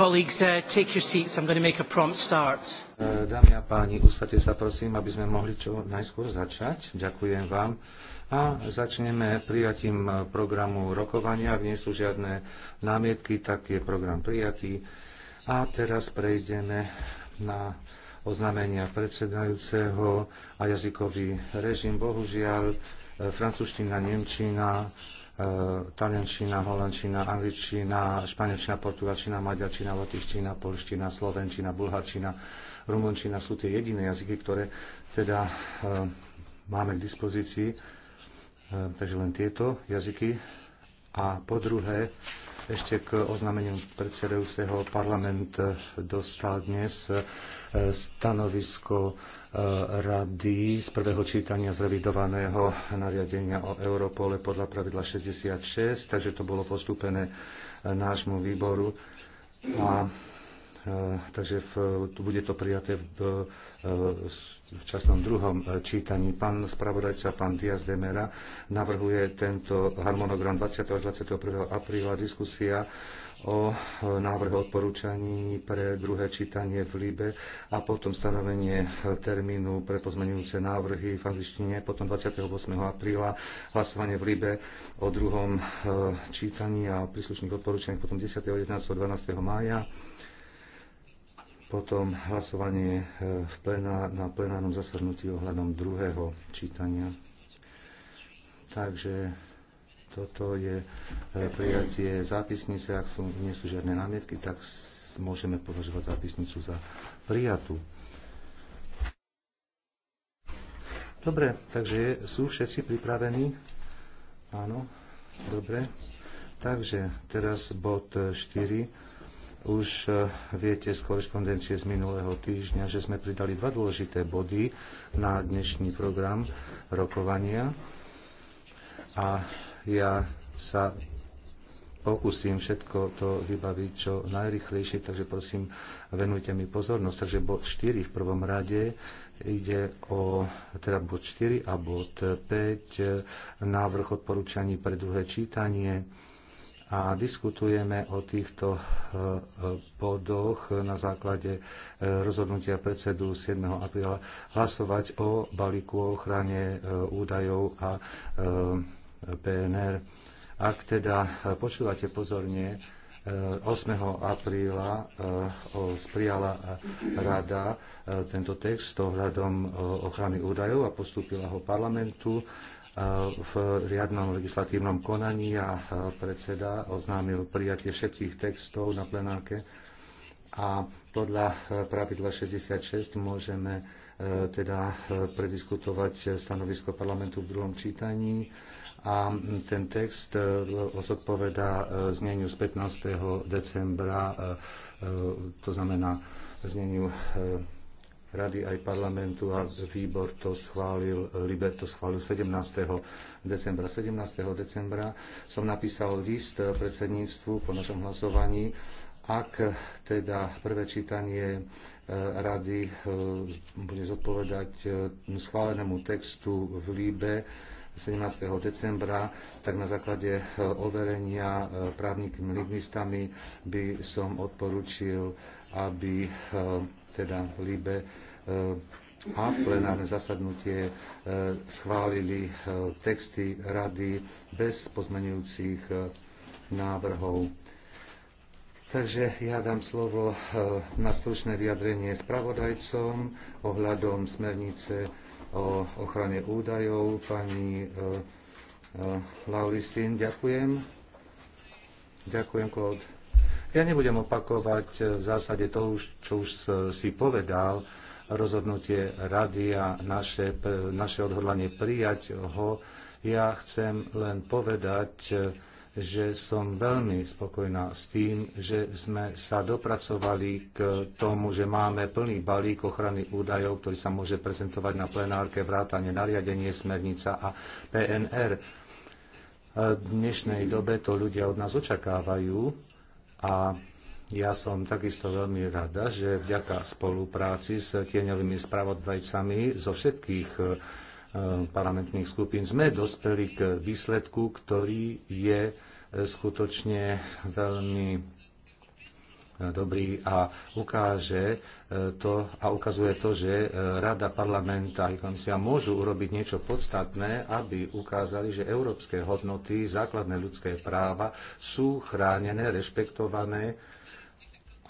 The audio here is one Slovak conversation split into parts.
Colleagues, uh, take your seats. I'm going to make a prompt start. E, dámy a páni, usadte sa prosím, aby sme mohli čo najskôr začať. Ďakujem vám. A začneme prijatím e, programu rokovania. Ak nie sú žiadne námietky, tak je program prijatý. A teraz prejdeme na oznámenia predsedajúceho a jazykový režim. Bohužiaľ, e, francúzština, nemčina, E, taliančina, holandčina, angličtina, španielčina, portugalčina, maďarčina, latinčina, polština, slovenčina, bulharčina, rumunčina sú tie jediné jazyky, ktoré teda e, máme k dispozícii. E, takže len tieto jazyky. A po druhé, ešte k oznámeniu predsedajúceho parlament dostal dnes stanovisko e, rady z prvého čítania zrevidovaného nariadenia o Europole podľa pravidla 66, takže to bolo postúpené e, nášmu výboru. A e, takže v, bude to prijaté v, v časnom druhom čítaní. Pán spravodajca, pán Diaz de Mera, navrhuje tento harmonogram 20. až 21. apríla diskusia o e, návrh odporúčaní pre druhé čítanie v Libe a potom stanovenie e, termínu pre pozmenujúce návrhy v angličtine, potom 28. apríla hlasovanie v Libe o druhom e, čítaní a príslušných odporúčaniach, potom 10. 11. 12. mája potom hlasovanie v plenár, na plenárnom zasadnutí ohľadom druhého čítania. Takže toto je e, prijatie zápisnice, ak sú, nie sú žiadne námietky, tak môžeme považovať zápisnicu za prijatú. Dobre, takže sú všetci pripravení? Áno, dobre. Takže teraz bod 4. Už e, viete z korešpondencie z minulého týždňa, že sme pridali dva dôležité body na dnešný program rokovania. A ja sa pokúsim všetko to vybaviť čo najrychlejšie, takže prosím, venujte mi pozornosť. Takže bod 4 v prvom rade ide o teda bod 4 a bod 5, návrh odporúčaní pre druhé čítanie a diskutujeme o týchto e, bodoch na základe e, rozhodnutia predsedu 7. apríla hlasovať o balíku o ochrane e, údajov a PNR. Ak teda e, počúvate pozorne, 8. E, apríla e, sprijala rada tento text ohľadom ochrany údajov a postúpila ho parlamentu v riadnom legislatívnom konaní a predseda oznámil prijatie všetkých textov na plenárke a podľa pravidla 66 môžeme teda prediskutovať stanovisko parlamentu v druhom čítaní a ten text e, zodpovedá e, zneniu z 15. decembra, e, to znamená zneniu Rady aj parlamentu a výbor to schválil, Liber to schválil 17. decembra. 17. decembra som napísal list predsedníctvu po našom hlasovaní, ak teda prvé čítanie rady bude zodpovedať schválenému textu v Líbe, 17. decembra, tak na základe e, overenia e, právnikmi lingvistami by som odporučil, aby e, teda Libe a plenárne zasadnutie schválili texty rady bez pozmenujúcich návrhov. Takže ja dám slovo na stručné vyjadrenie spravodajcom ohľadom smernice o ochrane údajov. Pani e, e, Lauristín, ďakujem. Ďakujem, Claude. Ja nebudem opakovať v zásade to, čo už si povedal, rozhodnutie rady a naše, naše odhodlanie prijať ho. Ja chcem len povedať, že som veľmi spokojná s tým, že sme sa dopracovali k tomu, že máme plný balík ochrany údajov, ktorý sa môže prezentovať na plenárke vrátane nariadenie, smernica a PNR. V dnešnej dobe to ľudia od nás očakávajú a ja som takisto veľmi rada, že vďaka spolupráci s tieňovými spravodajcami zo všetkých Eh, parlamentných skupín sme dospeli k výsledku, ktorý je eh, skutočne veľmi eh, dobrý a ukáže to a ukazuje to, že Rada, parlament a komisia môžu urobiť niečo podstatné, aby ukázali, že európske hodnoty, základné ľudské práva sú chránené, rešpektované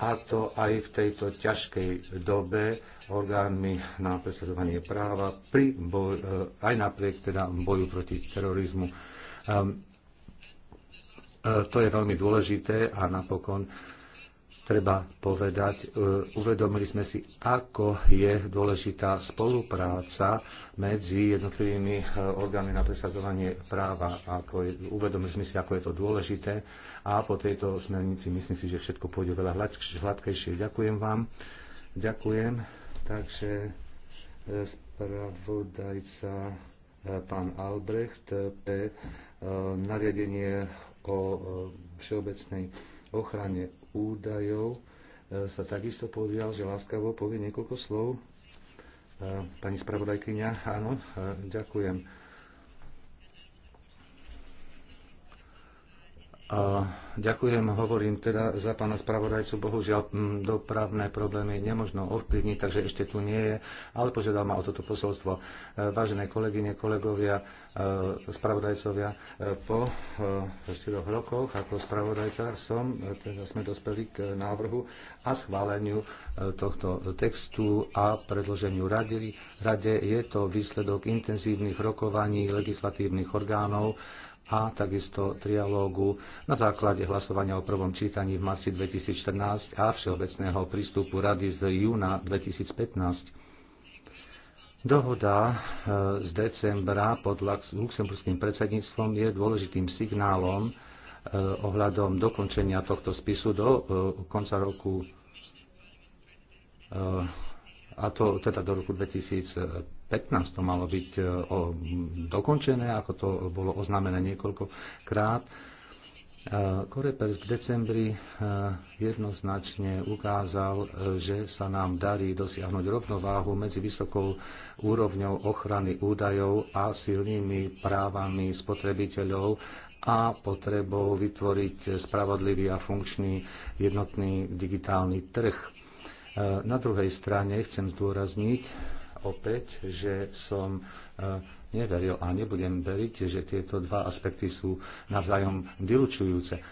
a to aj v tejto ťažkej dobe orgánmi na presadzovanie práva, pri boj, eh, aj napriek teda boju proti terorizmu. Um, to je veľmi dôležité a napokon treba povedať, e, uvedomili sme si, ako je dôležitá spolupráca medzi jednotlivými e, orgánmi na presadzovanie práva. Ako je, uvedomili sme si, ako je to dôležité a po tejto smernici myslím si, že všetko pôjde veľa hladkejšie. Ďakujem vám. Ďakujem. Takže e, spravodajca pán Albrecht pre nariadenie o všeobecnej ochrane údajov e, sa takisto podial, že láskavo povie niekoľko slov. E, pani spravodajkyňa, áno, e, ďakujem. Ďakujem, hovorím teda za pána spravodajcu. Bohužiaľ, dopravné problémy nemožno ovplyvniť, takže ešte tu nie je, ale požiadal ma o toto posolstvo. E, vážené kolegyne, kolegovia, e, spravodajcovia, e, po štyroch rokoch ako spravodajca som, teda sme dospeli k návrhu a schváleniu tohto textu a predloženiu rade. Rade je to výsledok intenzívnych rokovaní legislatívnych orgánov, a takisto trialógu na základe hlasovania o prvom čítaní v marci 2014 a všeobecného prístupu rady z júna 2015. Dohoda eh, z decembra pod luxemburským predsedníctvom je dôležitým signálom eh, ohľadom dokončenia tohto spisu do eh, konca roku a to teda do roku 2015 to malo byť e, dokončené, ako to bolo oznámené niekoľkokrát. E, Korepers v decembri e, jednoznačne ukázal, že sa nám darí dosiahnuť rovnováhu medzi vysokou úrovňou ochrany údajov a silnými právami spotrebiteľov a potrebou vytvoriť spravodlivý a funkčný jednotný digitálny trh. E, na druhej strane chcem zdôrazniť opäť, že som e, neveril a nebudem veriť, že tieto dva aspekty sú navzájom vylučujúce. E,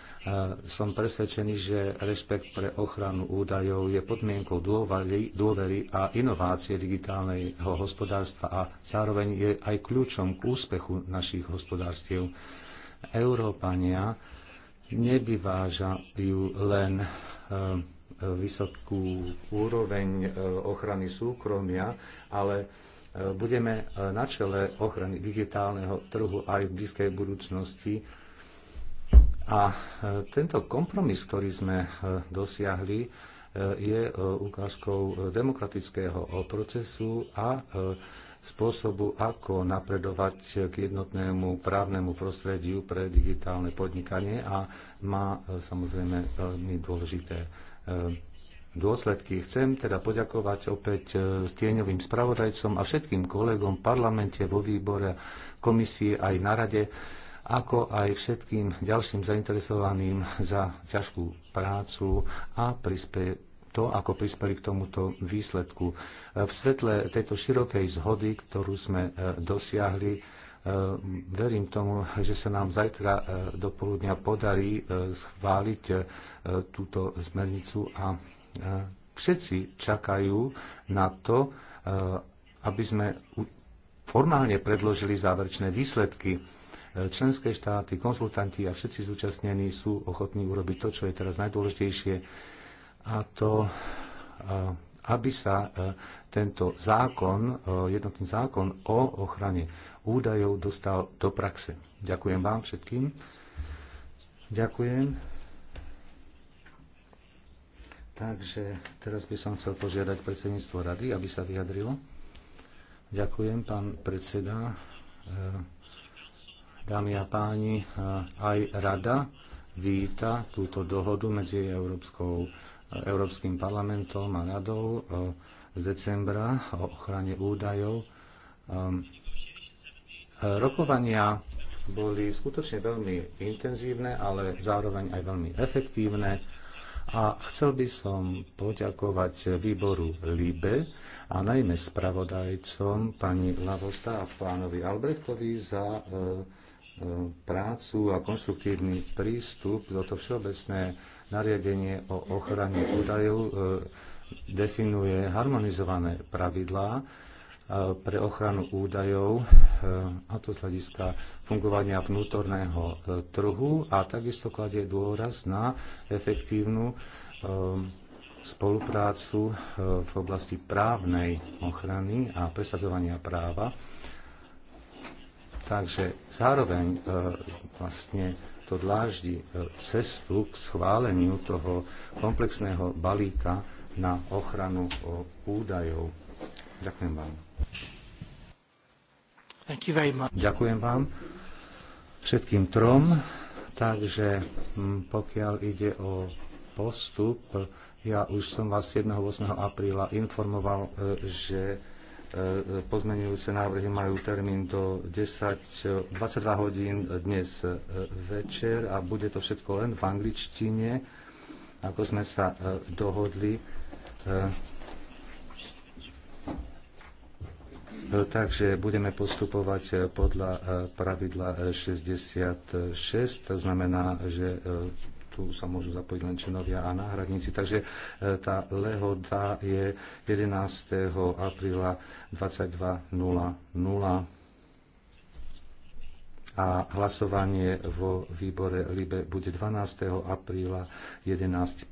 som presvedčený, že rešpekt pre ochranu údajov je podmienkou dôvery, dôvery a inovácie digitálneho hospodárstva a zároveň je aj kľúčom k úspechu našich hospodárstiev. Európania nevyvážajú len vysokú úroveň e, ochrany súkromia, ale e, budeme e, na čele ochrany digitálneho trhu aj v blízkej budúcnosti. A tento kompromis, ktorý sme dosiahli, je ukážkou demokratického procesu a spôsobu, ako napredovať k jednotnému právnemu prostrediu pre digitálne podnikanie a má samozrejme veľmi dôležité E, dôsledky. Chcem teda poďakovať opäť e, tieňovým spravodajcom a všetkým kolegom v parlamente, vo výbore, komisii aj na rade, ako aj všetkým ďalším zainteresovaným za ťažkú prácu a prispie to, ako prispeli k tomuto výsledku. E, v svetle tejto širokej zhody, ktorú sme dosiahli, Ehm, verím tomu, že sa nám zajtra e, do poludnia podarí e, schváliť e, túto zmernicu a všetci čakajú na to, aby sme formálne predložili záverečné výsledky. Členské štáty, konzultanti a všetci zúčastnení sú ochotní urobiť to, čo je teraz najdôležitejšie, a to, aby sa tento zákon, jednotný zákon o ochrane údajov dostal do praxe. Ďakujem vám všetkým. Ďakujem. Takže teraz by som chcel požiadať predsedníctvo rady, aby sa vyjadrilo. Ďakujem, pán predseda, eh, dámy a páni, eh, aj rada víta túto dohodu medzi Európskou, eh, Európskym parlamentom a radou z decembra o ochrane údajov. Ehm, Rokovania boli skutočne veľmi intenzívne, ale zároveň aj veľmi efektívne. A chcel by som poďakovať výboru LIBE a najmä spravodajcom pani Lavosta a pánovi Albrechtovi za e, e, prácu a konstruktívny prístup. Toto všeobecné nariadenie o ochrane údajov e, definuje harmonizované pravidlá, pre ochranu údajov, e, a to z hľadiska fungovania vnútorného e, trhu a takisto kladie dôraz na efektívnu e, spoluprácu v oblasti právnej ochrany a presadzovania práva. Takže zároveň vlastne to dláždi cestu k schváleniu toho komplexného balíka na ochranu údajov. Ďakujem vám. Ďakujem vám všetkým trom. Takže mm, pokiaľ ide o postup, ja už som vás 7. 8. apríla informoval, e, že e, pozmenujúce návrhy majú termín do 10, 22 e, hodín dnes večer a bude to všetko len v angličtine, ako sme sa dohodli. Takže budeme postupovať eh, podľa eh, pravidla 66, eh, to znamená, že tu sa môžu zapojiť len členovia a náhradníci. Takže tá lehoda je 11. apríla 22.00 a hlasovanie vo výbore LIBE bude 12. apríla 11.15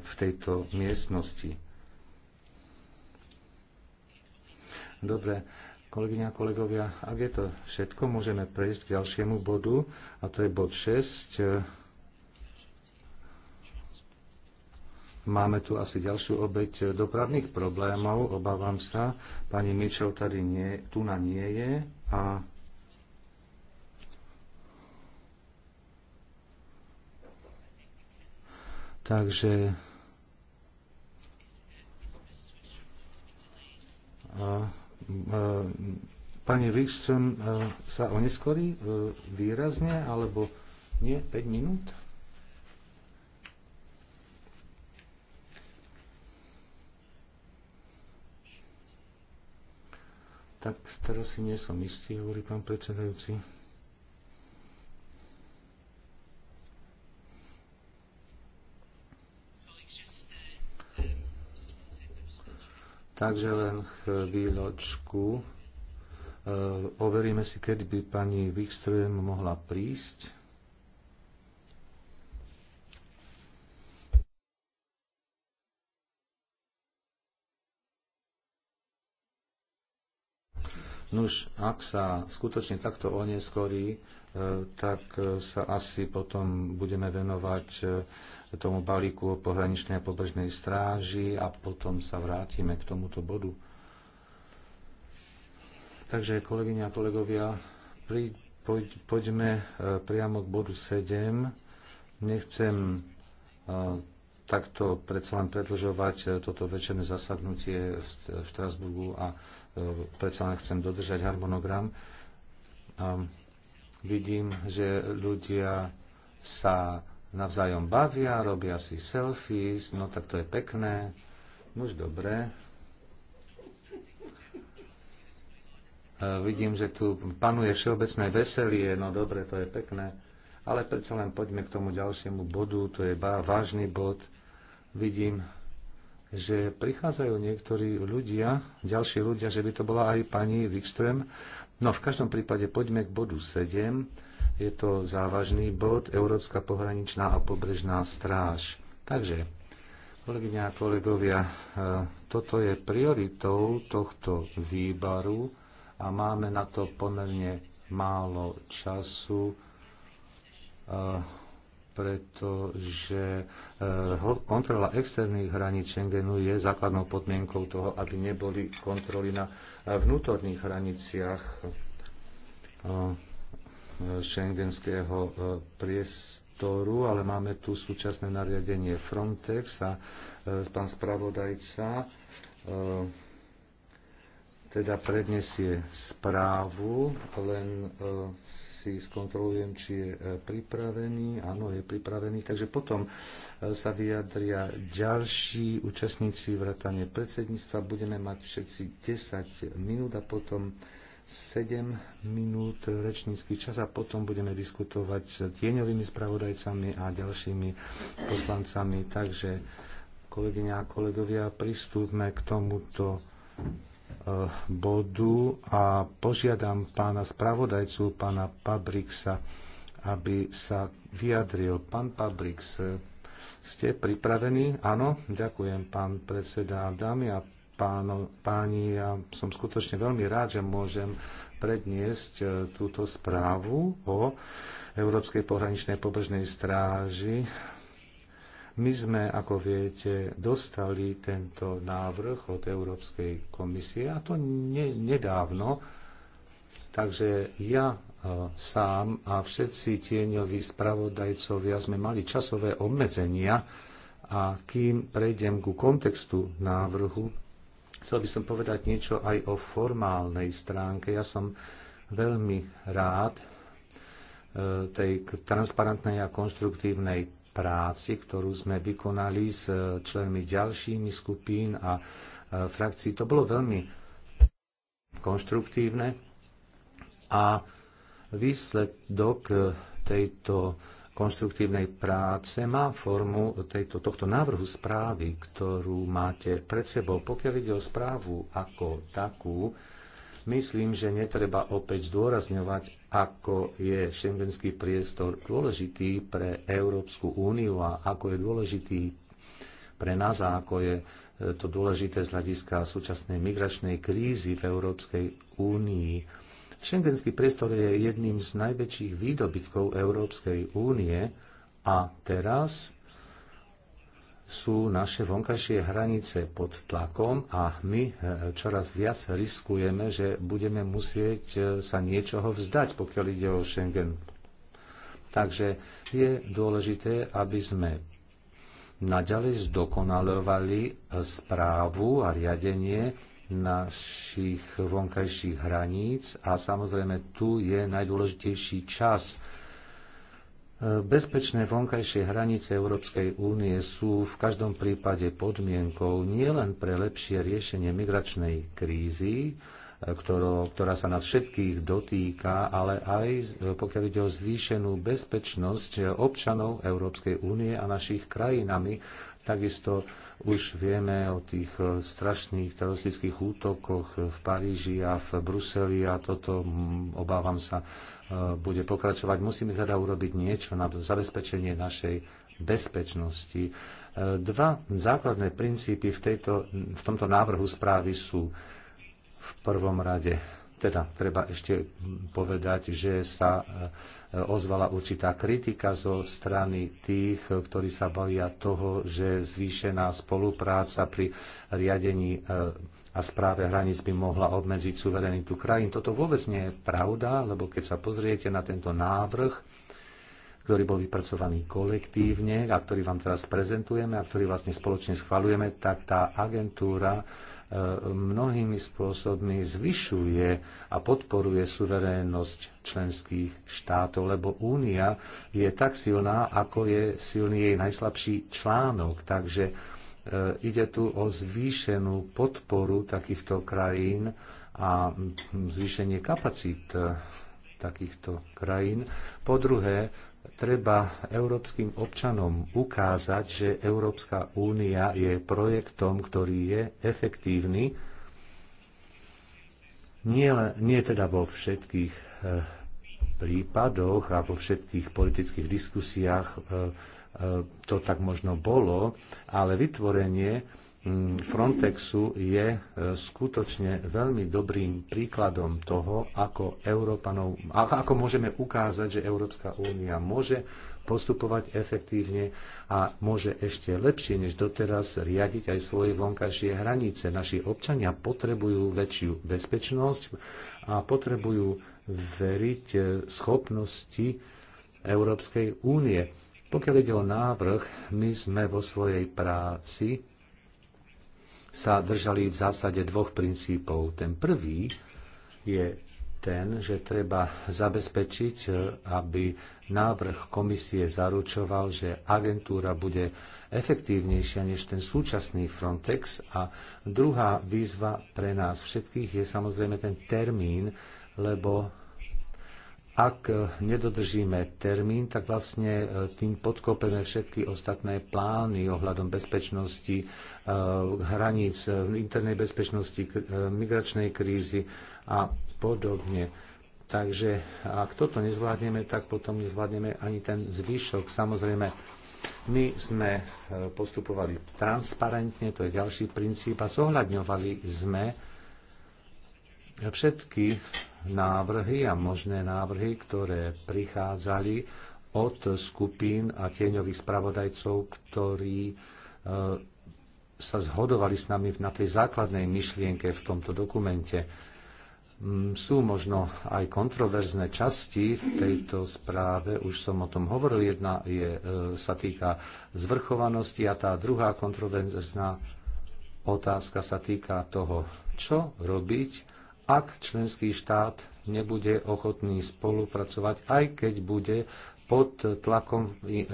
v tejto miestnosti. Dobre, kolegyňa a kolegovia, ak je to všetko, môžeme prejsť k ďalšiemu bodu, a to je bod 6. Máme tu asi ďalšiu obeď dopravných problémov, obávam sa. Pani Mitchell tady nie, tu na nie je a Takže a E, pani Wikström e, sa oneskorí e, výrazne, alebo nie? 5 minút? Tak teraz si nie som istý, hovorí pán predsedajúci. Takže len chvíľočku. E, overíme si, kedy by pani Wikström mohla prísť. Nuž, ak sa skutočne takto oneskorí, e, tak e, sa asi potom budeme venovať e, tomu balíku o pohraničnej a pobrežnej stráži a potom sa vrátime k tomuto bodu. Takže, kolegyne a kolegovia, pri, poď, poďme priamo k bodu 7. Nechcem takto predsa len predlžovať e, toto večerné zasadnutie v Strasburgu a e, predsa len chcem dodržať harmonogram. A ehm, vidím, že ľudia sa navzájom bavia, robia si selfies, no tak to je pekné. No už dobre. E, vidím, že tu panuje všeobecné veselie, no dobre, to je pekné. Ale predsa len poďme k tomu ďalšiemu bodu, to je vážny bod vidím, že prichádzajú niektorí ľudia, ďalší ľudia, že by to bola aj pani Wikström. No v každom prípade poďme k bodu 7. Je to závažný bod Európska pohraničná a pobrežná stráž. Takže, kolegyňa a kolegovia, e, toto je prioritou tohto výbaru a máme na to pomerne málo času e, pretože eh, kontrola externých hraníc Schengenu je základnou podmienkou toho, aby neboli kontroly na eh, vnútorných hraniciach šengenského eh, priestoru, ale máme tu súčasné nariadenie Frontex a pán spravodajca teda prednesie správu, len si skontrolujem, či je e, pripravený. Áno, je pripravený. Takže potom e, sa vyjadria ďalší účastníci vrátane predsedníctva. Budeme mať všetci 10 minút a potom 7 minút rečnícky čas a potom budeme diskutovať s tieňovými spravodajcami a ďalšími poslancami. Takže kolegyňa a kolegovia, pristúpme k tomuto bodu a požiadam pána spravodajcu, pána Pabriksa, aby sa vyjadril. Pán Pabrix, ste pripravení? Áno, ďakujem, pán predseda. Dámy a páno, páni, ja som skutočne veľmi rád, že môžem predniesť e, túto správu o Európskej pohraničnej pobrežnej stráži my sme, ako viete, dostali tento návrh od Európskej komisie a to ne, nedávno. Takže ja e, sám a všetci tieňoví spravodajcovia sme mali časové obmedzenia a kým prejdem ku kontextu návrhu, chcel by som povedať niečo aj o formálnej stránke. Ja som veľmi rád e, tej transparentnej a konstruktívnej práci, ktorú sme vykonali s e, členmi ďalšími skupín a e, frakcií. To bolo veľmi konštruktívne a výsledok e, tejto konštruktívnej práce má formu tejto, tohto návrhu správy, ktorú máte pred sebou. Pokiaľ ide o správu ako takú, myslím, že netreba opäť zdôrazňovať, ako je šengenský priestor dôležitý pre Európsku úniu a ako je dôležitý pre nás a ako je e, to dôležité z hľadiska súčasnej migračnej krízy v Európskej únii. Šengenský priestor je jedným z najväčších výdobytkov Európskej únie a teraz sú naše vonkajšie hranice pod tlakom a my e, čoraz viac riskujeme, že budeme musieť e, sa niečoho vzdať, pokiaľ ide o Schengen. Takže je dôležité, aby sme naďalej zdokonalovali e, správu a riadenie našich vonkajších hraníc a samozrejme tu je najdôležitejší čas Bezpečné vonkajšie hranice Európskej únie sú v každom prípade podmienkou nielen pre lepšie riešenie migračnej krízy, ktorá sa nás všetkých dotýka, ale aj pokiaľ ide o zvýšenú bezpečnosť občanov Európskej únie a našich krajinami, Takisto už vieme o tých eh, strašných teroristických útokoch v Paríži a v Bruseli a toto, mm, obávam sa, eh, bude pokračovať. Musíme teda urobiť niečo na zabezpečenie našej bezpečnosti. Eh, dva základné princípy v, tejto, v tomto návrhu správy sú v prvom rade teda treba ešte povedať, že sa e, ozvala určitá kritika zo strany tých, ktorí sa bavia toho, že zvýšená spolupráca pri riadení e, a správe hraníc by mohla obmedziť suverenitu krajín. Toto vôbec nie je pravda, lebo keď sa pozriete na tento návrh, ktorý bol vypracovaný kolektívne a ktorý vám teraz prezentujeme a ktorý vlastne spoločne schvalujeme, tak tá agentúra mnohými spôsobmi zvyšuje a podporuje suverénnosť členských štátov, lebo Únia je tak silná, ako je silný jej najslabší článok. Takže e, ide tu o zvýšenú podporu takýchto krajín a zvýšenie kapacít e, takýchto krajín. Po druhé, treba európskym občanom ukázať, že Európska únia je projektom, ktorý je efektívny, nie, nie teda vo všetkých eh, prípadoch a vo všetkých politických diskusiách eh, eh, to tak možno bolo, ale vytvorenie Mm, Frontexu je e, skutočne veľmi dobrým príkladom toho, ako, Európanov, ako môžeme ukázať, že Európska únia môže postupovať efektívne a môže ešte lepšie než doteraz riadiť aj svoje vonkajšie hranice. Naši občania potrebujú väčšiu bezpečnosť a potrebujú veriť e, schopnosti Európskej únie. Pokiaľ ide o návrh, my sme vo svojej práci sa držali v zásade dvoch princípov. Ten prvý je ten, že treba zabezpečiť, e, aby návrh komisie zaručoval, že agentúra bude efektívnejšia než ten súčasný Frontex. A druhá výzva pre nás všetkých je samozrejme ten termín, lebo ak eh, nedodržíme termín, tak vlastne eh, tým podkopeme všetky ostatné plány ohľadom bezpečnosti eh, hraníc, internej bezpečnosti, migračnej krízy a podobne. Takže ak toto nezvládneme, tak potom nezvládneme ani ten zvyšok. Samozrejme, my sme postupovali transparentne, to je ďalší princíp, a zohľadňovali sme všetky návrhy a možné návrhy, ktoré prichádzali od skupín a tieňových spravodajcov, ktorí e, sa zhodovali s nami na tej základnej myšlienke v tomto dokumente. Mm, sú možno aj kontroverzné časti v tejto správe, už som o tom hovoril, jedna je, e, sa týka zvrchovanosti a tá druhá kontroverzná otázka sa týka toho, čo robiť, ak členský štát nebude ochotný spolupracovať, aj keď bude pod tlakom e,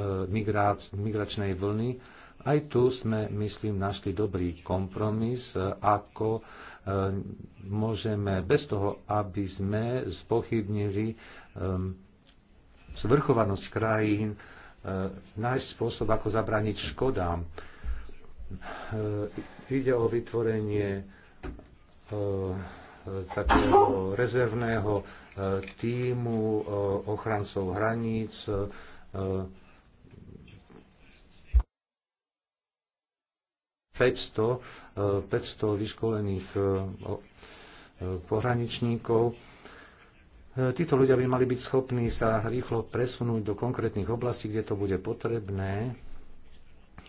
migračnej vlny. Aj tu sme, myslím, našli dobrý kompromis, e, ako e, môžeme bez toho, aby sme spochybnili zvrchovanosť krajín, nájsť spôsob, ako zabrániť škodám. Ide o vytvorenie takého rezervného e, týmu e, ochrancov hraníc. E, päťsto, 500 vyškolených pohraničníkov. Títo ľudia by mali byť schopní sa rýchlo presunúť do konkrétnych oblastí, kde to bude potrebné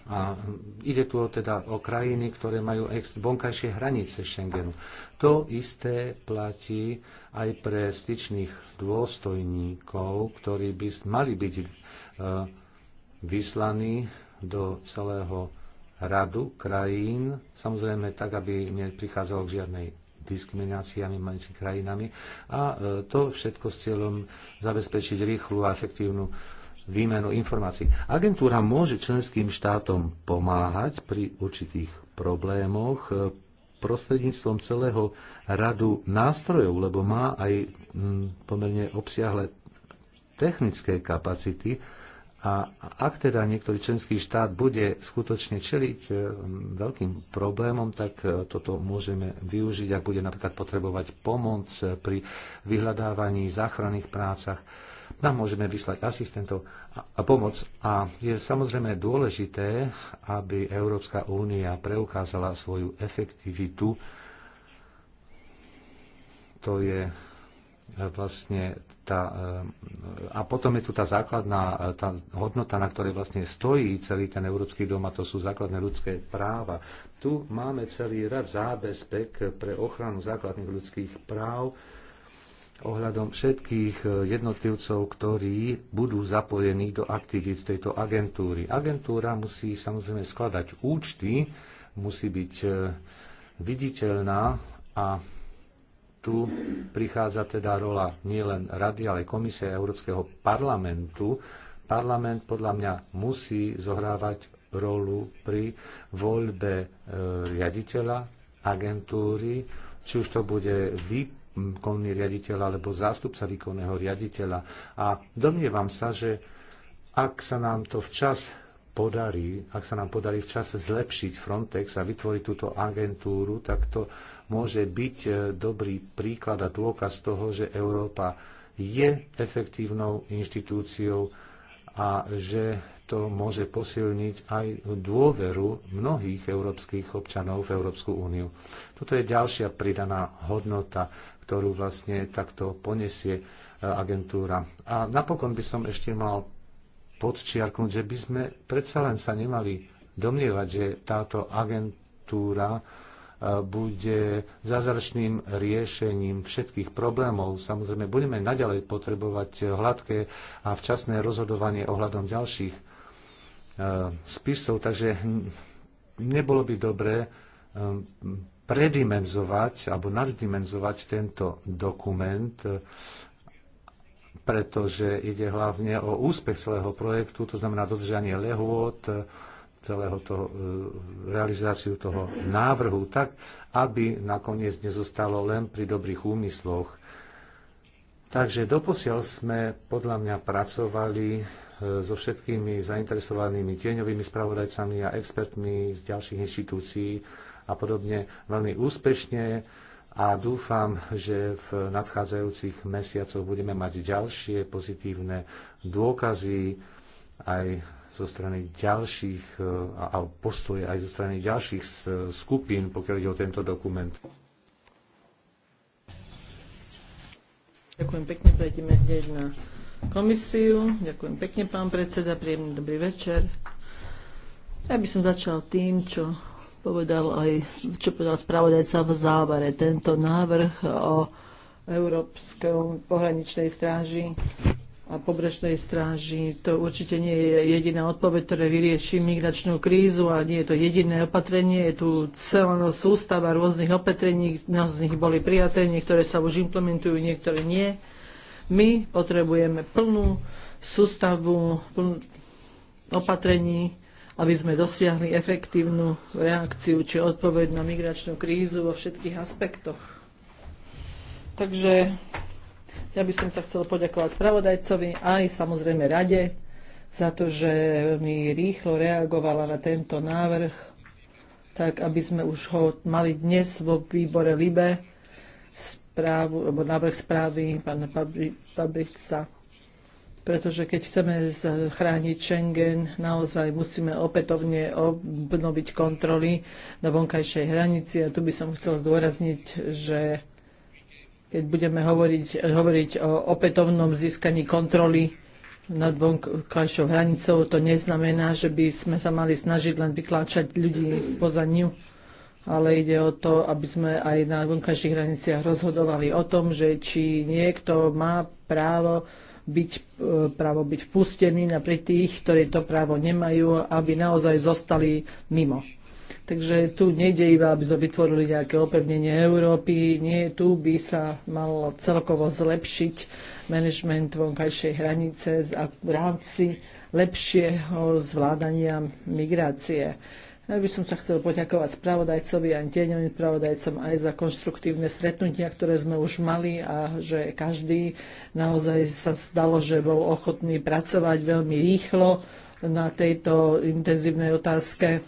a ide tu teda o krajiny, ktoré majú ex- vonkajšie hranice Schengenu. To isté platí aj pre styčných dôstojníkov, ktorí by mali byť e, vyslaní do celého radu krajín, samozrejme tak, aby neprichádzalo k žiadnej diskrimináciami medzi krajinami a e, to všetko s cieľom zabezpečiť rýchlu a efektívnu výmenu informácií. Agentúra môže členským štátom pomáhať pri určitých problémoch e, prostredníctvom celého radu nástrojov, lebo má aj mm, pomerne obsiahle technické kapacity a ak teda niektorý členský štát bude skutočne čeliť e, veľkým problémom, tak e, toto môžeme využiť, ak bude napríklad potrebovať pomoc pri vyhľadávaní záchranných prácach tam môžeme vyslať asistentov a pomoc. A je samozrejme dôležité, aby Európska únia preukázala svoju efektivitu. To je e, vlastne tá, e, a potom je tu tá základná e, tá hodnota, na ktorej vlastne stojí celý ten Európsky dom a to sú základné ľudské práva. Tu máme celý rad zábezpek pre ochranu základných ľudských práv ohľadom všetkých e, jednotlivcov, ktorí budú zapojení do aktivít tejto agentúry. Agentúra musí samozrejme skladať účty, musí byť e, viditeľná a tu prichádza teda rola nielen Rady, ale Komisie Európskeho parlamentu. Parlament podľa mňa musí zohrávať rolu pri voľbe e, riaditeľa agentúry, či už to bude VIP výkonný riaditeľ alebo zástupca výkonného riaditeľa. A domnievam sa, že ak sa nám to včas podarí, ak sa nám podarí včas zlepšiť Frontex a vytvoriť túto agentúru, tak to môže byť e, dobrý príklad a dôkaz toho, že Európa je efektívnou inštitúciou a že to môže posilniť aj dôveru mnohých európskych občanov v Európsku úniu. Toto je ďalšia pridaná hodnota ktorú vlastne takto poniesie e, agentúra. A napokon by som ešte mal podčiarknúť, že by sme predsa len sa nemali domnievať, že táto agentúra e, bude zázračným riešením všetkých problémov. Samozrejme, budeme naďalej potrebovať hladké a včasné rozhodovanie ohľadom ďalších e, spisov, takže nebolo by dobré predimenzovať alebo naddimenzovať tento dokument, e, pretože ide hlavne o úspech celého projektu, to znamená dodržanie lehôd, e, celého toho, e, realizáciu toho návrhu, tak aby nakoniec nezostalo len pri dobrých úmysloch. Takže doposiaľ sme podľa mňa pracovali so všetkými zainteresovanými tieňovými spravodajcami a expertmi z ďalších inštitúcií, a podobne veľmi úspešne a dúfam, že v nadchádzajúcich mesiacoch budeme mať ďalšie pozitívne dôkazy aj zo strany ďalších e, a postoje aj zo strany ďalších e, skupín, pokiaľ ide o tento dokument. Ďakujem pekne, prejdeme hneď na komisiu. Ďakujem pekne, pán predseda, príjemný dobrý večer. Ja by som začal tým, čo povedal aj, čo povedal spravodajca v závere. Tento návrh o Európskej pohraničnej stráži a pobrečnej stráži. To určite nie je jediná odpoveď, ktoré vyrieši migračnú krízu a nie je to jediné opatrenie. Je tu celá sústava rôznych opatrení, na z nich boli prijaté, niektoré sa už implementujú, niektoré nie. My potrebujeme plnú sústavu plnú opatrení, aby sme dosiahli efektívnu reakciu či odpoveď na migračnú krízu vo všetkých aspektoch. Takže ja by som sa chcel poďakovať spravodajcovi aj samozrejme rade za to, že veľmi rýchlo reagovala na tento návrh, tak aby sme už ho mali dnes vo výbore LIBE správu, alebo návrh správy pána Pabriksa pretože keď chceme chrániť Schengen, naozaj musíme opätovne obnoviť kontroly na vonkajšej hranici. A tu by som chcel zdôrazniť, že keď budeme hovoriť, hovoriť o opätovnom získaní kontroly nad vonkajšou hranicou, to neznamená, že by sme sa mali snažiť len vytláčať ľudí poza ňu ale ide o to, aby sme aj na vonkajších hraniciach rozhodovali o tom, že či niekto má právo byť, e, právo byť vpustení na pri tých, ktorí to právo nemajú, aby naozaj zostali mimo. Takže tu nejde iba, aby sme vytvorili nejaké opevnenie Európy, nie, tu by sa malo celkovo zlepšiť manažment vonkajšej hranice a v rámci lepšieho zvládania migrácie ja by som sa chcel poďakovať spravodajcovi a deňovým spravodajcom aj za konštruktívne stretnutia, ktoré sme už mali a že každý naozaj sa stalo, že bol ochotný pracovať veľmi rýchlo na tejto intenzívnej otázke.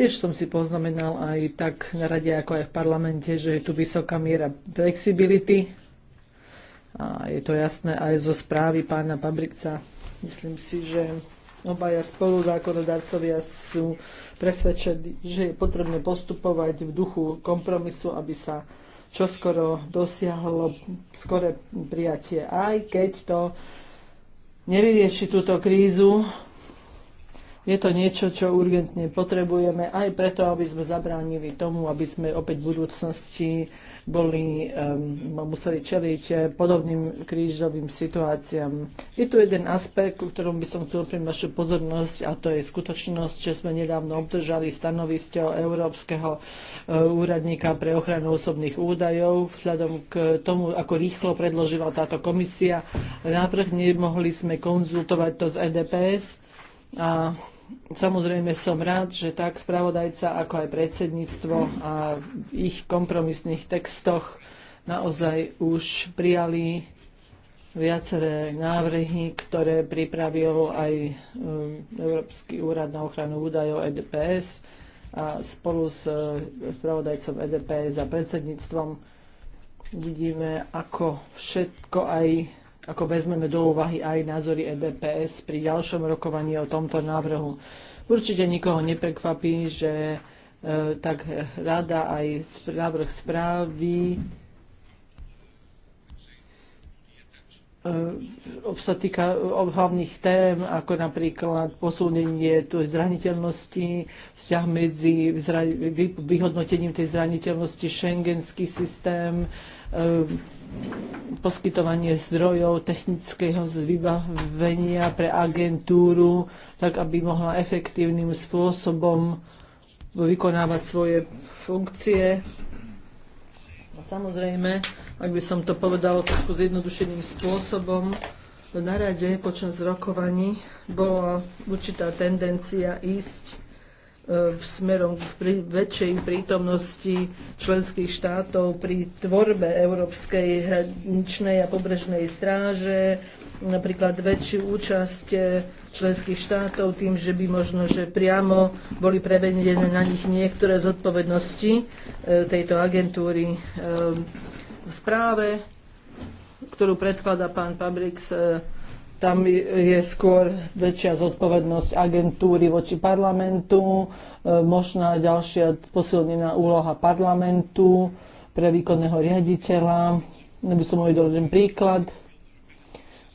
Tiež som si poznamenal aj tak na rade, ako aj v parlamente, že je tu vysoká miera flexibility. A je to jasné aj zo správy pána Pabrikca. Myslím si, že Obaja spoluzákonodarcovia sú presvedčení, že je potrebné postupovať v duchu kompromisu, aby sa čoskoro dosiahlo skore prijatie. Aj keď to nevyrieši túto krízu, je to niečo, čo urgentne potrebujeme aj preto, aby sme zabránili tomu, aby sme opäť v budúcnosti boli, um, museli čeliť eh, podobným krížovým situáciám. Je tu jeden aspekt, ku ktorom by som chcel prím vašu pozornosť a to je skutočnosť, že sme nedávno obdržali stanovisko Európskeho eh, úradníka pre ochranu osobných údajov vzhľadom k tomu, ako rýchlo predložila táto komisia návrh, nemohli sme konzultovať to z EDPS a Samozrejme som rád, že tak spravodajca, ako aj predsedníctvo a v ich kompromisných textoch naozaj už prijali viaceré návrhy, ktoré pripravil aj um, Európsky úrad na ochranu údajov EDPS a spolu s uh, spravodajcom EDPS a predsedníctvom vidíme, ako všetko aj ako vezmeme do úvahy aj názory EDPS pri ďalšom rokovaní o tomto návrhu. Určite nikoho neprekvapí, že e, tak rada aj návrh správy e, sa týka e, hlavných tém, ako napríklad posunenie tej zraniteľnosti, vzťah medzi vyhodnotením tej zraniteľnosti, šengenský systém, e, poskytovanie zdrojov, technického vybavenia pre agentúru, tak aby mohla efektívnym spôsobom vykonávať svoje funkcie. A samozrejme, ak by som to povedal trošku zjednodušeným spôsobom, na rade počas rokovaní bola určitá tendencia ísť E, smerom k väčšej prítomnosti členských štátov pri tvorbe Európskej hraničnej a pobrežnej stráže, napríklad väčšiu účasť e, členských štátov tým, že by možno, že priamo boli prevedené na nich niektoré zodpovednosti e, tejto agentúry v správe, ktorú predkladá pán Pabrix tam je skôr väčšia zodpovednosť agentúry voči parlamentu, e, možná ďalšia posilnená úloha parlamentu pre výkonného riaditeľa. Neby som uvedol jeden príklad.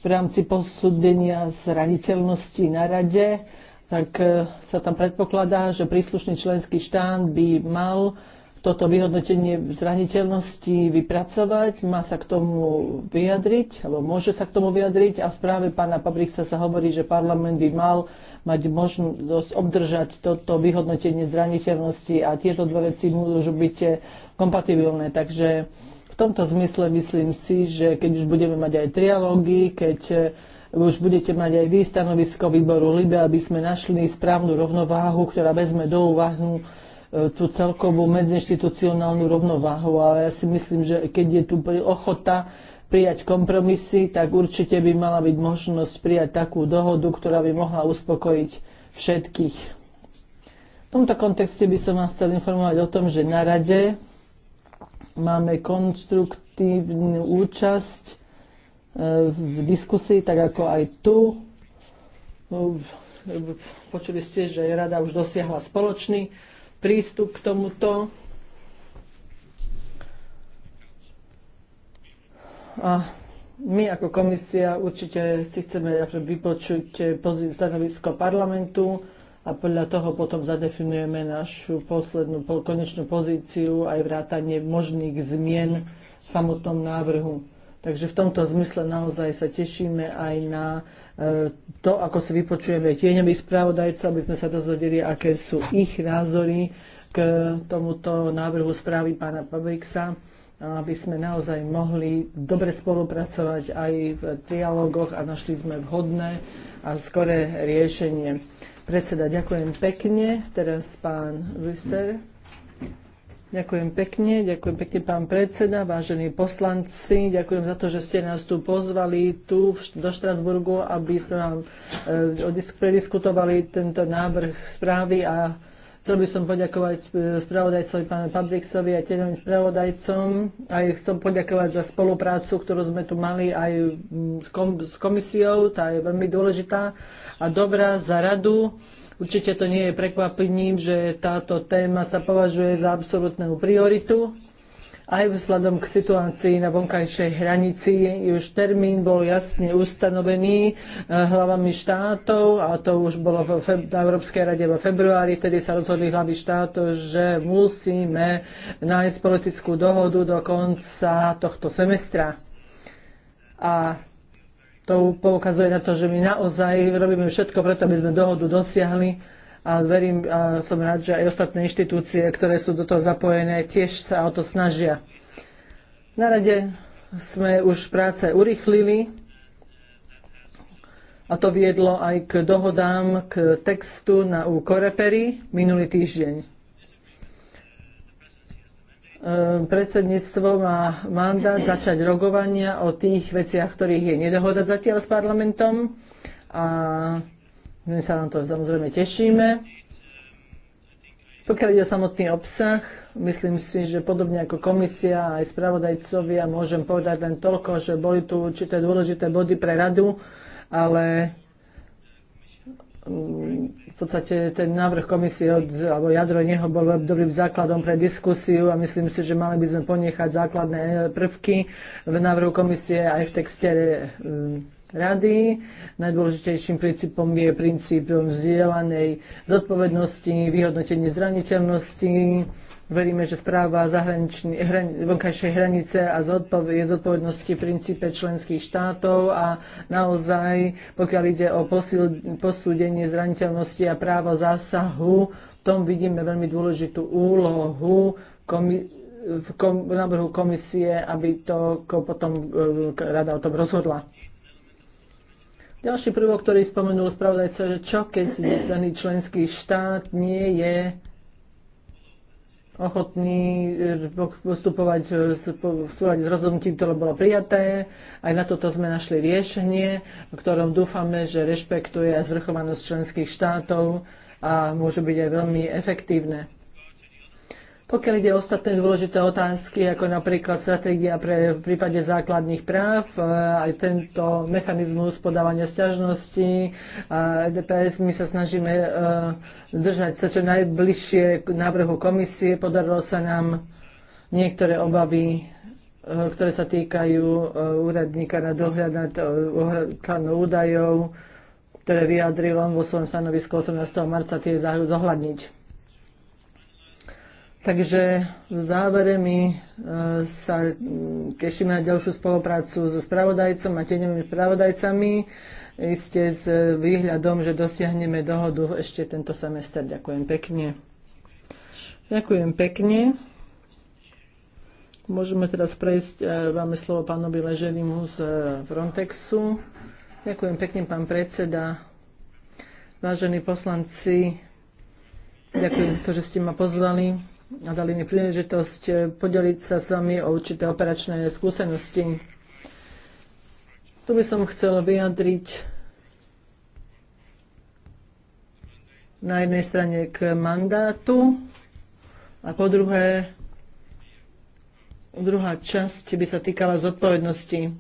V rámci posúdenia zraniteľnosti na rade, tak e, sa tam predpokladá, že príslušný členský štát by mal toto vyhodnotenie zraniteľnosti vypracovať, má sa k tomu vyjadriť, alebo môže sa k tomu vyjadriť a v správe pána Pabriksa sa hovorí, že parlament by mal mať možnosť obdržať toto vyhodnotenie zraniteľnosti a tieto dve veci môžu byť kompatibilné. Takže v tomto zmysle myslím si, že keď už budeme mať aj trialógy, keď už budete mať aj vy stanovisko výboru LIBE, aby sme našli správnu rovnováhu, ktorá vezme do úvahu E, tú celkovú medzinstitucionálnu rovnováhu, ale ja si myslím, že keď je tu ochota prijať kompromisy, tak určite by mala byť možnosť prijať takú dohodu, ktorá by mohla uspokojiť všetkých. V tomto kontexte by som vás chcel informovať o tom, že na rade máme konstruktívnu účasť e, v diskusii, tak ako aj tu. No, počuli ste, že rada už dosiahla spoločný prístup k tomuto. A my ako komisia určite si chceme akože vypočuť eh, stanovisko parlamentu a podľa toho potom zadefinujeme našu poslednú, konečnú pozíciu aj vrátanie možných zmien v samotnom návrhu. Takže v tomto zmysle naozaj sa tešíme aj na E, to, ako si vypočujeme tieňami správodajca, aby sme sa dozvedeli, aké sú ich názory k tomuto návrhu správy pána Pabriksa, aby sme naozaj mohli dobre spolupracovať aj v dialogoch a našli sme vhodné a skoré riešenie. Predseda, ďakujem pekne. Teraz pán Rüster. Ďakujem pekne, ďakujem pekne pán predseda, vážení poslanci, ďakujem za to, že ste nás tu pozvali tu do Štrasburgu, aby sme vám e, prediskutovali tento návrh správy a Chcel by som poďakovať e, spravodajcovi pánu Pabriksovi a tieňovým spravodajcom. Aj chcem poďakovať za spoluprácu, ktorú sme tu mali aj mm, s komisiou. Tá je veľmi dôležitá a dobrá za radu. Určite to nie je prekvapením, že táto téma sa považuje za absolútnu prioritu. Aj vzhľadom k situácii na vonkajšej hranici už termín bol jasne ustanovený eh, hlavami štátov a to už bolo na Európskej rade vo februári, tedy sa rozhodli hlavy štátov, že musíme nájsť politickú dohodu do konca tohto semestra. A to poukazuje na to, že my naozaj robíme všetko preto, aby sme dohodu dosiahli a verím a som rád, že aj ostatné inštitúcie, ktoré sú do toho zapojené, tiež sa o to snažia. Na rade sme už práce urychlili a to viedlo aj k dohodám k textu na úkorepery minulý týždeň. Ehm, predsedníctvo má mandát začať rokovania o tých veciach, ktorých je nedohoda zatiaľ s parlamentom a my sa na to samozrejme tešíme. Pokiaľ ide o samotný obsah, myslím si, že podobne ako komisia aj spravodajcovia môžem povedať len toľko, že boli tu určité dôležité body pre radu, ale mm, v podstate ten návrh komisie od, alebo jadro neho bol dobrým základom pre diskusiu a myslím si, že mali by sme ponechať základné prvky v návrhu komisie aj v texte eh, rady. Najdôležitejším princípom je princíp vzdielanej zodpovednosti, vyhodnotenie zraniteľnosti, Veríme, že správa hran, vonkajšej hranice a zodpov- je zodpovednosti v princípe členských štátov a naozaj, pokiaľ ide o posil- posúdenie zraniteľnosti a právo zásahu, v tom vidíme veľmi dôležitú úlohu komi- v kom- návrhu komisie, aby to potom e, rada o tom rozhodla. Ďalší prvok, ktorý spomenul spravodajca, že čo keď daný členský štát nie je ochotní eh, postupovať eh, s, s rozhodnutím, ktoré bolo prijaté. Aj na toto sme našli riešenie, v ktorom dúfame, že rešpektuje zvrchovanosť členských štátov a môže byť aj veľmi efektívne. Pokiaľ ide o ostatné dôležité otázky, ako napríklad stratégia pre v prípade základných práv, e, aj tento mechanizmus podávania a e DPS, my sa snažíme e, držať sa čo najbližšie k návrhu komisie. Podarilo sa nám niektoré obavy ktoré sa týkajú úradníka na dohľad nad ochranou údajov, ktoré vyjadril on vo svojom stanovisku 18. marca, tie zohľadniť. Takže v závere my e, sa tešíme na ďalšiu spoluprácu so spravodajcom a tenými spravodajcami. Iste s výhľadom, že dosiahneme dohodu ešte tento semester. Ďakujem pekne. Ďakujem pekne. Môžeme teraz prejsť, e, máme slovo pánovi Leženimu z e, Frontexu. Ďakujem pekne, pán predseda. Vážení poslanci, ďakujem to, že ste ma pozvali a dali mi príležitosť eh, podeliť sa s vami o určité operačné skúsenosti. Tu by som chcel vyjadriť na jednej strane k mandátu a po druhé druhá časť by sa týkala zodpovednosti.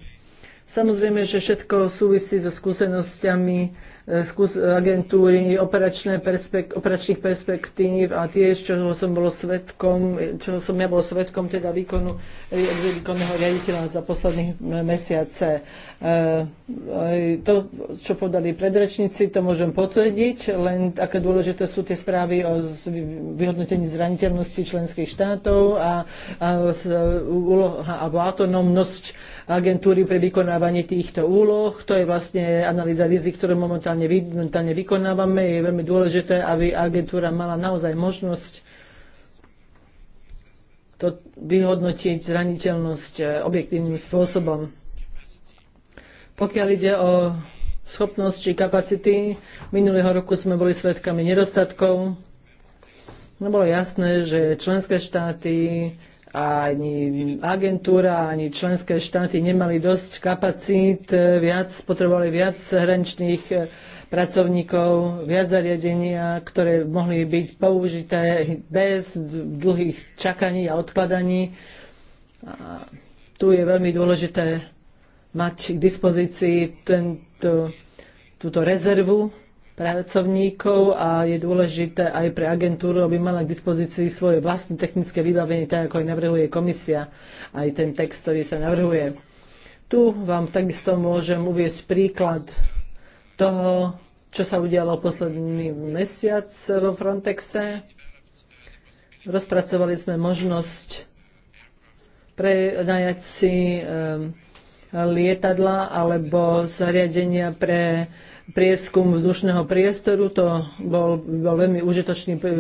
Samozrejme, že všetko súvisí so skúsenosťami E, agentúry, operačné perspek- operačných perspektív a tiež, čo som bol svetkom, e, čo som ja bol svetkom teda výkonu e, výkonného riaditeľa za posledných mesiace. Eh, to, čo povedali predrečníci, to môžem potvrdiť, len aké dôležité sú tie správy o vyhodnotení zraniteľnosti členských štátov a, a e, úloha alebo autonómnosť agentúry pre vykonávanie týchto úloh. To je vlastne analýza rizik, ktoré momentálne, momentálne vykonávame. Je veľmi dôležité, aby agentúra mala naozaj možnosť to vyhodnotiť zraniteľnosť eh, objektívnym spôsobom. Pokiaľ ide o schopnosť či kapacity, minulého roku sme boli svedkami nedostatkov. No bolo jasné, že členské štáty ani agentúra, ani členské štáty nemali dosť kapacít, viac, potrebovali viac hraničných eh, pracovníkov, viac zariadenia, ktoré mohli byť použité bez dlhých čakaní a odkladaní. A tu je veľmi dôležité mať k dispozícii tento, túto rezervu pracovníkov a je dôležité aj pre agentúru, aby mala k dispozícii svoje vlastné technické vybavenie, tak ako aj navrhuje komisia, aj ten text, ktorý sa navrhuje. Tu vám takisto môžem uvieť príklad toho, čo sa udialo posledný mesiac vo Frontexe. Rozpracovali sme možnosť prenajať si um, lietadla alebo zariadenia pre prieskum vzdušného priestoru. To bol, bol veľmi užitočný, e,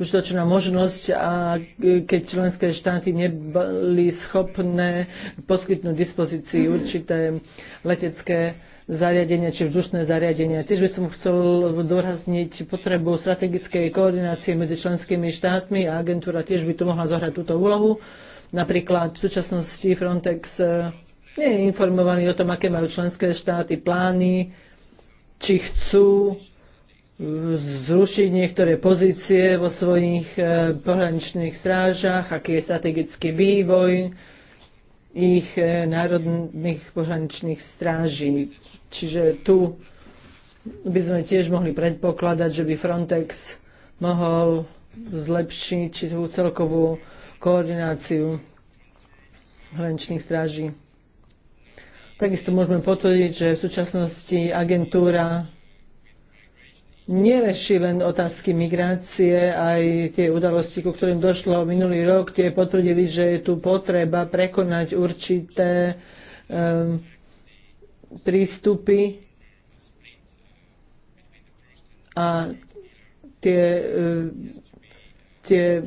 užitočná možnosť a keď členské štáty neboli schopné poskytnúť dispozícii mhm. určité letecké zariadenia či vzdušné zariadenia. Tiež by som chcel dôrazniť potrebu strategickej koordinácie medzi členskými štátmi a agentúra tiež by tu mohla zohrať túto úlohu. Napríklad v súčasnosti Frontex e, nie je informovaný o tom, aké majú členské štáty plány, či chcú eh, zrušiť niektoré pozície vo svojich eh, pohraničných strážach, aký je strategický vývoj ich eh, národných pohraničných stráží. Čiže tu by sme tiež mohli predpokladať, že by Frontex mohol zlepšiť tú celkovú koordináciu hraničných stráží. Takisto môžeme potvrdiť, že v súčasnosti agentúra nereši len otázky migrácie, aj tie udalosti, ku ktorým došlo minulý rok, tie potvrdili, že je tu potreba prekonať určité um, prístupy a tie, um, tie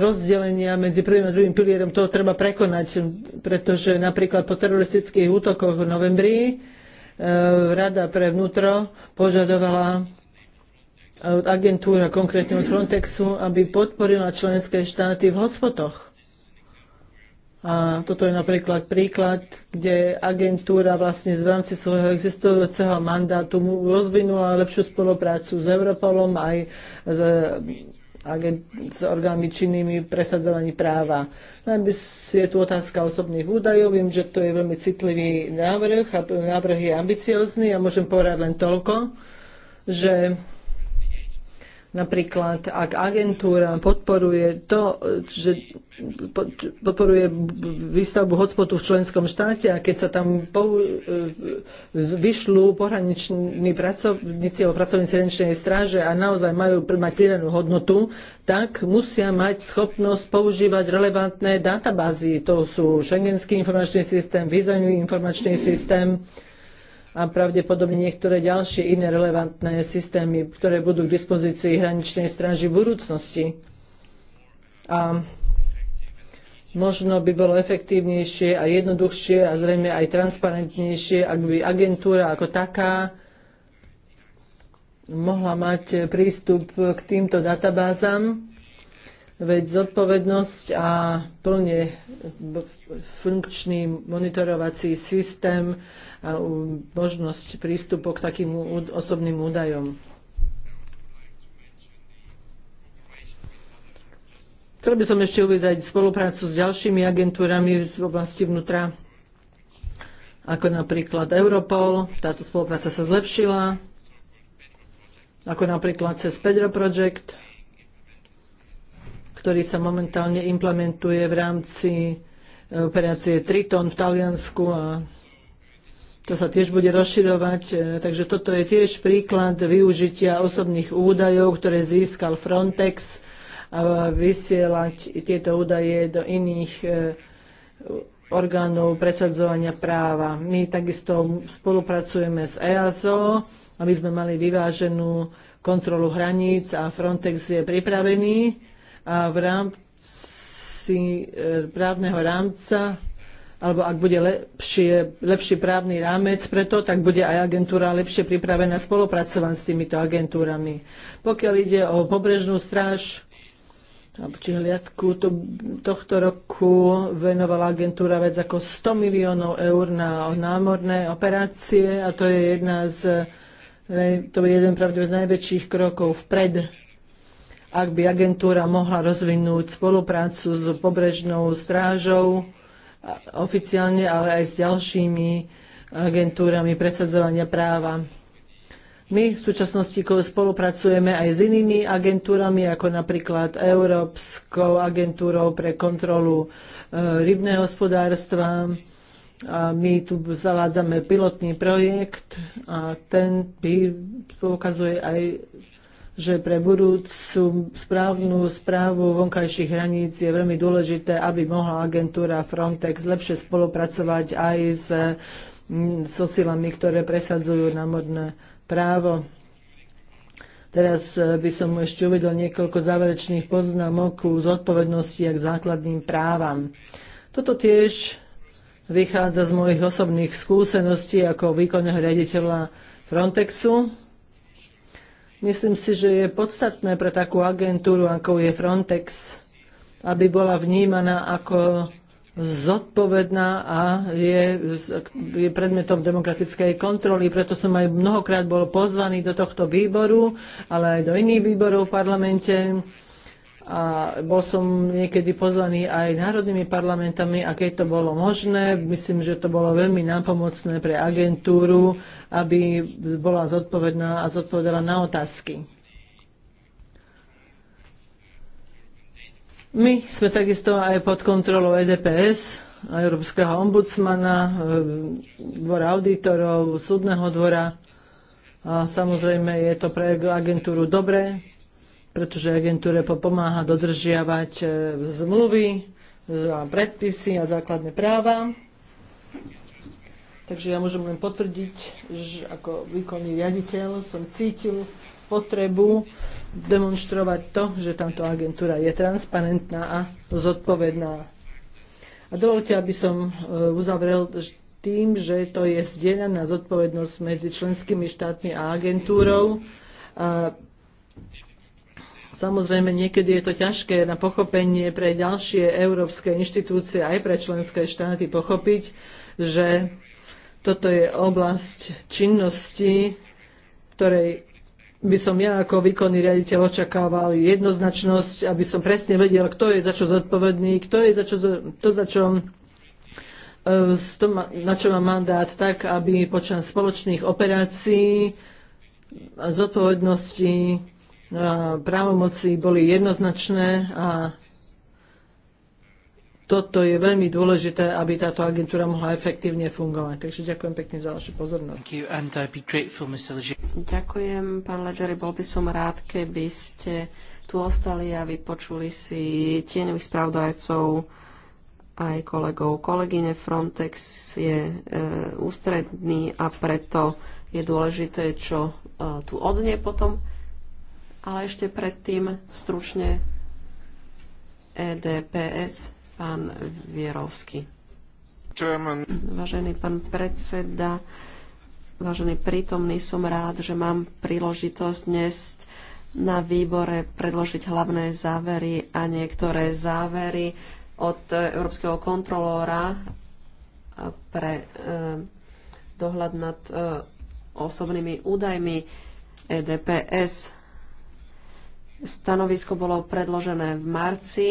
rozdelenia medzi prvým a druhým pilierom, to treba prekonať, pretože napríklad po teroristických útokoch v novembri e, Rada pre vnútro požadovala e, agentúra, konkrétne od Frontexu, aby podporila členské štáty v hotspotoch. A toto je napríklad príklad, kde agentúra vlastne v rámci svojho existujúceho mandátu rozvinula lepšiu spoluprácu s Europolom aj s s orgánmi činnými presadzovaní práva. Najmä je tu otázka osobných údajov. Viem, že to je veľmi citlivý návrh a návrh je ambiciózny a môžem povedať len toľko, že Napríklad, ak agentúra podporuje to, že podporuje výstavbu hotspotu v členskom štáte a keď sa tam e, vyšľú pohraniční pracovníci alebo pracovníci hraničnej stráže a naozaj majú mať pridanú hodnotu, tak musia mať schopnosť používať relevantné databázy. To sú Schengenský informačný systém, vízový informačný systém, a pravdepodobne niektoré ďalšie iné relevantné systémy, ktoré budú k dispozícii hraničnej stráži v budúcnosti. A možno by bolo efektívnejšie a jednoduchšie a zrejme aj transparentnejšie, ak by agentúra ako taká mohla mať prístup k týmto databázam veď zodpovednosť a plne funkčný monitorovací systém a možnosť prístupu k takým osobným údajom. Chcel by som ešte uvieť spoluprácu s ďalšími agentúrami v oblasti vnútra, ako napríklad Europol. Táto spolupráca sa zlepšila, ako napríklad cez Pedro Project, ktorý sa momentálne implementuje v rámci e, operácie Triton v Taliansku a to sa tiež bude rozširovať. E, takže toto je tiež príklad využitia osobných údajov, ktoré získal Frontex a vysielať tieto údaje do iných e, orgánov presadzovania práva. My takisto spolupracujeme s EASO, aby sme mali vyváženú kontrolu hraníc a Frontex je pripravený a v rámci e, právneho rámca alebo ak bude lepšie, lepší právny rámec preto, tak bude aj agentúra lepšie pripravená spolupracovať s týmito agentúrami. Pokiaľ ide o pobrežnú stráž, či hliadku to, tohto roku venovala agentúra viac ako 100 miliónov eur na námorné operácie a to je jedna z to je jeden pravdepodobne najväčších krokov vpred ak by agentúra mohla rozvinúť spoluprácu s pobrežnou strážou oficiálne, ale aj s ďalšími agentúrami presadzovania práva. My v súčasnosti spolupracujeme aj s inými agentúrami, ako napríklad Európskou agentúrou pre kontrolu e, rybného hospodárstva. A my tu zavádzame pilotný projekt a ten by poukazuje aj že pre budúcu správnu správu vonkajších hraníc je veľmi dôležité, aby mohla agentúra Frontex lepšie spolupracovať aj s, mm, so silami, ktoré presadzujú námorné právo. Teraz e, by som ešte uvedel niekoľko záverečných poznámok z odpovednosti a k základným právam. Toto tiež vychádza z mojich osobných skúseností ako výkonného riaditeľa Frontexu Myslím si, že je podstatné pre takú agentúru, ako je Frontex, aby bola vnímaná ako zodpovedná a je, je predmetom demokratickej kontroly. Preto som aj mnohokrát bol pozvaný do tohto výboru, ale aj do iných výborov v parlamente a bol som niekedy pozvaný aj národnými parlamentami a keď to bolo možné, myslím, že to bolo veľmi nápomocné pre agentúru, aby bola zodpovedná a zodpovedala na otázky. My sme takisto aj pod kontrolou EDPS, Európskeho ombudsmana, eh, dvora auditorov, súdneho dvora. A samozrejme je to pre agentúru dobré, pretože agentúre pomáha dodržiavať e, zmluvy, predpisy a základné práva. Takže ja môžem len potvrdiť, že ako výkonný riaditeľ som cítil potrebu demonstrovať to, že táto agentúra je transparentná a zodpovedná. A dovolte, aby som e, uzavrel tým, že to je zdieľaná zodpovednosť medzi členskými štátmi a agentúrou. A Samozrejme, niekedy je to ťažké na pochopenie pre ďalšie európske inštitúcie, aj pre členské štáty pochopiť, že toto je oblasť činnosti, ktorej by som ja ako výkonný riaditeľ očakával jednoznačnosť, aby som presne vedel, kto je za čo zodpovedný, kto je za čo, to za čo e, na čo mám mandát, tak aby počas spoločných operácií zodpovednosti právomoci boli jednoznačné a toto je veľmi dôležité, aby táto agentúra mohla efektívne fungovať. Takže ďakujem pekne za vašu pozornosť. Ďakujem, pán Ledgeri. Bol by som rád, keby ste tu ostali a vypočuli si tieňových spravodajcov aj kolegov. Kolegyne Frontex je e, ústredný a preto je dôležité, čo e, tu odznie potom. Ale ešte predtým stručne EDPS, pán Vierovský. Chairman. Vážený pán predseda, vážený prítomný, som rád, že mám príležitosť dnes na výbore predložiť hlavné závery a niektoré závery od Európskeho kontrolóra pre eh, dohľad nad eh, osobnými údajmi EDPS Stanovisko bolo predložené v marci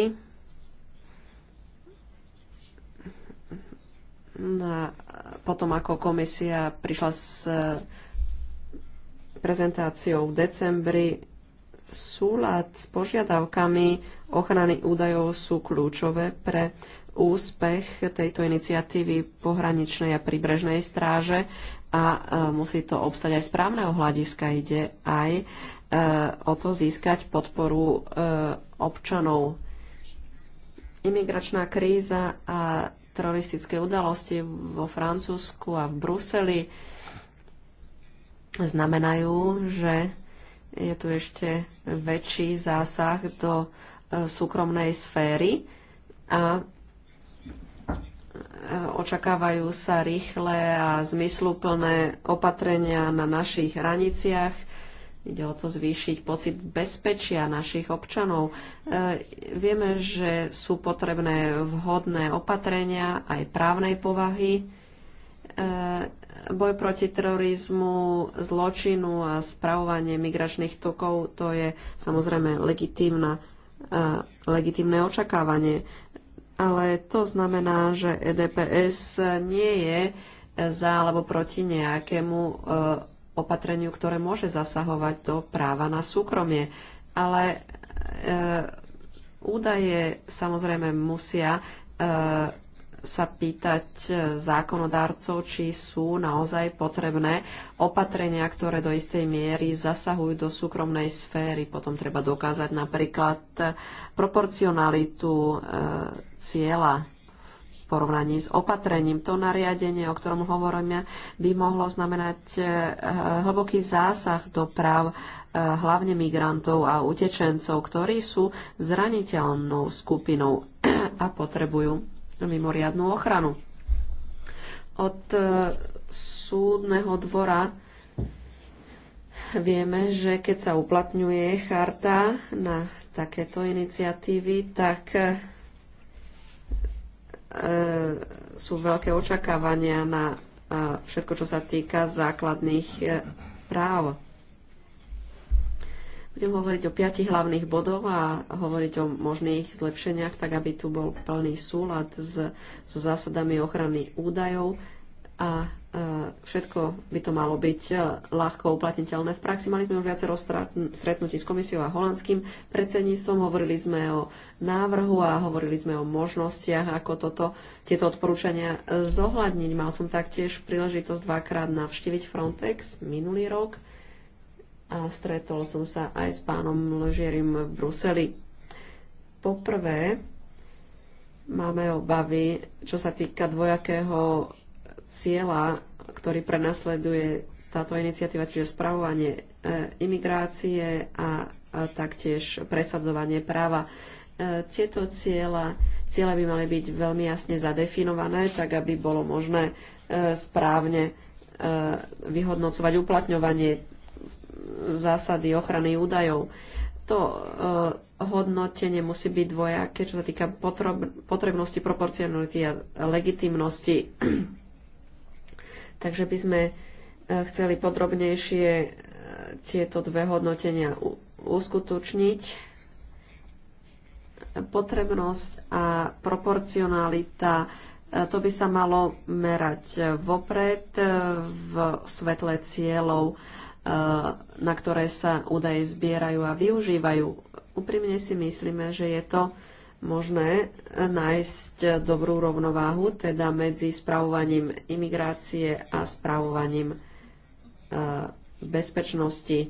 na, no potom ako komisia prišla s e, prezentáciou v decembri. Súlad s požiadavkami ochrany údajov sú kľúčové pre úspech tejto iniciatívy pohraničnej a príbrežnej stráže a e, musí to obstať aj správneho hľadiska. Ide aj Eh, o to získať podporu eh, občanov. Imigračná kríza a teroristické udalosti vo Francúzsku a v Bruseli znamenajú, že je tu ešte väčší zásah do eh, súkromnej sféry a očakávajú sa rýchle a zmysluplné opatrenia na našich hraniciach – Ide o to zvýšiť pocit bezpečia našich občanov. E, vieme, že sú potrebné vhodné opatrenia aj právnej povahy. E, boj proti terorizmu, zločinu a spravovanie migračných tokov, to je samozrejme legitímna, e, legitímne očakávanie. Ale to znamená, že EDPS nie je za alebo proti nejakému e, opatreniu, ktoré môže zasahovať do práva na súkromie. Ale e, údaje samozrejme musia e, sa pýtať e, zákonodárcov, či sú naozaj potrebné opatrenia, ktoré do istej miery zasahujú do súkromnej sféry. Potom treba dokázať napríklad e, proporcionalitu e, cieľa porovnaní s opatrením. To nariadenie, o ktorom hovoríme, by mohlo znamenať eh, hlboký zásah do práv eh, hlavne migrantov a utečencov, ktorí sú zraniteľnou skupinou a potrebujú mimoriadnú ochranu. Od eh, súdneho dvora vieme, že keď sa uplatňuje charta na takéto iniciatívy, tak E, sú veľké očakávania na e, všetko, čo sa týka základných e, práv. Budem hovoriť o piatich hlavných bodoch a hovoriť o možných zlepšeniach, tak aby tu bol plný súlad s, so zásadami ochrany údajov, a e, všetko by to malo byť e, ľahko uplatniteľné. V praxi mali sme už viacero stretnutí s komisiou a holandským predsedníctvom. Hovorili sme o návrhu a hovorili sme o možnostiach, ako toto, tieto odporúčania e, zohľadniť. Mal som taktiež príležitosť dvakrát navštíviť Frontex minulý rok a stretol som sa aj s pánom Ležierim v Bruseli. Poprvé, máme obavy, čo sa týka dvojakého cieľa, ktorý prenasleduje táto iniciatíva, čiže spravovanie e, imigrácie a taktiež presadzovanie práva. E, tieto cieľa, cieľa by mali byť veľmi jasne zadefinované, tak aby bolo možné e, správne vyhodnocovať uplatňovanie zásady ochrany údajov. To hodnotenie musí byť dvojaké, čo sa týka potrebnosti, proporcionality a legitimnosti Takže by sme e, chceli podrobnejšie e, tieto dve hodnotenia uskutočniť potrebnosť a proporcionalita, e, to by sa malo merať vopred v svetle cieľov, na ktoré sa údaje zbierajú a využívajú. Úprimne si myslíme, že je to možné nájsť dobrú rovnováhu teda medzi spravovaním imigrácie a spravovaním e, bezpečnosti.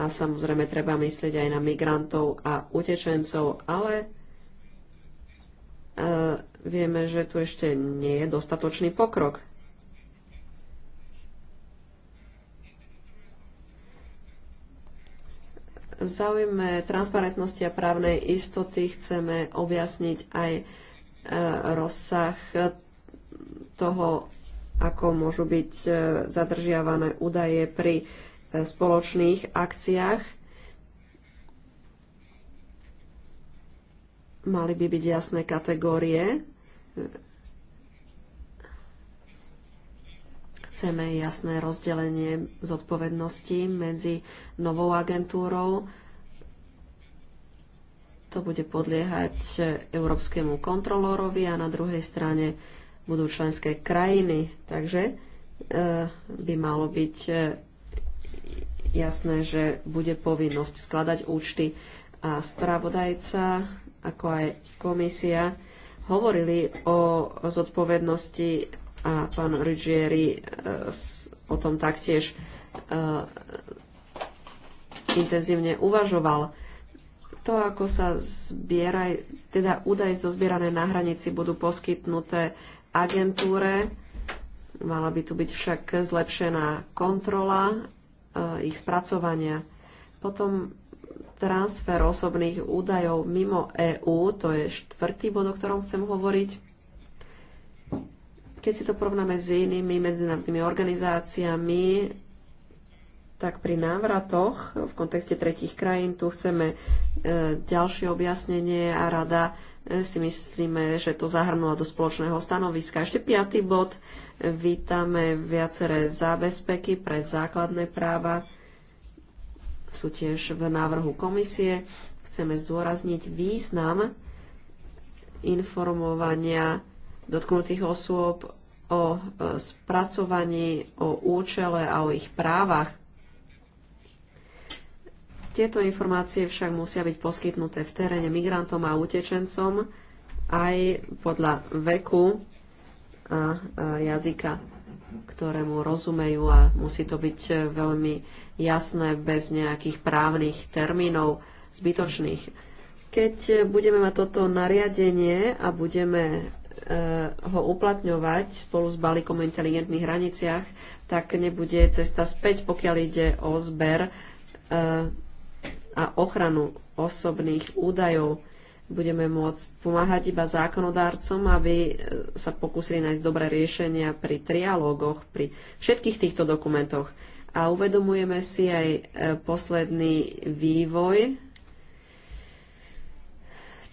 A samozrejme treba myslieť aj na migrantov a utečencov, ale e, vieme, že tu ešte nie je dostatočný pokrok. záujme transparentnosti a právnej istoty chceme objasniť aj e, rozsah toho, ako môžu byť e, zadržiavané údaje pri e, spoločných akciách. Mali by byť jasné kategórie Chceme jasné rozdelenie zodpovednosti medzi novou agentúrou. To bude podliehať európskemu kontrolórovi a na druhej strane budú členské krajiny. Takže e, by malo byť e, jasné, že bude povinnosť skladať účty a spravodajca, ako aj komisia, hovorili o zodpovednosti a pán Ruggieri e, o tom taktiež e, intenzívne uvažoval. To, ako sa zbieraj, teda údaje zo zbierané na hranici budú poskytnuté agentúre, mala by tu byť však zlepšená kontrola e, ich spracovania. Potom transfer osobných údajov mimo EÚ, to je štvrtý bod, o ktorom chcem hovoriť. Keď si to porovnáme s inými medzinárodnými organizáciami, tak pri návratoch v kontexte tretich krajín tu chceme e, ďalšie objasnenie a rada e, si myslíme, že to zahrnula do spoločného stanoviska. Ešte piatý bod. Vítame viaceré zábezpeky pre základné práva. Sú tiež v návrhu komisie. Chceme zdôrazniť význam informovania dotknutých osôb, o e, spracovaní, o účele a o ich právach. Tieto informácie však musia byť poskytnuté v teréne migrantom a utečencom aj podľa veku a e, jazyka, ktorému rozumejú a musí to byť e, veľmi jasné bez nejakých právnych termínov zbytočných. Keď budeme mať toto nariadenie a budeme Eh, ho uplatňovať spolu s balíkom o inteligentných hraniciach, tak nebude cesta späť, pokiaľ ide o zber eh, a ochranu osobných údajov. Budeme môcť pomáhať iba zákonodárcom, aby eh, sa pokúsili nájsť dobré riešenia pri trialógoch, pri všetkých týchto dokumentoch. A uvedomujeme si aj posledný vývoj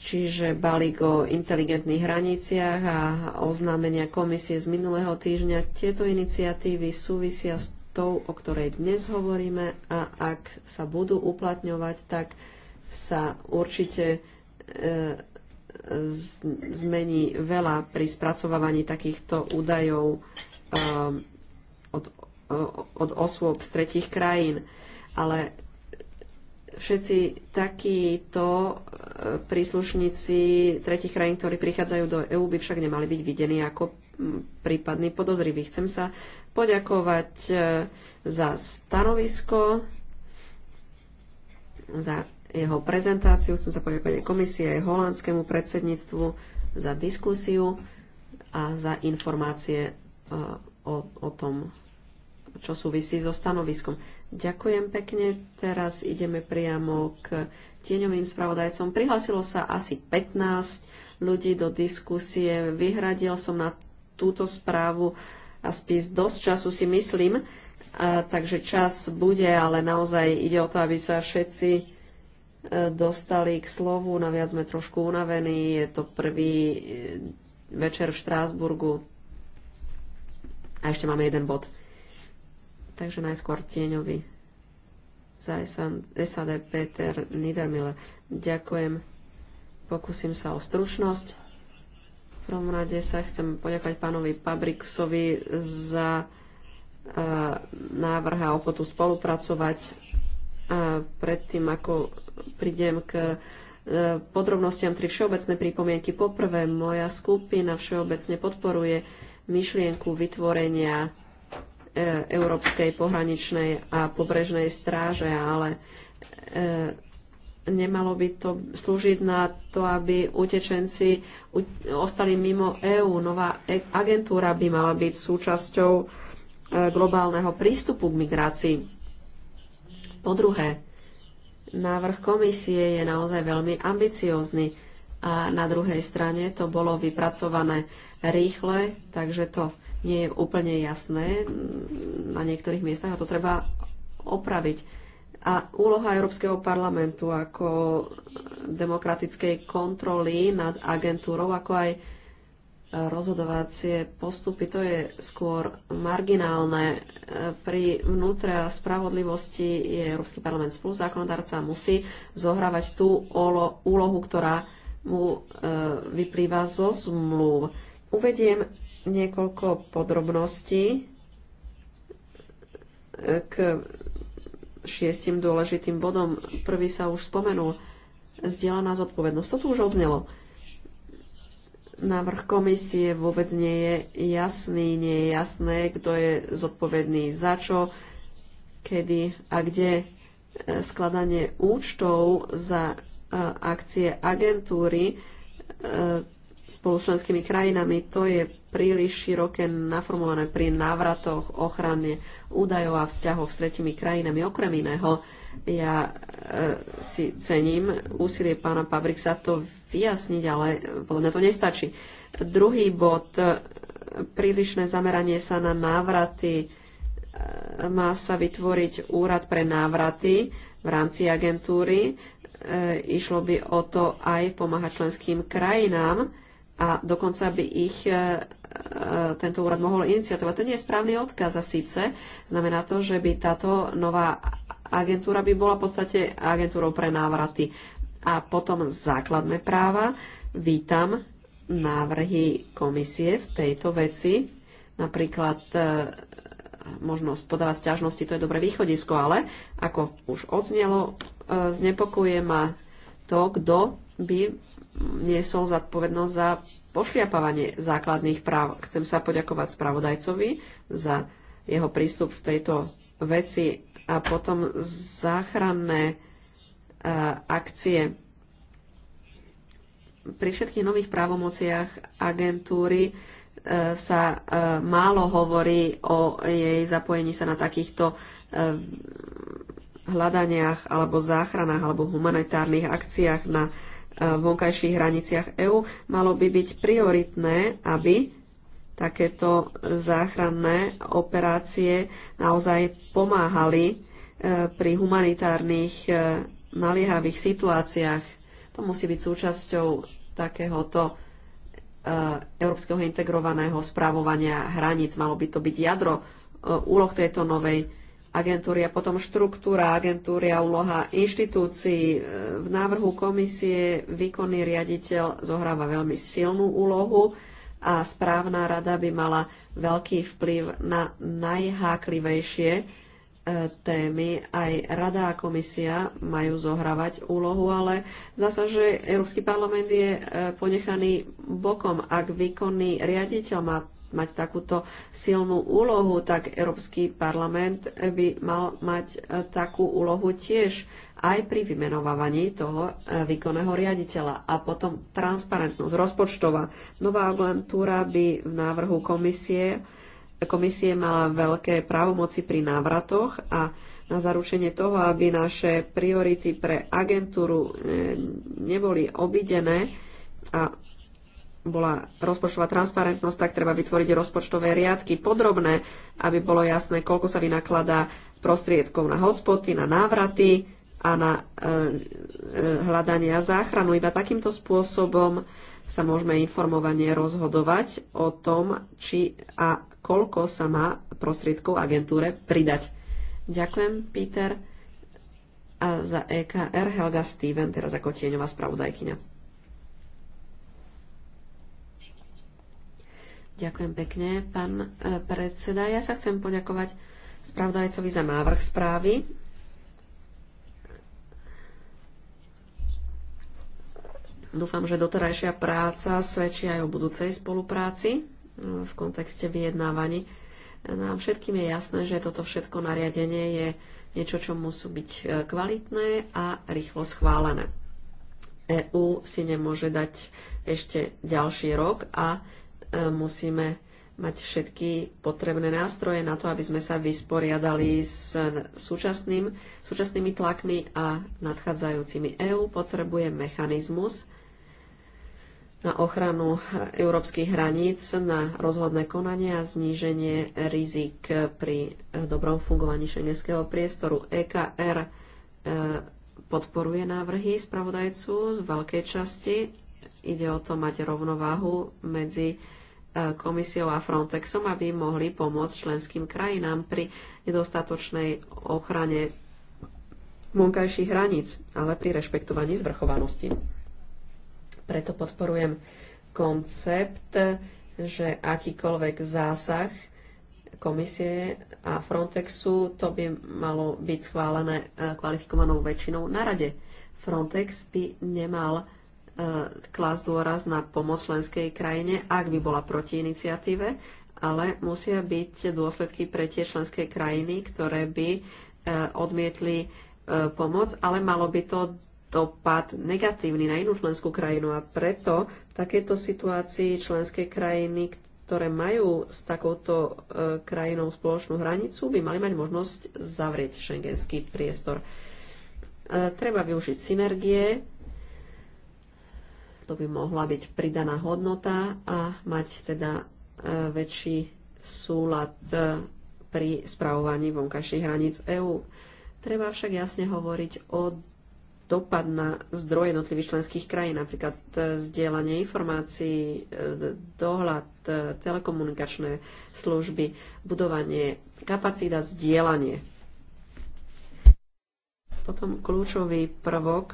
Čiže balík o inteligentných hraniciach a oznámenia komisie z minulého týždňa. Tieto iniciatívy súvisia s tou, o ktorej dnes hovoríme a ak sa budú uplatňovať, tak sa určite e, zmení veľa pri spracovávaní takýchto údajov e, od, od osôb z tretich krajín. Ale všetci takíto e, príslušníci tretich krajín, ktorí prichádzajú do EÚ, by však nemali byť videní ako prípadní podozriví. Chcem sa poďakovať e, za stanovisko, za jeho prezentáciu, chcem sa poďakovať aj komisie, aj holandskému predsedníctvu za diskusiu a za informácie e, o, o tom, čo súvisí so stanoviskom. Ďakujem pekne. Teraz ideme priamo k tieňovým spravodajcom. Prihlásilo sa asi 15 ľudí do diskusie. Vyhradil som na túto správu a spis dosť času si myslím, a, takže čas bude, ale naozaj ide o to, aby sa všetci e, dostali k slovu. Naviac sme trošku unavení. Je to prvý e, večer v Štrásburgu. A ešte máme jeden bod. Takže najskôr tieňovi za SAD Peter Niedermiller. Ďakujem. Pokúsim sa o stručnosť. V prvom rade sa chcem poďakovať pánovi Pabriksovi za uh, návrh a ochotu spolupracovať. A predtým, ako prídem k e, podrobnostiam, tri všeobecné pripomienky. Poprvé, moja skupina všeobecne podporuje myšlienku vytvorenia E, Európskej pohraničnej a pobrežnej stráže, ale e, nemalo by to slúžiť na to, aby utečenci ostali mimo EÚ. Nová e, agentúra by mala byť súčasťou globálneho prístupu k migrácii. Po druhé, návrh komisie je naozaj veľmi ambiciózny a na druhej strane to bolo vypracované rýchle, takže to nie je úplne jasné mm, na niektorých miestach a to treba opraviť. A úloha Európskeho parlamentu ako demokratickej kontroly nad agentúrou, ako aj rozhodovacie postupy, to je skôr marginálne. E, pri vnútre a spravodlivosti je Európsky parlament spoluzákonodárca a musí zohrávať tú úlohu, ktorá mu e, vyplýva zo zmluv. Uvediem niekoľko podrobností k šiestim dôležitým bodom. Prvý sa už spomenul. Zdieľaná zodpovednosť. To tu už odznelo. Návrh komisie vôbec nie je jasný, nie je jasné, kto je zodpovedný za čo, kedy a kde skladanie účtov za e, akcie agentúry e, spolu s členskými krajinami. To je príliš široké naformulované pri návratoch, ochrane údajov a vzťahoch s tretimi krajinami. Okrem iného, ja e, si cením úsilie pána Pabriksa to vyjasniť, ale podľa mňa to nestačí. Druhý bod, e, prílišné zameranie sa na návraty. E, má sa vytvoriť úrad pre návraty v rámci agentúry. E, išlo by o to aj pomáhať členským krajinám a dokonca by ich e, e, tento úrad mohol iniciatovať. To nie je správny odkaz a síce znamená to, že by táto nová agentúra by bola v podstate agentúrou pre návraty. A potom základné práva. Vítam návrhy komisie v tejto veci. Napríklad e, možnosť podávať stiažnosti, to je dobré východisko, ale ako už odznelo, znepokuje ma to, kto by niesol zodpovednosť za pošliapávanie základných práv. Chcem sa poďakovať spravodajcovi za jeho prístup v tejto veci a potom záchranné e, akcie. Pri všetkých nových právomociach agentúry e, sa e, málo hovorí o jej zapojení sa na takýchto hľadaniach alebo záchranách alebo humanitárnych akciách na vonkajších hraniciach EÚ, malo by byť prioritné, aby takéto záchranné operácie naozaj pomáhali e, pri humanitárnych e, naliehavých situáciách. To musí byť súčasťou takéhoto e, európskeho integrovaného správovania hraníc. Malo by to byť jadro úloh tejto novej agentúry a potom štruktúra agentúry a úloha inštitúcií. E, v návrhu komisie výkonný riaditeľ zohráva veľmi silnú úlohu a správna rada by mala veľký vplyv na najháklivejšie e, témy. Aj rada a komisia majú zohrávať úlohu, ale zdá sa, že Európsky parlament je e, ponechaný bokom. Ak výkonný riaditeľ má mať takúto silnú úlohu, tak Európsky parlament by mal mať e, takú úlohu tiež aj pri vymenovávaní toho e, výkonného riaditeľa. A potom transparentnosť rozpočtová. Nová agentúra by v návrhu komisie, komisie mala veľké právomoci pri návratoch a na zaručenie toho, aby naše priority pre agentúru e, neboli obidené a bola rozpočtová transparentnosť, tak treba vytvoriť rozpočtové riadky podrobné, aby bolo jasné, koľko sa vynakladá prostriedkov na hotspoty, na návraty a na e, e, hľadanie a záchranu. Iba takýmto spôsobom sa môžeme informovanie rozhodovať o tom, či a koľko sa má prostriedkov agentúre pridať. Ďakujem, Peter. A za EKR Helga Steven, teraz ako tieňová spravodajkyňa. Ďakujem pekne, pán e, predseda. Ja sa chcem poďakovať spravodajcovi za návrh správy. Dúfam, že doterajšia práca svedčí aj o budúcej spolupráci e, v kontexte vyjednávaní. Nám no všetkým je jasné, že toto všetko nariadenie je niečo, čo musí byť e, kvalitné a rýchlo schválené. EÚ si nemôže dať ešte ďalší rok a E, musíme mať všetky potrebné nástroje na to, aby sme sa vysporiadali s súčasným, súčasnými tlakmi a nadchádzajúcimi. EÚ potrebuje mechanizmus na ochranu európskych hraníc, na rozhodné konanie a zníženie rizik pri dobrom fungovaní šengenského priestoru. EKR e, podporuje návrhy spravodajcu z veľkej časti. Ide o to mať rovnováhu medzi komisiou a Frontexom, aby mohli pomôcť členským krajinám pri nedostatočnej ochrane vonkajších hraníc, ale pri rešpektovaní zvrchovanosti. Preto podporujem koncept, že akýkoľvek zásah komisie a Frontexu, to by malo byť schválené eh, kvalifikovanou väčšinou na rade. Frontex by nemal E, klásť dôraz na pomoc členskej krajine, ak by bola proti iniciatíve, ale musia byť dôsledky pre tie členské krajiny, ktoré by e, odmietli e, pomoc, ale malo by to dopad negatívny na inú členskú krajinu a preto v takejto situácii členské krajiny, ktoré majú s takouto e, krajinou spoločnú hranicu, by mali mať možnosť zavrieť šengenský priestor. E, treba využiť synergie to by mohla byť pridaná hodnota a mať teda e, väčší súlad e, pri spravovaní vonkajších hraníc EÚ. Treba však jasne hovoriť o dopad na zdroje jednotlivých členských krajín, napríklad e, zdieľanie informácií, dohľad, telekomunikačné služby, budovanie kapacita, zdieľanie. Potom kľúčový prvok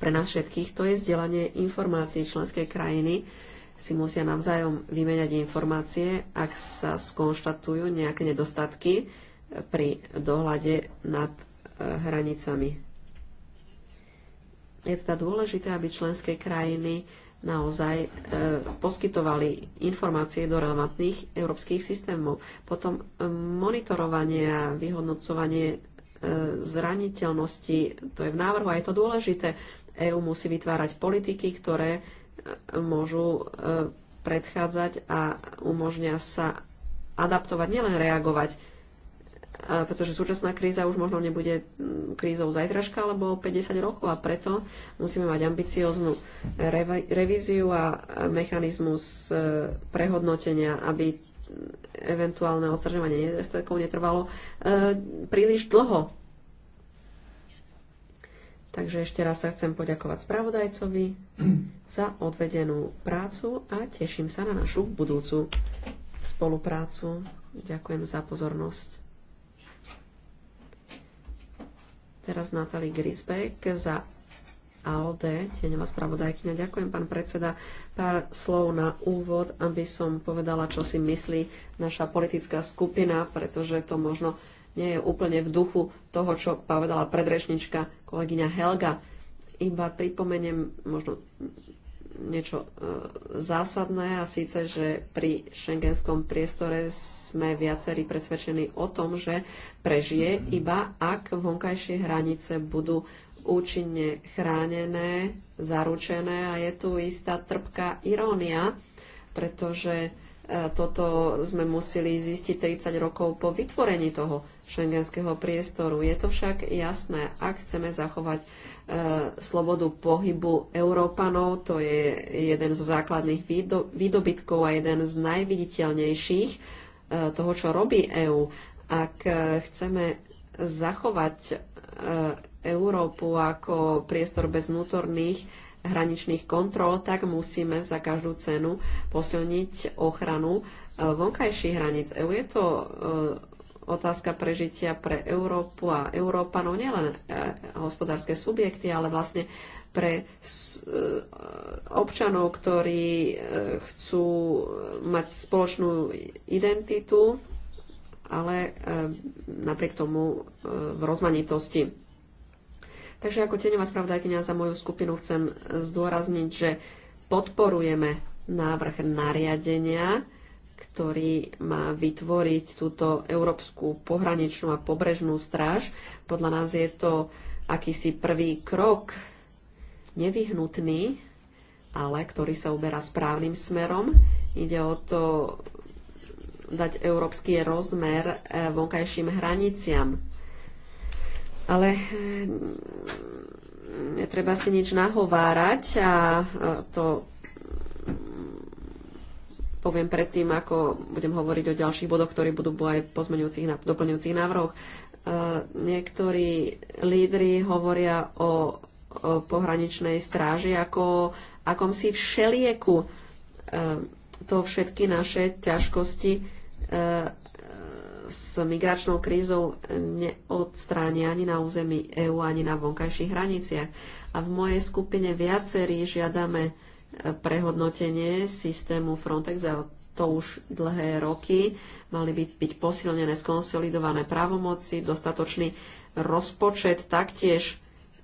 pre nás všetkých, to je zdelanie informácií členskej krajiny si musia navzájom vymeniať informácie, ak sa skonštatujú nejaké nedostatky pri dohľade nad e, hranicami. Je teda dôležité, aby členské krajiny naozaj e, poskytovali informácie do relevantných európskych systémov. Potom e, monitorovanie a vyhodnocovanie e, zraniteľnosti, to je v návrhu a je to dôležité. E, EÚ musí vytvárať politiky, ktoré e, môžu e, predchádzať a umožňa sa adaptovať, nielen reagovať, e, pretože súčasná kríza už možno nebude mm, krízou zajtražka alebo 50 rokov a preto musíme mať ambicióznu revíziu a mechanizmus prehodnotenia, aby eventuálne odstraňovanie nedostatkov netrvalo príliš dlho. Takže ešte raz sa chcem poďakovať spravodajcovi za odvedenú prácu a teším sa na našu budúcu spoluprácu. Ďakujem za pozornosť. Teraz Natalie Grisbeck za ALD, tieňová spravodajkyňa. Ďakujem, pán predseda. Pár slov na úvod, aby som povedala, čo si myslí naša politická skupina, pretože to možno nie je úplne v duchu toho, čo povedala predrešnička kolegyňa Helga. Iba pripomeniem možno niečo e, zásadné a síce, že pri šengenskom priestore sme viacerí presvedčení o tom, že prežije iba ak vonkajšie hranice budú účinne chránené, zaručené a je tu istá trpká irónia, pretože e, toto sme museli zistiť 30 rokov po vytvorení toho šengenského priestoru. Je to však jasné, ak chceme zachovať e, slobodu pohybu Európanov, to je jeden zo základných výdo, výdobytkov a jeden z najviditeľnejších e, toho, čo robí EÚ. Ak e, chceme zachovať e, Európu ako priestor bez vnútorných hraničných kontrol, tak musíme za každú cenu posilniť ochranu e, vonkajších hraníc EÚ. Je to e, otázka prežitia pre Európu a Európanov, nielen e, hospodárske subjekty, ale vlastne pre e, občanov, ktorí e, chcú mať spoločnú identitu, ale napriek tomu v rozmanitosti. Takže ako teňová spravodajkynia za moju skupinu chcem zdôrazniť, že podporujeme návrh nariadenia, ktorý má vytvoriť túto Európsku pohraničnú a pobrežnú stráž. Podľa nás je to akýsi prvý krok nevyhnutný, ale ktorý sa uberá správnym smerom. Ide o to dať európsky rozmer eh, vonkajším hraniciam. Ale eh, netreba si nič nahovárať a eh, to poviem predtým, ako budem hovoriť o ďalších bodoch, ktorí budú aj pozmeňujúcich, doplňujúcich návrhoch. E, niektorí lídry hovoria o, o pohraničnej stráži ako akom si všelieku. E, to všetky naše ťažkosti e, s migračnou krízou neodstráni ani na území EÚ, ani na vonkajších hraniciach. A v mojej skupine viacerí žiadame prehodnotenie systému Frontex a to už dlhé roky. Mali by byť posilnené, skonsolidované právomoci, dostatočný rozpočet taktiež.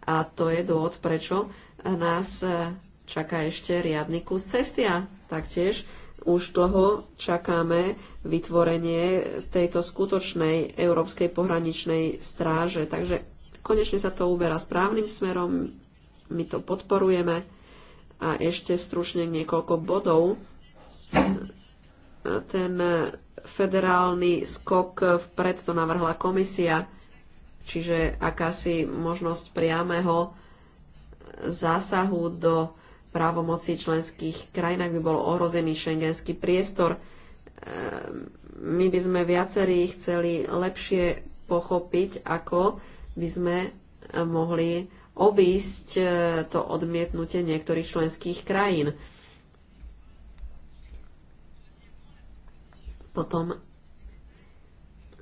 A to je dôvod, prečo nás čaká ešte riadny kus cesty a taktiež už dlho čakáme vytvorenie tejto skutočnej Európskej pohraničnej stráže. Takže konečne sa to uberá správnym smerom, my to podporujeme a ešte stručne niekoľko bodov. Ten federálny skok vpred to navrhla komisia, čiže akási možnosť priamého zásahu do právomocí členských krajín, ak by bol ohrozený šengenský priestor. Ehm, my by sme viacerí chceli lepšie pochopiť, ako by sme mohli obísť e, to odmietnutie niektorých členských krajín. Potom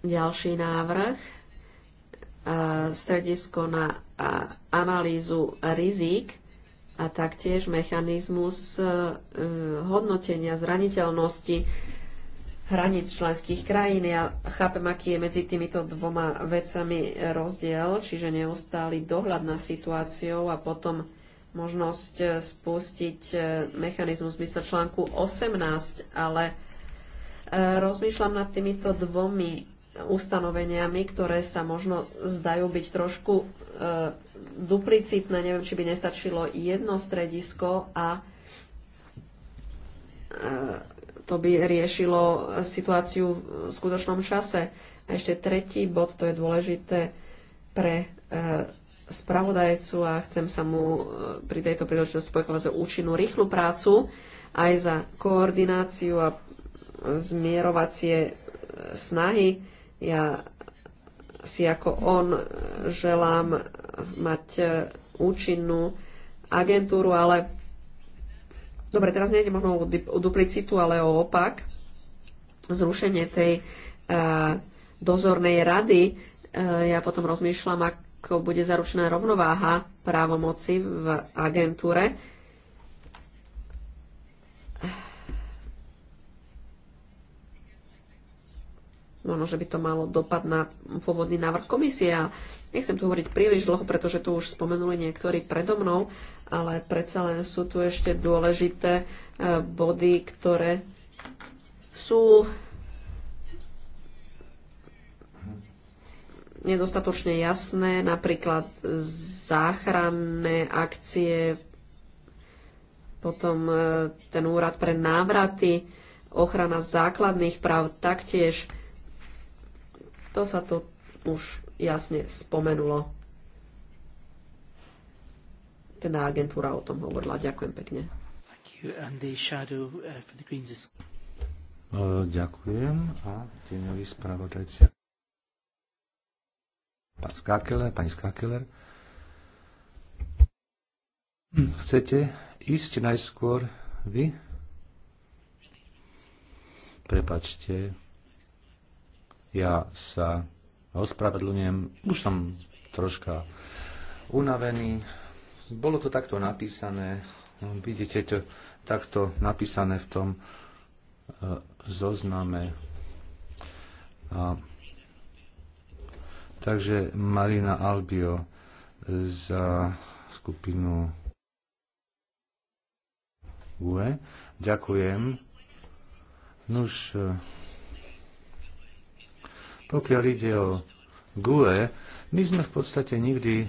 ďalší návrh, e, stredisko na analýzu rizik a taktiež mechanizmus e, hodnotenia zraniteľnosti hraníc členských krajín. Ja chápem, aký je medzi týmito dvoma vecami rozdiel, čiže neustály dohľad na situáciou a potom možnosť eh, spustiť eh, mechanizmus zmysle článku 18, ale eh, rozmýšľam nad týmito dvomi ustanoveniami, ktoré sa možno zdajú byť trošku e, duplicitné. Neviem, či by nestačilo jedno stredisko a to by riešilo situáciu v skutočnom čase. A ešte tretí bod, to je dôležité pre e, spravodajcu a chcem sa mu e, pri tejto príležitosti poďakovať za účinnú, rýchlu prácu, aj za koordináciu a zmierovacie e, snahy. Ja si ako on želám mať e, účinnú agentúru, ale Dobre, teraz nejde možno o, o duplicitu, ale o opak. Zrušenie tej uh, dozornej rady. Uh, ja potom rozmýšľam, ako bude zaručená rovnováha právomoci v agentúre. Možno, no, že by to malo dopad na pôvodný návrh komisie. A nechcem tu hovoriť príliš dlho, pretože tu už spomenuli niektorí predo mnou. Uh, ale predsa len sú tu ešte dôležité e, body, ktoré sú nedostatočne jasné, napríklad záchranné akcie, potom e, ten úrad pre návraty, ochrana základných práv taktiež. To sa tu už jasne spomenulo teda agentúra o tom hovorila. Ďakujem pekne. Uh, uh, ďakujem a tieňový spravodajca. Pán Skákeler, pani Skákeler. Hm, chcete ísť najskôr vy? Prepačte, ja sa ospravedlňujem, už som troška unavený. Bolo to takto napísané, vidíte to takto napísané v tom e, zozname. A, takže Marina Albio za skupinu UE. Ďakujem. Nuž, e, pokiaľ ide o GUE, my sme v podstate nikdy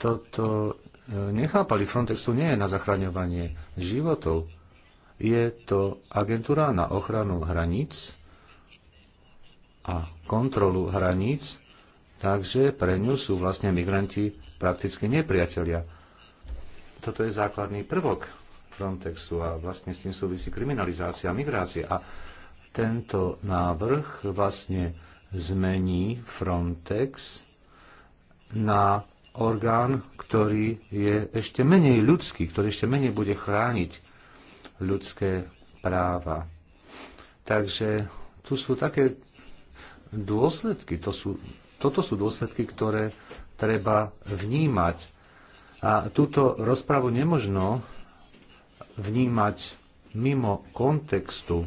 toto e, nechápali. Frontex tu nie je na zachraňovanie životov. Je to agentúra na ochranu hraníc a kontrolu hraníc, takže pre ňu sú vlastne migranti prakticky nepriatelia. Toto je základný prvok Frontexu a vlastne s tým súvisí kriminalizácia a migrácie. A tento návrh vlastne zmení Frontex na orgán, ktorý je ešte menej ľudský, ktorý ešte menej bude chrániť ľudské práva. Takže tu sú také dôsledky, to sú, toto sú dôsledky, ktoré treba vnímať. A túto rozpravu nemožno vnímať mimo kontextu.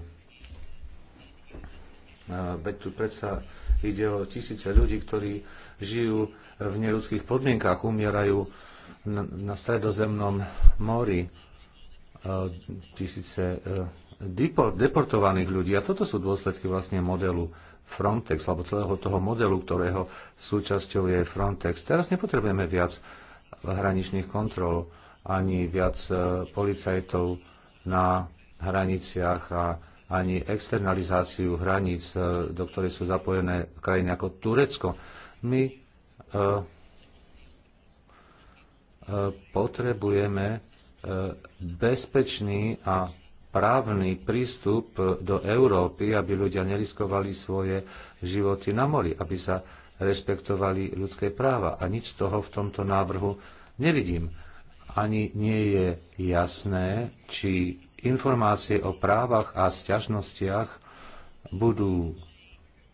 Veď tu predsa ide o tisíce ľudí, ktorí žijú v neľudských podmienkách umierajú na stredozemnom mori e, tisíce e, deportovaných ľudí. A toto sú dôsledky vlastne modelu Frontex, alebo celého toho modelu, ktorého súčasťou je Frontex. Teraz nepotrebujeme viac hraničných kontrol, ani viac e, policajtov na hraniciach a ani externalizáciu hraníc, do ktorej sú zapojené krajiny ako Turecko. My potrebujeme e, bezpečný a právny prístup do Európy, aby ľudia neriskovali svoje životy na mori, aby sa rešpektovali ľudské práva. A nič z toho v tomto návrhu nevidím. Ani nie je jasné, či informácie o právach a sťažnostiach budú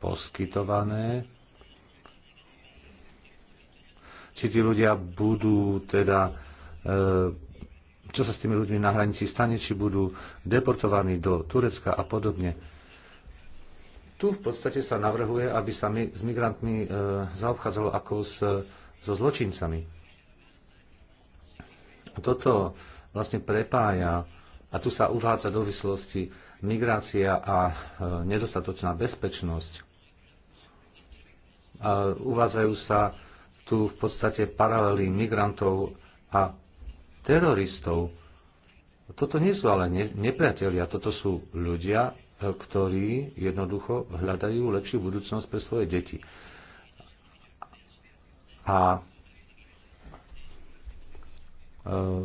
poskytované či tí ľudia budú teda, e, čo sa s tými ľuďmi na hranici stane, či budú deportovaní do Turecka a podobne. Tu v podstate sa navrhuje, aby sa mi, s migrantmi e, zaobchádzalo ako s, so zločincami. Toto vlastne prepája, a tu sa uvádza do vyslosti migrácia a e, nedostatočná bezpečnosť. E, uvádzajú sa tu v podstate paralely migrantov a teroristov. Toto nie sú ale nepriatelia, toto sú ľudia, e, ktorí jednoducho hľadajú lepšiu budúcnosť pre svoje deti. A e,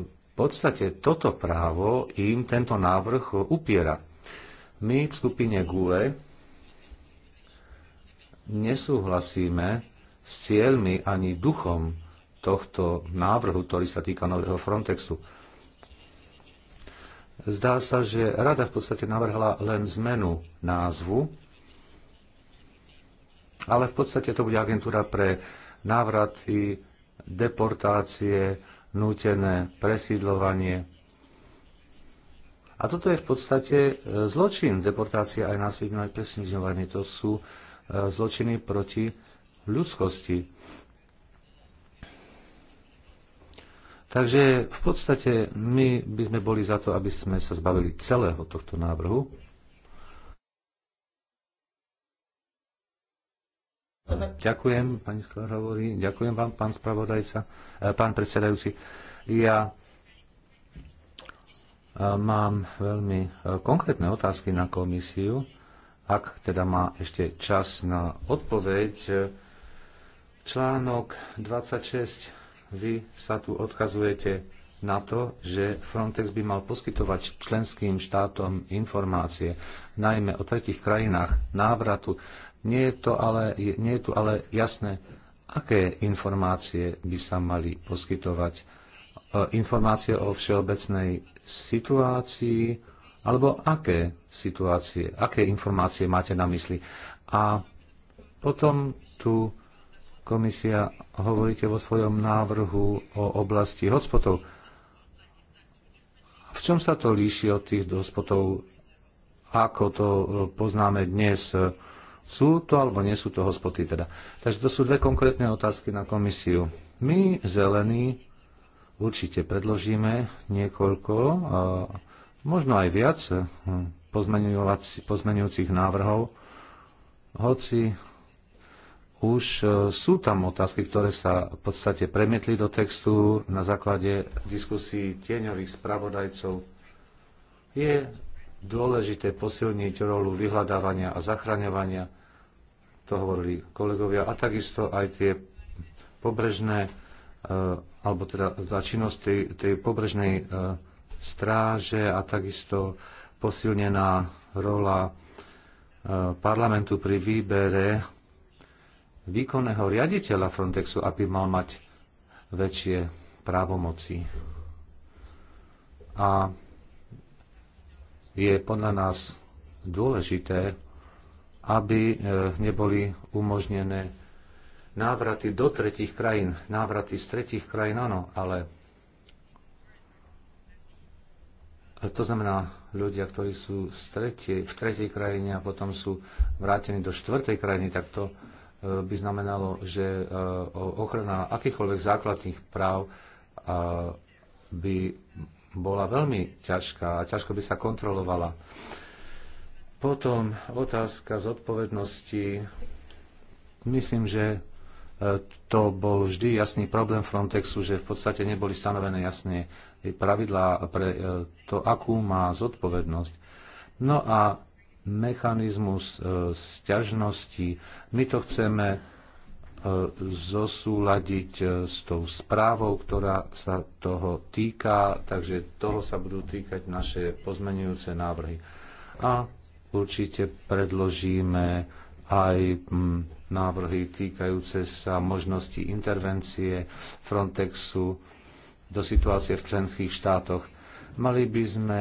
v podstate toto právo im tento návrh upiera. My v skupine GUE nesúhlasíme s cieľmi ani duchom tohto návrhu, ktorý sa týka nového Frontexu. Zdá sa, že rada v podstate navrhla len zmenu názvu, ale v podstate to bude agentúra pre návraty, deportácie, nútené presídlovanie. A toto je v podstate e, zločin. deportácie aj násilné no presídlovanie To sú e, zločiny proti ľudskosti. Takže v podstate my by sme boli za to, aby sme sa zbavili celého tohto návrhu. Ďakujem, pani hovorí. Ďakujem vám, pán spravodajca, eh, pán predsedajúci. Ja eh, mám veľmi eh, konkrétne otázky na komisiu, ak teda má ešte čas na odpoveď. Článok 26. Vy sa tu odkazujete na to, že Frontex by mal poskytovať členským štátom informácie, najmä o tretich krajinách návratu. Nie je, to ale, nie je tu ale jasné, aké informácie by sa mali poskytovať. E, informácie o všeobecnej situácii, alebo aké situácie, aké informácie máte na mysli. A potom tu komisia, hovoríte vo svojom návrhu o oblasti hotspotov. V čom sa to líši od tých hotspotov, ako to e, poznáme dnes? Sú to alebo nie sú to hotspoty teda? Takže to sú dve konkrétne otázky na komisiu. My, zelení, určite predložíme niekoľko, a možno aj viac hm, pozmenujúcich návrhov, hoci už e, sú tam otázky, ktoré sa v podstate premietli do textu na základe diskusí tieňových spravodajcov. Je dôležité posilniť rolu vyhľadávania a zachraňovania, to hovorili kolegovia, a takisto aj tie pobrežné, e, alebo teda tej, tej pobrežnej e, stráže a takisto posilnená rola parlamentu pri výbere výkonného riaditeľa Frontexu, aby mal mať väčšie právomoci. A je podľa nás dôležité, aby e, neboli umožnené návraty do tretich krajín. Návraty z tretich krajín, áno, ale e, to znamená ľudia, ktorí sú z tretie, v tretej krajine a potom sú vrátení do štvrtej krajiny, tak to E, by znamenalo, že e, ochrana akýchkoľvek základných práv e, by bola veľmi ťažká a ťažko by sa kontrolovala. Potom otázka zodpovednosti. Myslím, že to bol vždy jasný problém Frontexu, že v podstate neboli stanovené jasné pravidlá pre to, akú má zodpovednosť. No a mechanizmus e, sťažnosti. My to chceme e, zosúľadiť e, s tou správou, ktorá sa toho týka, takže toho sa budú týkať naše pozmenujúce návrhy. A určite predložíme aj návrhy týkajúce sa možnosti intervencie Frontexu do situácie v členských štátoch. Mali by sme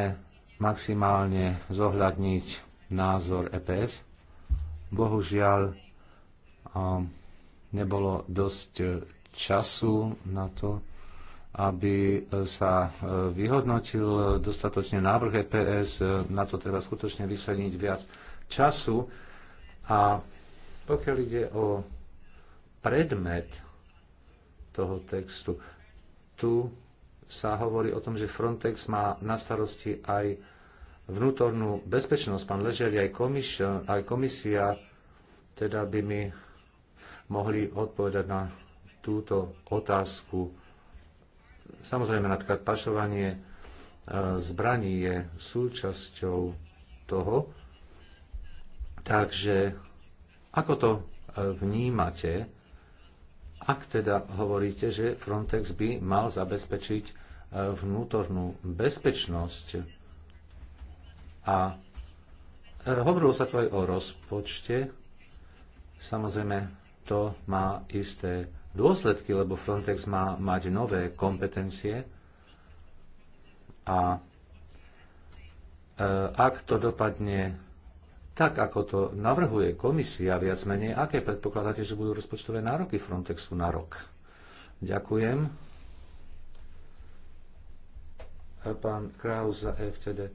maximálne zohľadniť názor EPS. Bohužiaľ, um, nebolo dosť e, času na to, aby e, sa e, vyhodnotil dostatočne návrh EPS. Na to treba skutočne vysadiť viac času. A pokiaľ ide o predmet toho textu, tu sa hovorí o tom, že Frontex má na starosti aj vnútornú bezpečnosť, pán Leželi, aj, komisia, aj komisia teda by mi mohli odpovedať na túto otázku. Samozrejme, napríklad pašovanie e, zbraní je súčasťou toho. Takže ako to e, vnímate, ak teda hovoríte, že Frontex by mal zabezpečiť e, vnútornú bezpečnosť a e, hovorilo sa tu aj o rozpočte. Samozrejme, to má isté dôsledky, lebo Frontex má mať nové kompetencie a e, ak to dopadne tak, ako to navrhuje komisia, viac menej, aké predpokladáte, že budú rozpočtové nároky Frontexu na rok? Ďakujem. E, pán Kraus za FTD.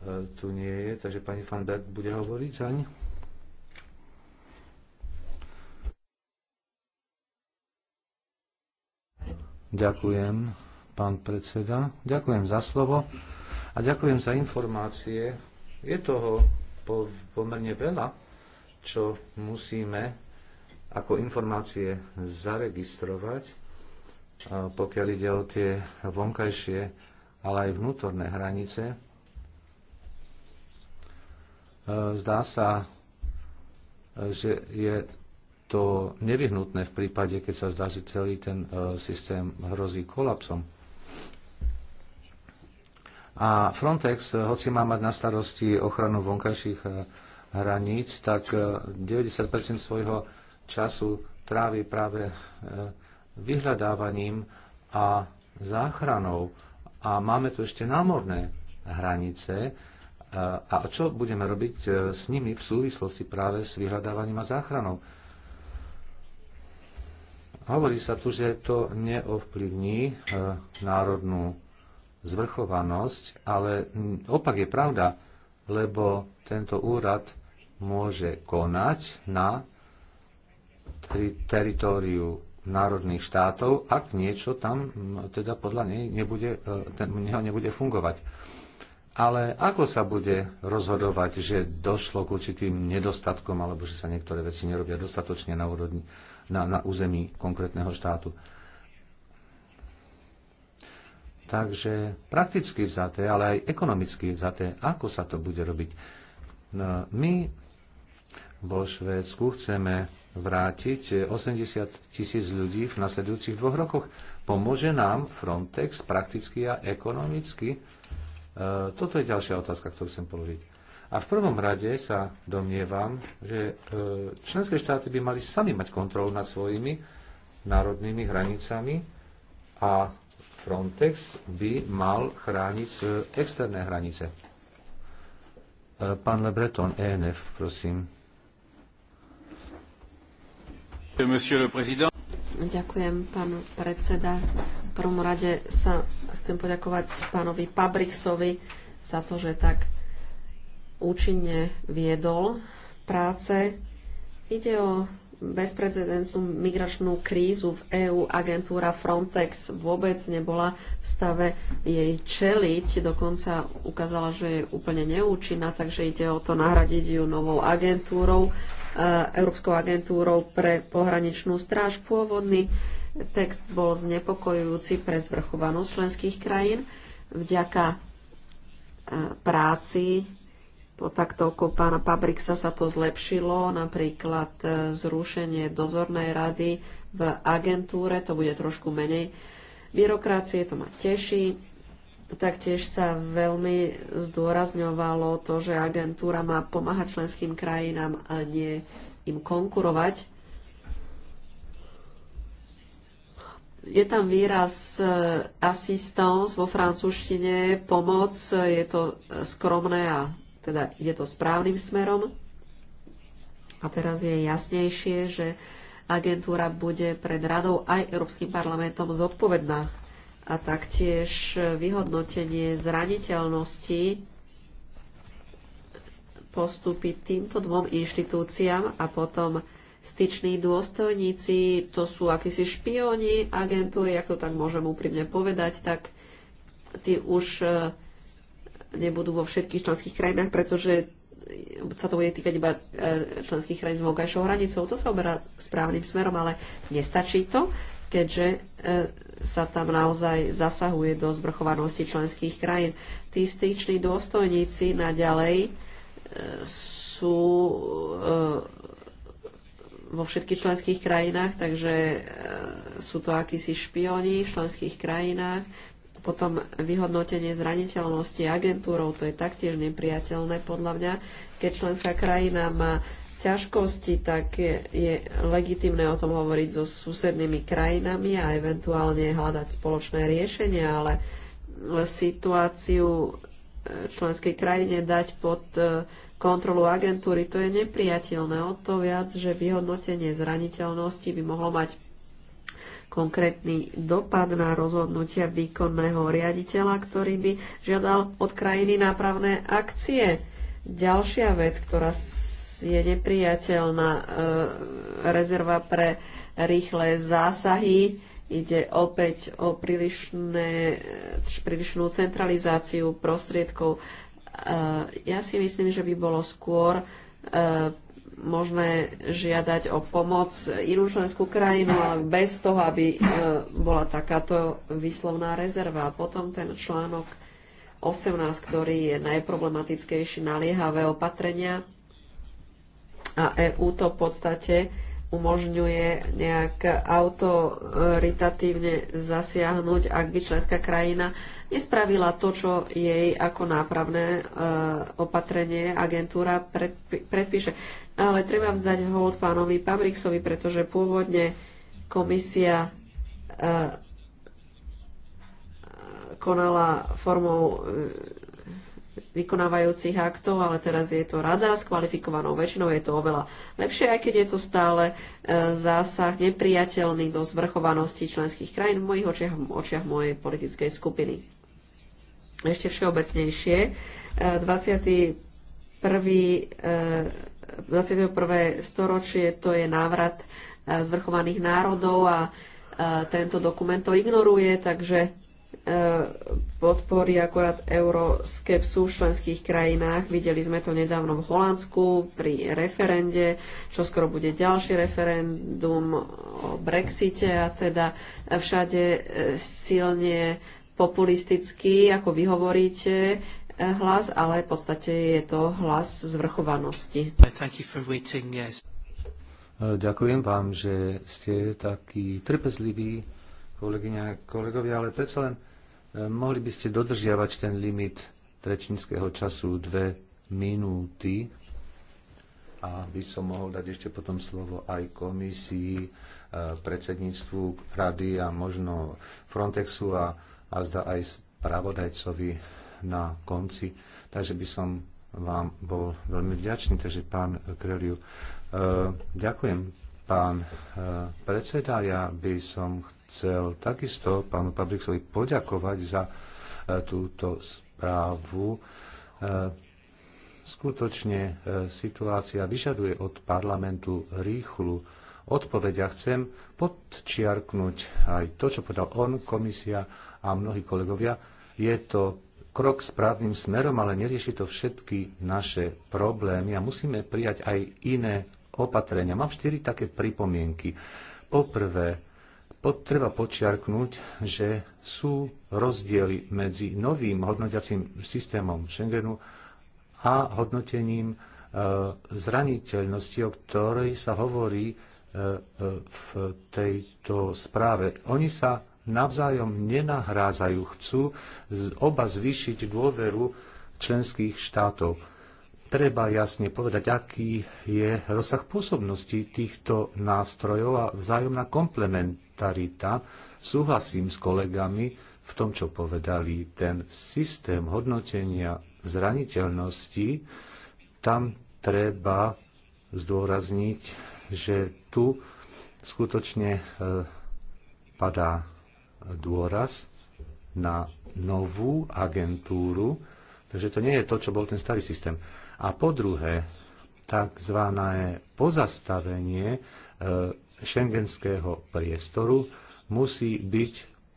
E, tu nie je, takže pani Fandak bude hovoriť zaň. Ďakujem, pán predseda. Ďakujem za slovo a ďakujem za informácie. Je toho pomerne veľa, čo musíme ako informácie zaregistrovať, e, pokiaľ ide o tie vonkajšie, ale aj vnútorné hranice Zdá sa, že je to nevyhnutné v prípade, keď sa zdá, že celý ten e, systém hrozí kolapsom. A Frontex, e, hoci má mať na starosti ochranu vonkajších e, hraníc, tak 90 svojho času trávi práve vyhľadávaním a záchranou. A máme tu ešte námorné hranice, a čo budeme robiť e, s nimi v súvislosti práve s vyhľadávaním a záchranou? Hovorí sa tu, že to neovplyvní e, národnú zvrchovanosť, ale opak je pravda, lebo tento úrad môže konať na teritóriu národných štátov, ak niečo tam teda podľa nej nebude, e, ten, nebude fungovať. Ale ako sa bude rozhodovať, že došlo k určitým nedostatkom alebo že sa niektoré veci nerobia dostatočne na, úrodni, na, na území konkrétneho štátu? Takže prakticky vzaté, ale aj ekonomicky vzaté, ako sa to bude robiť? No, my vo Švédsku chceme vrátiť 80 tisíc ľudí v nasledujúcich dvoch rokoch. Pomôže nám Frontex prakticky a ekonomicky? E, toto je ďalšia otázka, ktorú chcem položiť. A v prvom rade sa domnievam, že e, členské štáty by mali sami mať kontrolu nad svojimi národnými hranicami a Frontex by mal chrániť e, externé hranice. Pán Lebreton, ENF, prosím. Ďakujem, pán predseda prvom rade sa chcem poďakovať pánovi Pabriksovi za to, že tak účinne viedol práce. Ide o bezprecedentnú migračnú krízu v EÚ. Agentúra Frontex vôbec nebola v stave jej čeliť, dokonca ukázala, že je úplne neúčinná, takže ide o to nahradiť ju novou agentúrou, e, Európskou agentúrou pre pohraničnú stráž. Pôvodný Text bol znepokojujúci pre zvrchovanosť členských krajín. Vďaka e, práci pod taktovkou pána Pabriksa sa to zlepšilo, napríklad e, zrušenie dozornej rady v agentúre, to bude trošku menej byrokracie, to ma teší. Taktiež sa veľmi zdôrazňovalo to, že agentúra má pomáhať členským krajinám a nie im konkurovať. Je tam výraz eh, assistance vo francúzštine, pomoc, je to eh, skromné a teda ide to správnym smerom. A teraz je jasnejšie, že agentúra bude pred radou aj Európskym parlamentom zodpovedná a taktiež eh, vyhodnotenie zraniteľnosti postupy týmto dvom inštitúciám a potom styční dôstojníci, to sú akísi špioni agentúry, ak to tak môžem úprimne povedať, tak tí už e, nebudú vo všetkých členských krajinách, pretože sa to bude týkať iba e, členských krajín s vonkajšou hranicou. To sa oberá správnym smerom, ale nestačí to, keďže e, sa tam naozaj zasahuje do zvrchovanosti členských krajín. Tí styční dôstojníci naďalej sú vo všetkých členských krajinách, takže e, sú to akísi špioni v členských krajinách. Potom vyhodnotenie zraniteľnosti agentúrov, to je taktiež nepriateľné podľa mňa. Keď členská krajina má ťažkosti, tak je, je legitimné o tom hovoriť so susednými krajinami a eventuálne hľadať spoločné riešenie, ale situáciu e, členskej krajine dať pod e, kontrolu agentúry. To je nepriateľné. O to viac, že vyhodnotenie zraniteľnosti by mohlo mať konkrétny dopad na rozhodnutia výkonného riaditeľa, ktorý by žiadal od krajiny nápravné akcie. Ďalšia vec, ktorá je nepriateľná, e, rezerva pre rýchle zásahy, ide opäť o prílišnú centralizáciu prostriedkov. Eh, ja si myslím, že by bolo skôr eh, možné žiadať o pomoc inú členskú krajinu, ale bez toho, aby eh, bola takáto výslovná rezerva. A potom ten článok 18, ktorý je najproblematickejší, naliehavé opatrenia. A EU to v podstate umožňuje nejak autoritatívne zasiahnuť, ak by členská krajina nespravila to, čo jej ako nápravné e, opatrenie agentúra predpíše. Ale treba vzdať hold pánovi Pabriksovi, pretože pôvodne komisia e, konala formou e, vykonávajúcich aktov, ale teraz je to rada s kvalifikovanou väčšinou, je to oveľa lepšie, aj keď je to stále e, zásah nepriateľný do zvrchovanosti členských krajín v mojich očiach, v očiach mojej politickej skupiny. Ešte všeobecnejšie, 21. E, 21. E, storočie to je návrat zvrchovaných národov a tento dokument to ignoruje, takže Eh, podpory akurát euroskepsu v členských krajinách. Videli sme to nedávno v Holandsku pri referende, čo skoro bude ďalší referendum o Brexite a teda všade eh, silne populistický, ako vy hovoríte, eh, hlas, ale v podstate je to hlas zvrchovanosti. Waiting, yes. Ďakujem vám, že ste taký trpezlivý kolegyňa a kolegovia, ale predsa len e, mohli by ste dodržiavať ten limit rečníckého času dve minúty a by som mohol dať ešte potom slovo aj komisii, e, predsedníctvu rady a možno Frontexu a, a zda aj spravodajcovi na konci. Takže by som vám bol veľmi vďačný. Takže pán Kreliu, e, ďakujem pán eh, predseda. Ja by som chcel takisto pánu Pabriksovi poďakovať za eh, túto správu. Eh, skutočne situácia vyžaduje od parlamentu rýchlu odpoveď a chcem podčiarknúť aj to, čo povedal on, komisia a mnohí kolegovia. Je to krok správnym smerom, ale nerieši to všetky naše problémy a musíme prijať aj iné opatrenia. Mám štyri také pripomienky. Poprvé, pod, treba počiarknúť, že sú rozdiely medzi novým hodnotiacím systémom Schengenu a hodnotením e, zraniteľnosti, o ktorej sa hovorí e, e v tejto správe. Oni sa navzájom nenahrádzajú, chcú oba zvýšiť dôveru členských štátov treba jasne povedať, aký je rozsah pôsobnosti týchto nástrojov a vzájomná komplementarita. Súhlasím s kolegami v tom, čo povedali. Ten systém hodnotenia zraniteľnosti, tam treba zdôrazniť, že tu skutočne e, padá dôraz na novú agentúru, takže to nie je to, čo bol ten starý systém. A po druhé, tzv. pozastavenie e, šengenského priestoru musí byť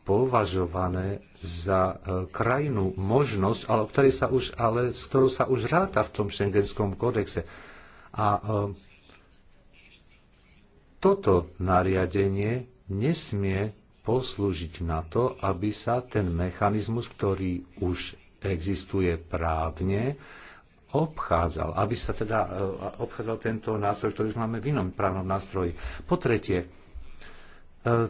považované za e, krajnú možnosť, ale, ktorý sa už, ale s ktorou sa už ráta v tom šengenskom kódexe. A e, toto nariadenie nesmie poslúžiť na to, aby sa ten mechanizmus, ktorý už existuje právne, obchádzal, aby sa teda e, obchádzal tento nástroj, ktorý už máme v inom právnom nástroji. Po tretie, e,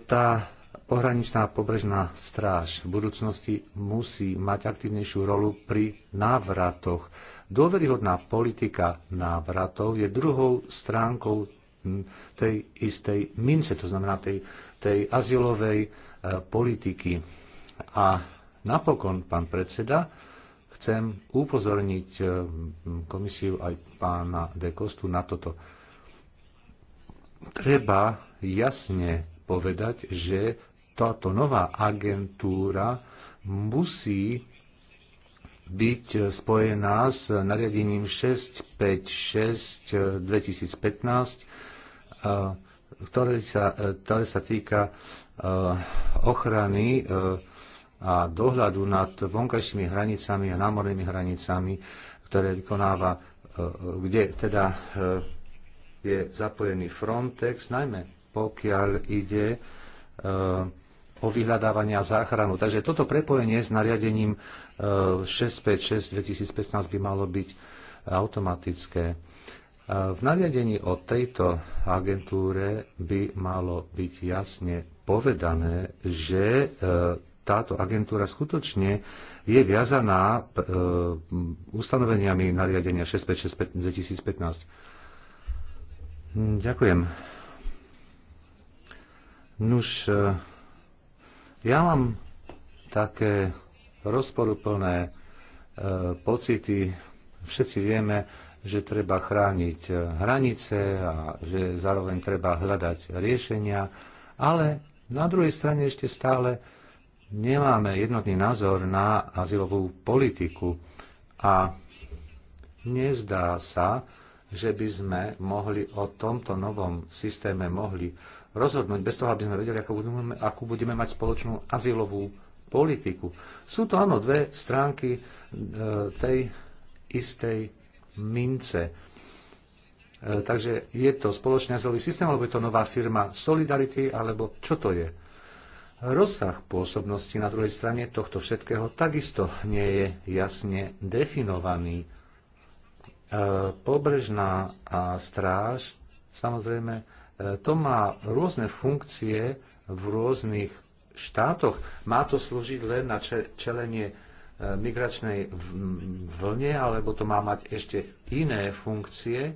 tá pohraničná pobrežná stráž v budúcnosti musí mať aktívnejšiu rolu pri návratoch. Dôveryhodná politika návratov je druhou stránkou tej istej mince, to znamená tej, tej azylovej e, politiky. A napokon, pán predseda, Chcem upozorniť eh, komisiu aj pána Dekostu na toto. Treba jasne povedať, že táto nová agentúra musí byť spojená s nariadením 656 2015, eh, ktoré sa, eh, ktoré sa týka ochrany a dohľadu nad vonkajšími hranicami a námornými hranicami, ktoré vykonáva, e, e, kde teda e, je zapojený Frontex, najmä pokiaľ ide o vyhľadávanie a záchranu. Takže toto prepojenie s nariadením 656 2015 by malo byť automatické. V nariadení o tejto agentúre by malo byť jasne povedané, že táto agentúra skutočne je viazaná e, ustanoveniami nariadenia 656 2015. Ďakujem. Nuž, e, ja mám také rozporuplné e, pocity. Všetci vieme, že treba chrániť e, hranice a že zároveň treba hľadať riešenia, ale na druhej strane ešte stále nemáme jednotný názor na azylovú politiku a nezdá sa, že by sme mohli o tomto novom systéme mohli rozhodnúť bez toho, aby sme vedeli, ako budeme, akú budeme mať spoločnú azylovú politiku. Sú to áno dve stránky e, tej istej mince. E, takže je to spoločný azylový systém, alebo je to nová firma Solidarity, alebo čo to je? Rozsah pôsobnosti na druhej strane tohto všetkého takisto nie je jasne definovaný. E, pobrežná stráž, samozrejme, e, to má rôzne funkcie v rôznych štátoch. Má to slúžiť len na čelenie e, migračnej vlne, alebo to má mať ešte iné funkcie.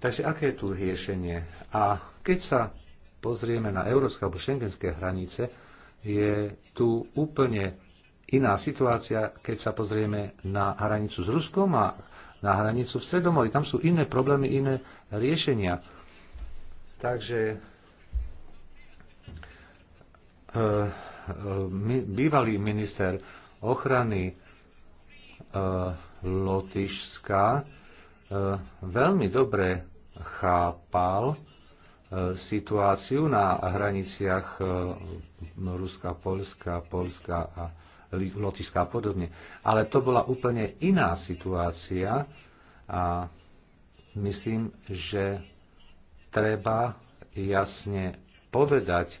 Takže aké je tu riešenie? A keď sa pozrieme na európske alebo šengenské hranice, je tu úplne iná situácia, keď sa pozrieme na hranicu s Ruskom a na hranicu v Sredomorí. Tam sú iné problémy, iné riešenia. Takže e, e, bývalý minister ochrany e, Lotyšska veľmi dobre chápal situáciu na hraniciach e, no, Ruska, Polska, Polska a Lotyšska a podobne. Ale to bola úplne iná situácia a myslím, že treba jasne povedať, e,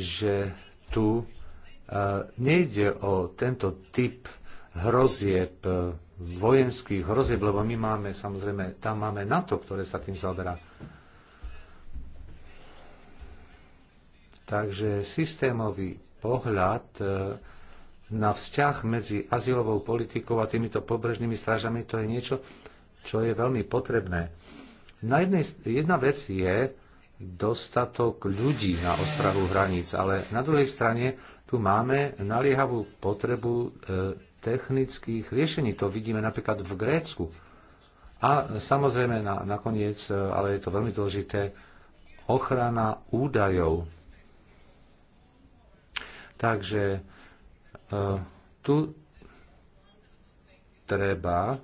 že tu e, nejde o tento typ hrozieb, vojenských hrozieb, lebo my máme samozrejme, tam máme NATO, ktoré sa tým zaoberá. Takže systémový pohľad e, na vzťah medzi azylovou politikou a týmito pobrežnými strážami, to je niečo, čo je veľmi potrebné. Na jednej, jedna vec je dostatok ľudí na ostrahu hraníc, ale na druhej strane tu máme naliehavú potrebu e, technických riešení. To vidíme napríklad v Grécku. A samozrejme na, nakoniec, e, ale je to veľmi dôležité, ochrana údajov Takže e, tu treba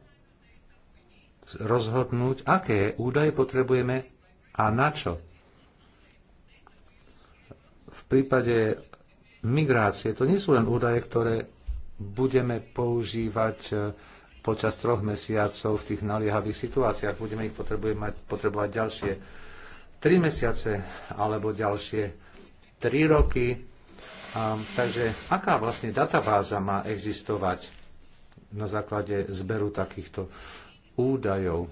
rozhodnúť, aké údaje potrebujeme a na čo. V prípade migrácie to nie sú len údaje, ktoré budeme používať e, počas troch mesiacov v tých naliehavých situáciách. Budeme ich mať, potrebovať ďalšie tri mesiace alebo ďalšie tri roky takže aká vlastne databáza má existovať na základe zberu takýchto údajov?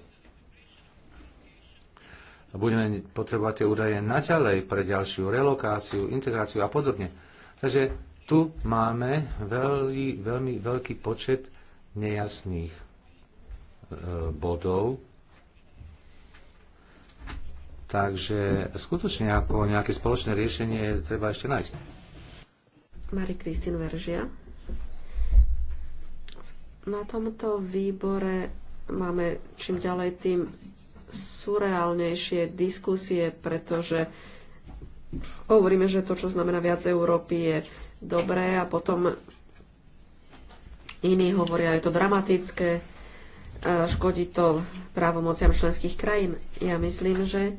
Budeme potrebovať tie údaje naďalej pre ďalšiu relokáciu, integráciu a podobne. Takže tu máme veľmi, veľmi veľký počet nejasných e, bodov, Takže skutočne ako nejaké spoločné riešenie treba ešte nájsť. Mari Kristín Veržia. Na tomto výbore máme čím ďalej tým surreálnejšie diskusie, pretože hovoríme, že to, čo znamená viac Európy, je dobré a potom iní hovoria, je to dramatické, škodí to právomociam členských krajín. Ja myslím, že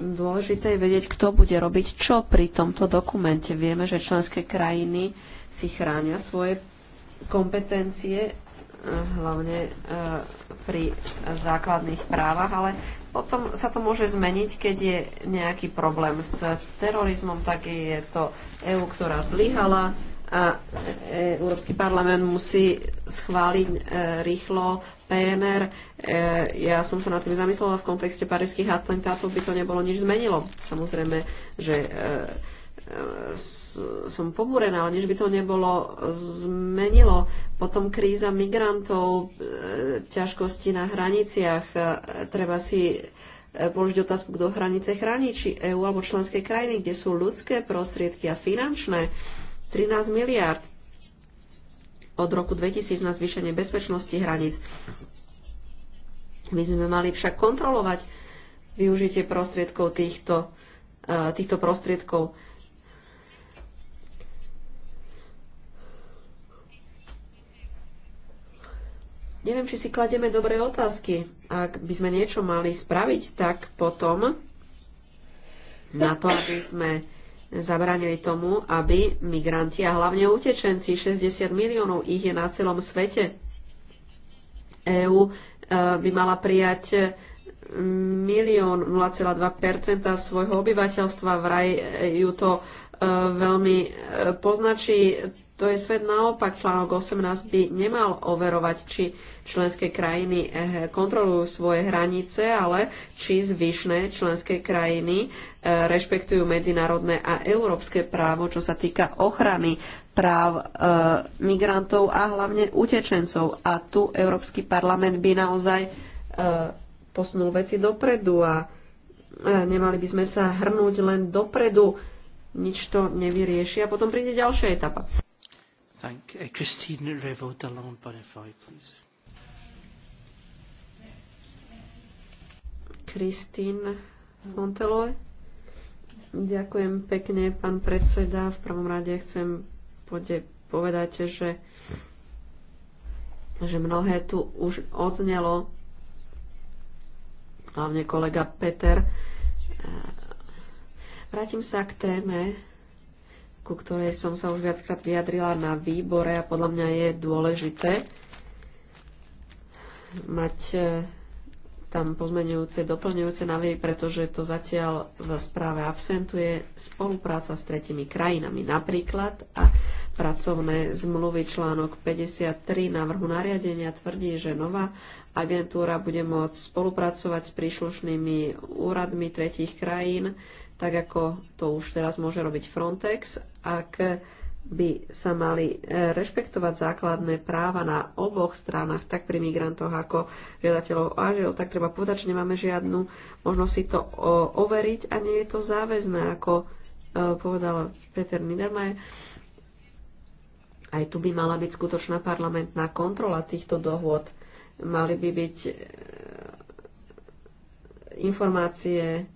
Dôležité je vedieť, kto bude robiť čo pri tomto dokumente. Vieme, že členské krajiny si chránia svoje kompetencie, eh, hlavne eh, pri základných právach, ale potom sa to môže zmeniť, keď je nejaký problém s terorizmom, tak je to EÚ, ktorá zlyhala, a e, Európsky parlament musí schváliť e, rýchlo PNR. E, ja som sa na tým zamyslela v kontexte parických atentátov, by to nebolo nič zmenilo. Samozrejme, že som pobúrená, ale nič by to nebolo zmenilo. Potom kríza migrantov, ťažkosti na hraniciach, treba si položiť otázku, kto hranice chráni, či EÚ alebo členské krajiny, kde sú ľudské prostriedky a finančné 13 miliard od roku 2000 na zvýšenie bezpečnosti hraníc. My sme mali však kontrolovať využitie prostriedkov týchto, e, týchto prostriedkov. Neviem, či si klademe dobré otázky. Ak by sme niečo mali spraviť, tak potom na to, aby sme zabránili tomu, aby migranti a hlavne utečenci, 60 miliónov ich je na celom svete. EÚ e, by mala prijať e, milión 0,2 svojho obyvateľstva. Vraj e, ju to veľmi poznačí. To je svet naopak. Článok 18 by nemal overovať, či členské krajiny eh, kontrolujú svoje hranice, ale či zvyšné členské krajiny eh, rešpektujú medzinárodné a európske právo, čo sa týka ochrany práv eh, migrantov a hlavne utečencov. A tu Európsky parlament by naozaj posunul veci dopredu a nemali by sme sa hrnúť len dopredu. Nič to nevyrieši a potom príde ďalšia etapa. Thank uh, Christine Revo Dallon Bonnefoy, please. Christine Monteloy. Ďakujem pekne, pán predseda. V prvom rade chcem povedať, že, že mnohé tu už odznelo, hlavne kolega Peter. Vrátim sa k téme ku ktorej som sa už viackrát vyjadrila na výbore a podľa mňa je dôležité mať e, tam pozmenujúce, doplňujúce návrhy, pretože to zatiaľ v správe absentuje spolupráca s tretimi krajinami napríklad a pracovné zmluvy článok 53 návrhu nariadenia tvrdí, že nová agentúra bude môcť spolupracovať s príslušnými úradmi tretích krajín, tak ako to už teraz môže robiť Frontex, ak by sa mali e, rešpektovať základné práva na oboch stranách, tak pri migrantoch ako žiadateľov o azyl, tak treba povedať, že nemáme žiadnu možnosť si to overiť a nie je to záväzné, ako e, povedal Peter Niedermayer. Aj tu by mala byť skutočná parlamentná kontrola týchto dohôd. Mali by byť e, informácie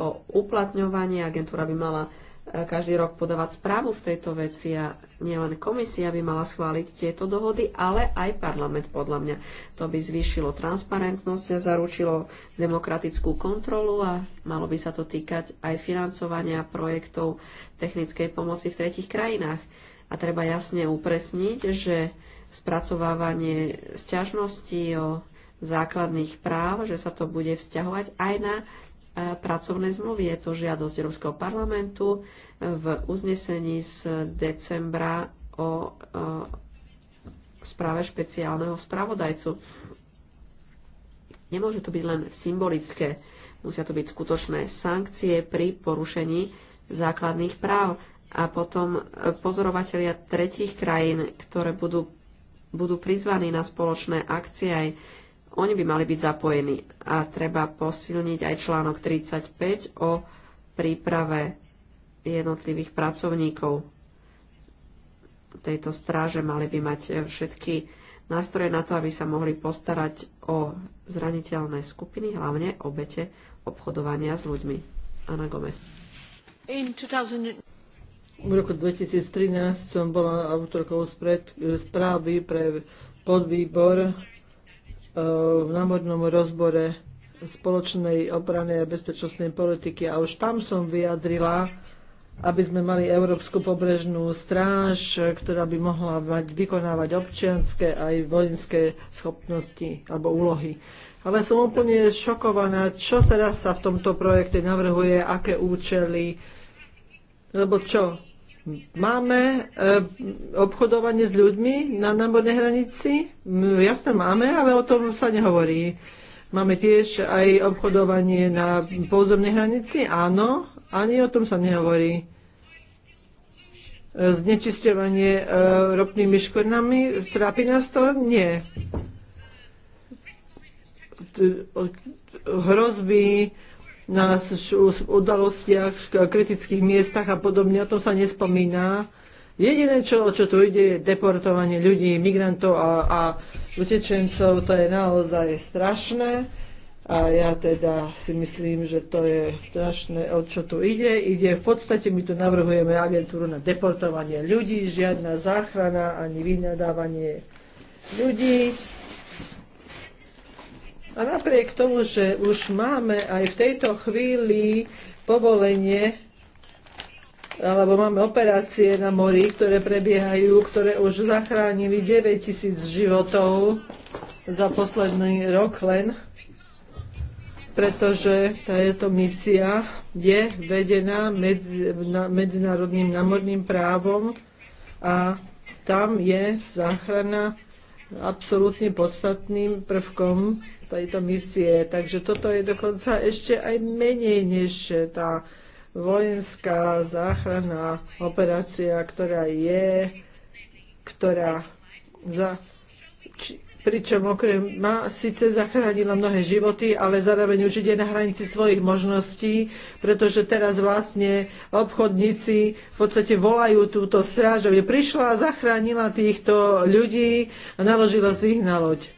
o uplatňovaní. Agentúra by mala e, každý rok podávať správu v tejto veci a nielen komisia by mala schváliť tieto dohody, ale aj parlament podľa mňa. To by zvýšilo transparentnosť a zaručilo demokratickú kontrolu a malo by sa to týkať aj financovania projektov technickej pomoci v tretich krajinách. A treba jasne upresniť, že spracovávanie sťažností o základných práv, že sa to bude vzťahovať aj na e, pracovné zmluvy. Je to žiadosť Európskeho parlamentu v uznesení z decembra o e, správe špeciálneho spravodajcu. Nemôže to byť len symbolické, musia to byť skutočné sankcie pri porušení základných práv a potom e, pozorovatelia tretích krajín, ktoré budú budú prizvaní na spoločné akcie aj oni by mali byť zapojení. A treba posilniť aj článok 35 o príprave jednotlivých pracovníkov tejto stráže. Mali by mať všetky nástroje na to, aby sa mohli postarať o zraniteľné skupiny, hlavne obete obchodovania s ľuďmi. Ana Gomez. 2000... V roku 2013 som bola autorkou e, správy pre podvýbor e, v námornom rozbore spoločnej obrany a bezpečnostnej politiky a už tam som vyjadrila, aby sme mali Európsku pobrežnú stráž, ktorá by mohla mať, vykonávať občianské aj vojenské schopnosti alebo úlohy. Ale som úplne šokovaná, čo teraz sa v tomto projekte navrhuje, aké účely, lebo čo? Máme e, obchodovanie s ľuďmi na námornej hranici? Jasné máme, ale o tom sa nehovorí. Máme tiež aj obchodovanie na pozemnej hranici? Áno, ani o tom sa nehovorí e, znečisťovanie e, ropnými škornami, trápi nás to? Nie. Hrozby na udalostiach, kritických miestach a podobne. O tom sa nespomína. Jediné, čo, čo tu ide, je deportovanie ľudí, migrantov a, a utečencov. To je naozaj strašné. A ja teda si myslím, že to je strašné, o čo tu ide. Ide v podstate, my tu navrhujeme agentúru na deportovanie ľudí, žiadna záchrana ani vynadávanie ľudí. A napriek tomu, že už máme aj v tejto chvíli povolenie alebo máme operácie na mori, ktoré prebiehajú, ktoré už zachránili 9 tisíc životov za posledný rok len, pretože táto misia je vedená medzi, na, medzinárodným námorným právom a tam je záchrana absolútne podstatným prvkom tejto misie. Takže toto je dokonca ešte aj menej než tá vojenská záchranná operácia, ktorá je, ktorá za, či, pričom okrem má síce zachránila mnohé životy, ale zároveň už ide na hranici svojich možností, pretože teraz vlastne obchodníci v podstate volajú túto stráž, aby prišla a zachránila týchto ľudí a naložila si ich na loď.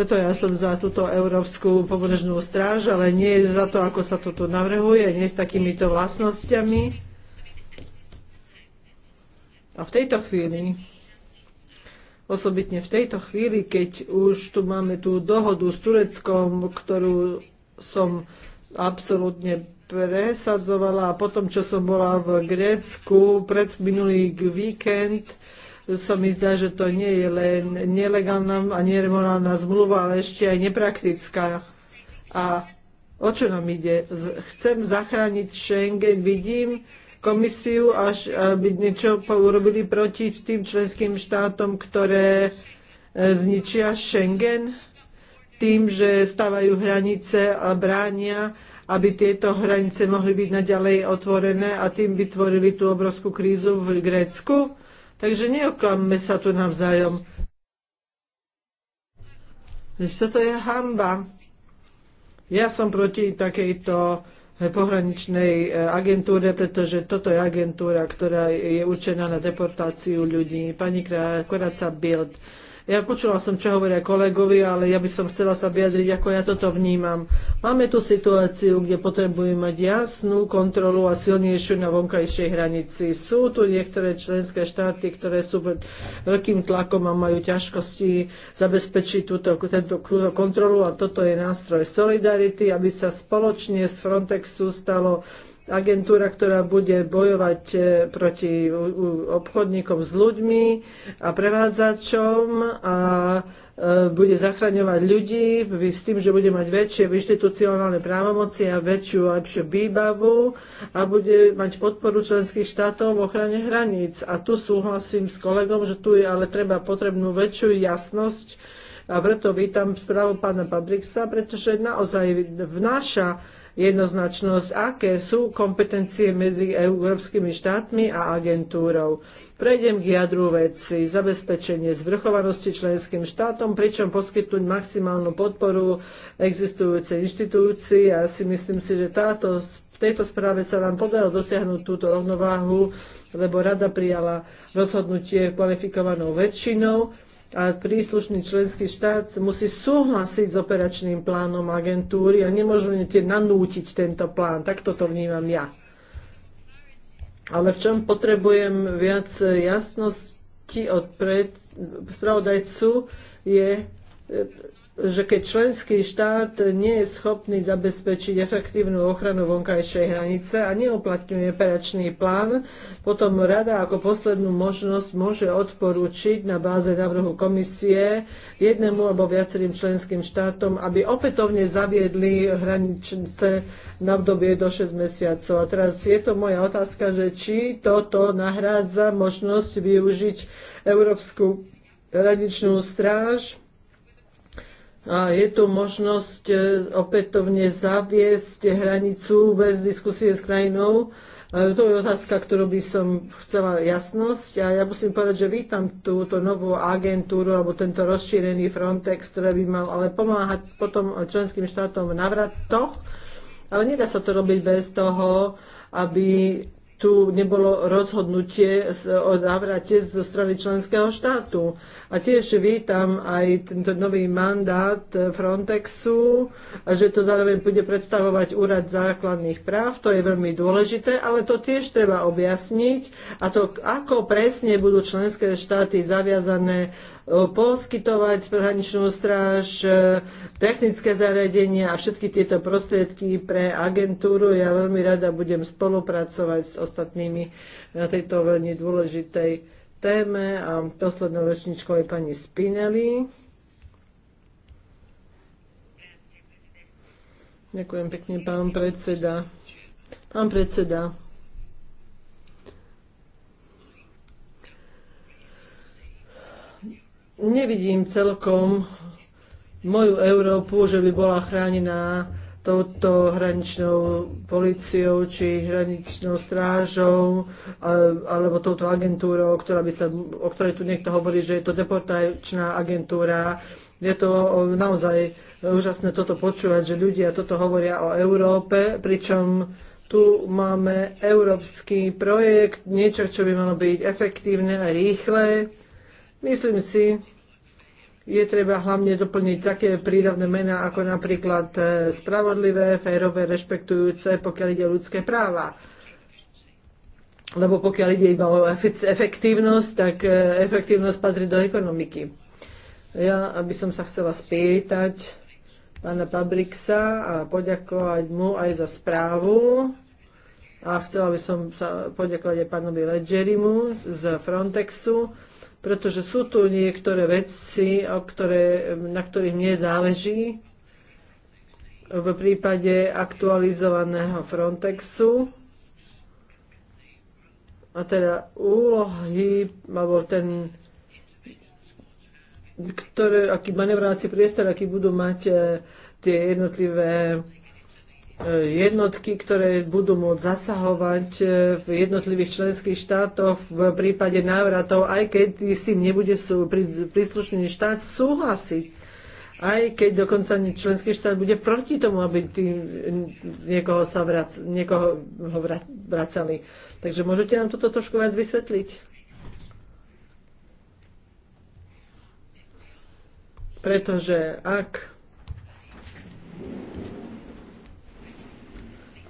Preto ja som za túto Európsku pobrežnú stráž, ale nie za to, ako sa to tu navrhuje, nie s takýmito vlastnosťami. A v tejto chvíli, osobitne v tejto chvíli, keď už tu máme tú dohodu s Tureckom, ktorú som absolútne presadzovala a potom, čo som bola v Grécku pred minulý víkend, sa mi zdá, že to nie je len nelegálna a neremorálna zmluva, ale ešte aj nepraktická. A o čo nám ide? Chcem zachrániť Schengen, vidím komisiu, až aby niečo urobili proti tým členským štátom, ktoré e, zničia Schengen tým, že stavajú hranice a bránia aby tieto hranice mohli byť naďalej otvorené a tým vytvorili tú obrovskú krízu v Grécku. Takže neoklamme sa tu navzájom. Toto je hamba. Ja som proti takejto eh, pohraničnej eh, agentúre, pretože toto je agentúra, ktorá je určená na deportáciu ľudí. Pani sa Bild, ja počula som, čo hovoria kolegovi, ale ja by som chcela sa vyjadriť, ako ja toto vnímam. Máme tu situáciu, kde potrebujeme mať jasnú kontrolu a silnejšiu na vonkajšej hranici. Sú tu niektoré členské štáty, ktoré sú pod veľkým tlakom a majú ťažkosti zabezpečiť túto, tento, túto kontrolu a toto je nástroj solidarity, aby sa spoločne z Frontexu stalo agentúra, ktorá bude bojovať e, proti obchodníkom s ľuďmi a prevádzačom a e, bude zachraňovať ľudí s tým, že bude mať väčšie inštitucionálne právomoci a väčšiu a lepšiu výbavu a bude mať podporu členských štátov v ochrane hraníc. A tu súhlasím s kolegom, že tu je ale treba potrebnú väčšiu jasnosť a preto vítam správu pána Pabriksa, pretože naozaj vnáša jednoznačnosť, aké sú kompetencie medzi európskymi štátmi a agentúrou. Prejdem k jadru veci, zabezpečenie zvrchovanosti členským štátom, pričom poskytnúť maximálnu podporu existujúcej inštitúcii. Ja si myslím si, že táto v tejto správe sa nám podarilo dosiahnuť túto rovnováhu, lebo rada prijala rozhodnutie kvalifikovanou väčšinou a príslušný členský štát musí súhlasiť s operačným plánom agentúry a nemôžu tie nanútiť tento plán. Takto to vnímam ja. Ale v čom potrebujem viac jasnosti od pred, spravodajcu je e, že keď členský štát nie je schopný zabezpečiť efektívnu ochranu vonkajšej hranice a neuplatňuje operačný plán, potom rada ako poslednú možnosť môže odporúčiť na báze návrhu komisie jednému alebo viacerým členským štátom, aby opätovne zaviedli hranice na obdobie do 6 mesiacov. A teraz je to moja otázka, že či toto nahrádza možnosť využiť Európsku hraničnú stráž a je tu možnosť e, opätovne zaviesť hranicu bez diskusie s krajinou. E, to je otázka, ktorú by som chcela jasnosť. A ja musím povedať, že vítam túto novú agentúru alebo tento rozšírený Frontex, ktorý by mal ale pomáhať potom členským štátom v navratoch. Ale nedá sa to robiť bez toho, aby tu nebolo rozhodnutie o návrate zo strany členského štátu. A tiež vítam aj tento nový mandát Frontexu, a že to zároveň bude predstavovať úrad základných práv, to je veľmi dôležité, ale to tiež treba objasniť a to, ako presne budú členské štáty zaviazané poskytovať pohraničnú stráž, e, technické zariadenia a všetky tieto prostriedky pre agentúru. Ja veľmi rada budem spolupracovať s ostatnými na tejto veľmi dôležitej téme a poslednou rečničkou je pani Spinelli. Ďakujem pekne, pán predseda. Pán predseda, nevidím celkom moju Európu, že by bola chránená touto hraničnou policiou či hraničnou strážou alebo touto agentúrou, ktorá by sa, o ktorej tu niekto hovorí, že je to deportačná agentúra. Je to naozaj úžasné toto počúvať, že ľudia toto hovoria o Európe, pričom tu máme európsky projekt, niečo, čo by malo byť efektívne a rýchle Myslím si, je treba hlavne doplniť také prírodné mená ako napríklad e, spravodlivé, férové, rešpektujúce, pokiaľ ide o ľudské práva. Lebo pokiaľ ide iba o efektívnosť, tak e, efektívnosť patrí do ekonomiky. Ja by som sa chcela spýtať pána Pabriksa a poďakovať mu aj za správu. A chcela by som sa poďakovať aj pánovi Ledgerimu z Frontexu pretože sú tu niektoré veci, o ktoré, na ktorých mne záleží v prípade aktualizovaného Frontexu a teda úlohy, alebo ten, ktoré, aký manevrovací priestor, aký budú mať eh, tie jednotlivé E, jednotky, ktoré budú môcť zasahovať e, v jednotlivých členských štátoch v prípade návratov, aj keď s tým nebude príslušný štát súhlasiť. Aj keď dokonca členský štát bude proti tomu, aby tým niekoho sa vrac, niekoho ho vracali. Takže môžete nám toto trošku viac vysvetliť? Pretože ak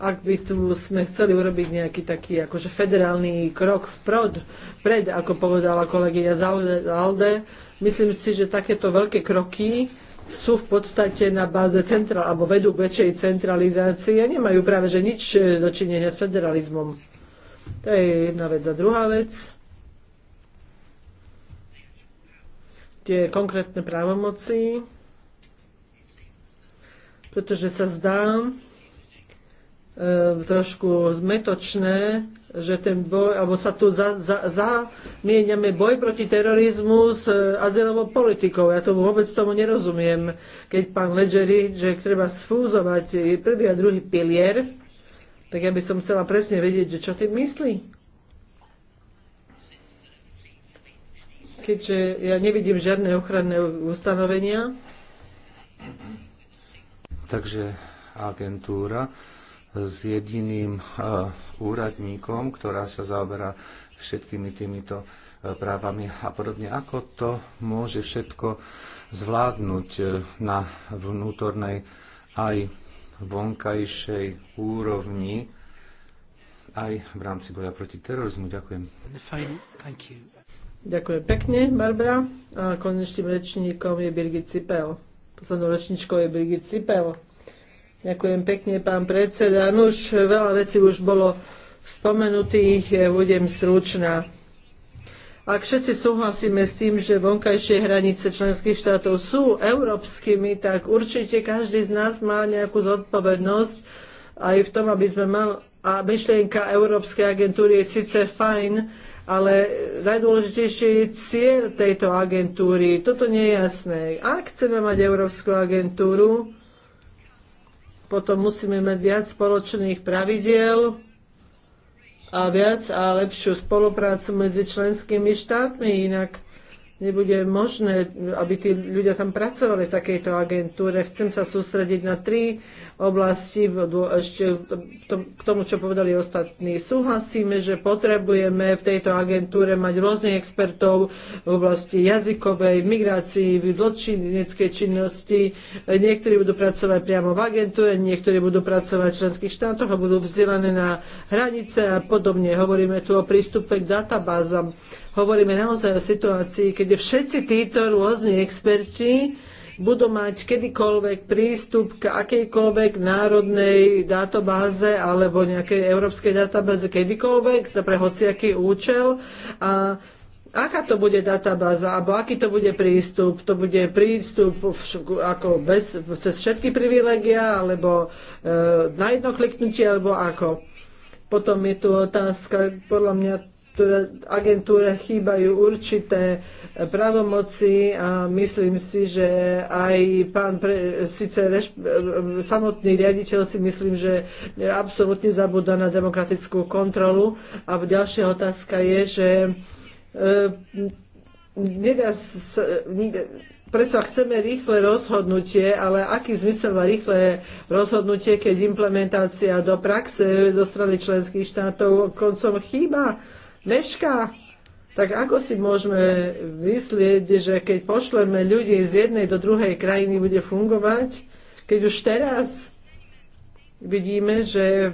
ak by tu sme chceli urobiť nejaký taký akože federálny krok vprod, pred, ako povedala kolegyňa Zalde, myslím si, že takéto veľké kroky sú v podstate na báze centrál, alebo vedú k väčšej centralizácii a nemajú práve že nič e, dočinenia s federalizmom. To je jedna vec. A druhá vec, tie konkrétne právomoci, pretože sa zdá, E, trošku zmetočné, že ten boj, alebo sa tu za, za, boj proti terorizmu s e, azylovou politikou. Ja tomu vôbec tomu nerozumiem, keď pán Ledgeri, že treba sfúzovať prvý a druhý pilier, tak ja by som chcela presne vedieť, že čo tým myslí. Keďže ja nevidím žiadne ochranné ustanovenia. Takže agentúra s jediným e, úradníkom, ktorá sa zaoberá všetkými týmito e, právami a podobne. Ako to môže všetko zvládnuť e, na vnútornej aj vonkajšej úrovni aj v rámci boja proti terorizmu. Ďakujem. Ďakujem pekne, Barbara. A konečným rečníkom je Birgit Cipel. Poslednou rečníčkou je Birgit Cipel. Ďakujem pekne, pán predseda. No už veľa vecí už bolo spomenutých, budem stručná. Ak všetci súhlasíme s tým, že vonkajšie hranice členských štátov sú európskymi, tak určite každý z nás má nejakú zodpovednosť aj v tom, aby sme mali. A myšlienka Európskej agentúry je síce fajn, ale najdôležitejší je cieľ tejto agentúry. Toto nie je jasné. Ak chceme mať Európsku agentúru, potom musíme mať viac spoločných pravidiel a viac a lepšiu spoluprácu medzi členskými štátmi, inak nebude možné, aby tí ľudia tam pracovali v takejto agentúre. Chcem sa sústrediť na tri oblasti ešte k tomu, čo povedali ostatní. Súhlasíme, že potrebujeme v tejto agentúre mať rôznych expertov v oblasti jazykovej, migrácii, v zločineckej činnosti. Niektorí budú pracovať priamo v agentúre, niektorí budú pracovať v členských štátoch a budú vzdelané na hranice a podobne. Hovoríme tu o prístupe k databázam. Hovoríme naozaj o situácii, keď všetci títo rôzni experti budú mať kedykoľvek prístup k akejkoľvek národnej databáze alebo nejakej európskej databáze kedykoľvek za pre hociaký účel. A aká to bude databáza, alebo aký to bude prístup, to bude prístup ako bez, cez všetky privilegia, alebo e, na jedno kliknutie, alebo ako. Potom je tu otázka, podľa mňa agentúre chýbajú určité právomoci a myslím si, že aj pán pre, síce reš, samotný riaditeľ si myslím, že absolútne zabúda na demokratickú kontrolu. A ďalšia otázka je, že e, nedá sa, Predsa chceme rýchle rozhodnutie, ale aký zmysel má rýchle rozhodnutie, keď implementácia do praxe zo strany členských štátov koncom chýba? mešká. Tak ako si môžeme myslieť, že keď pošleme ľudí z jednej do druhej krajiny, bude fungovať? Keď už teraz vidíme, že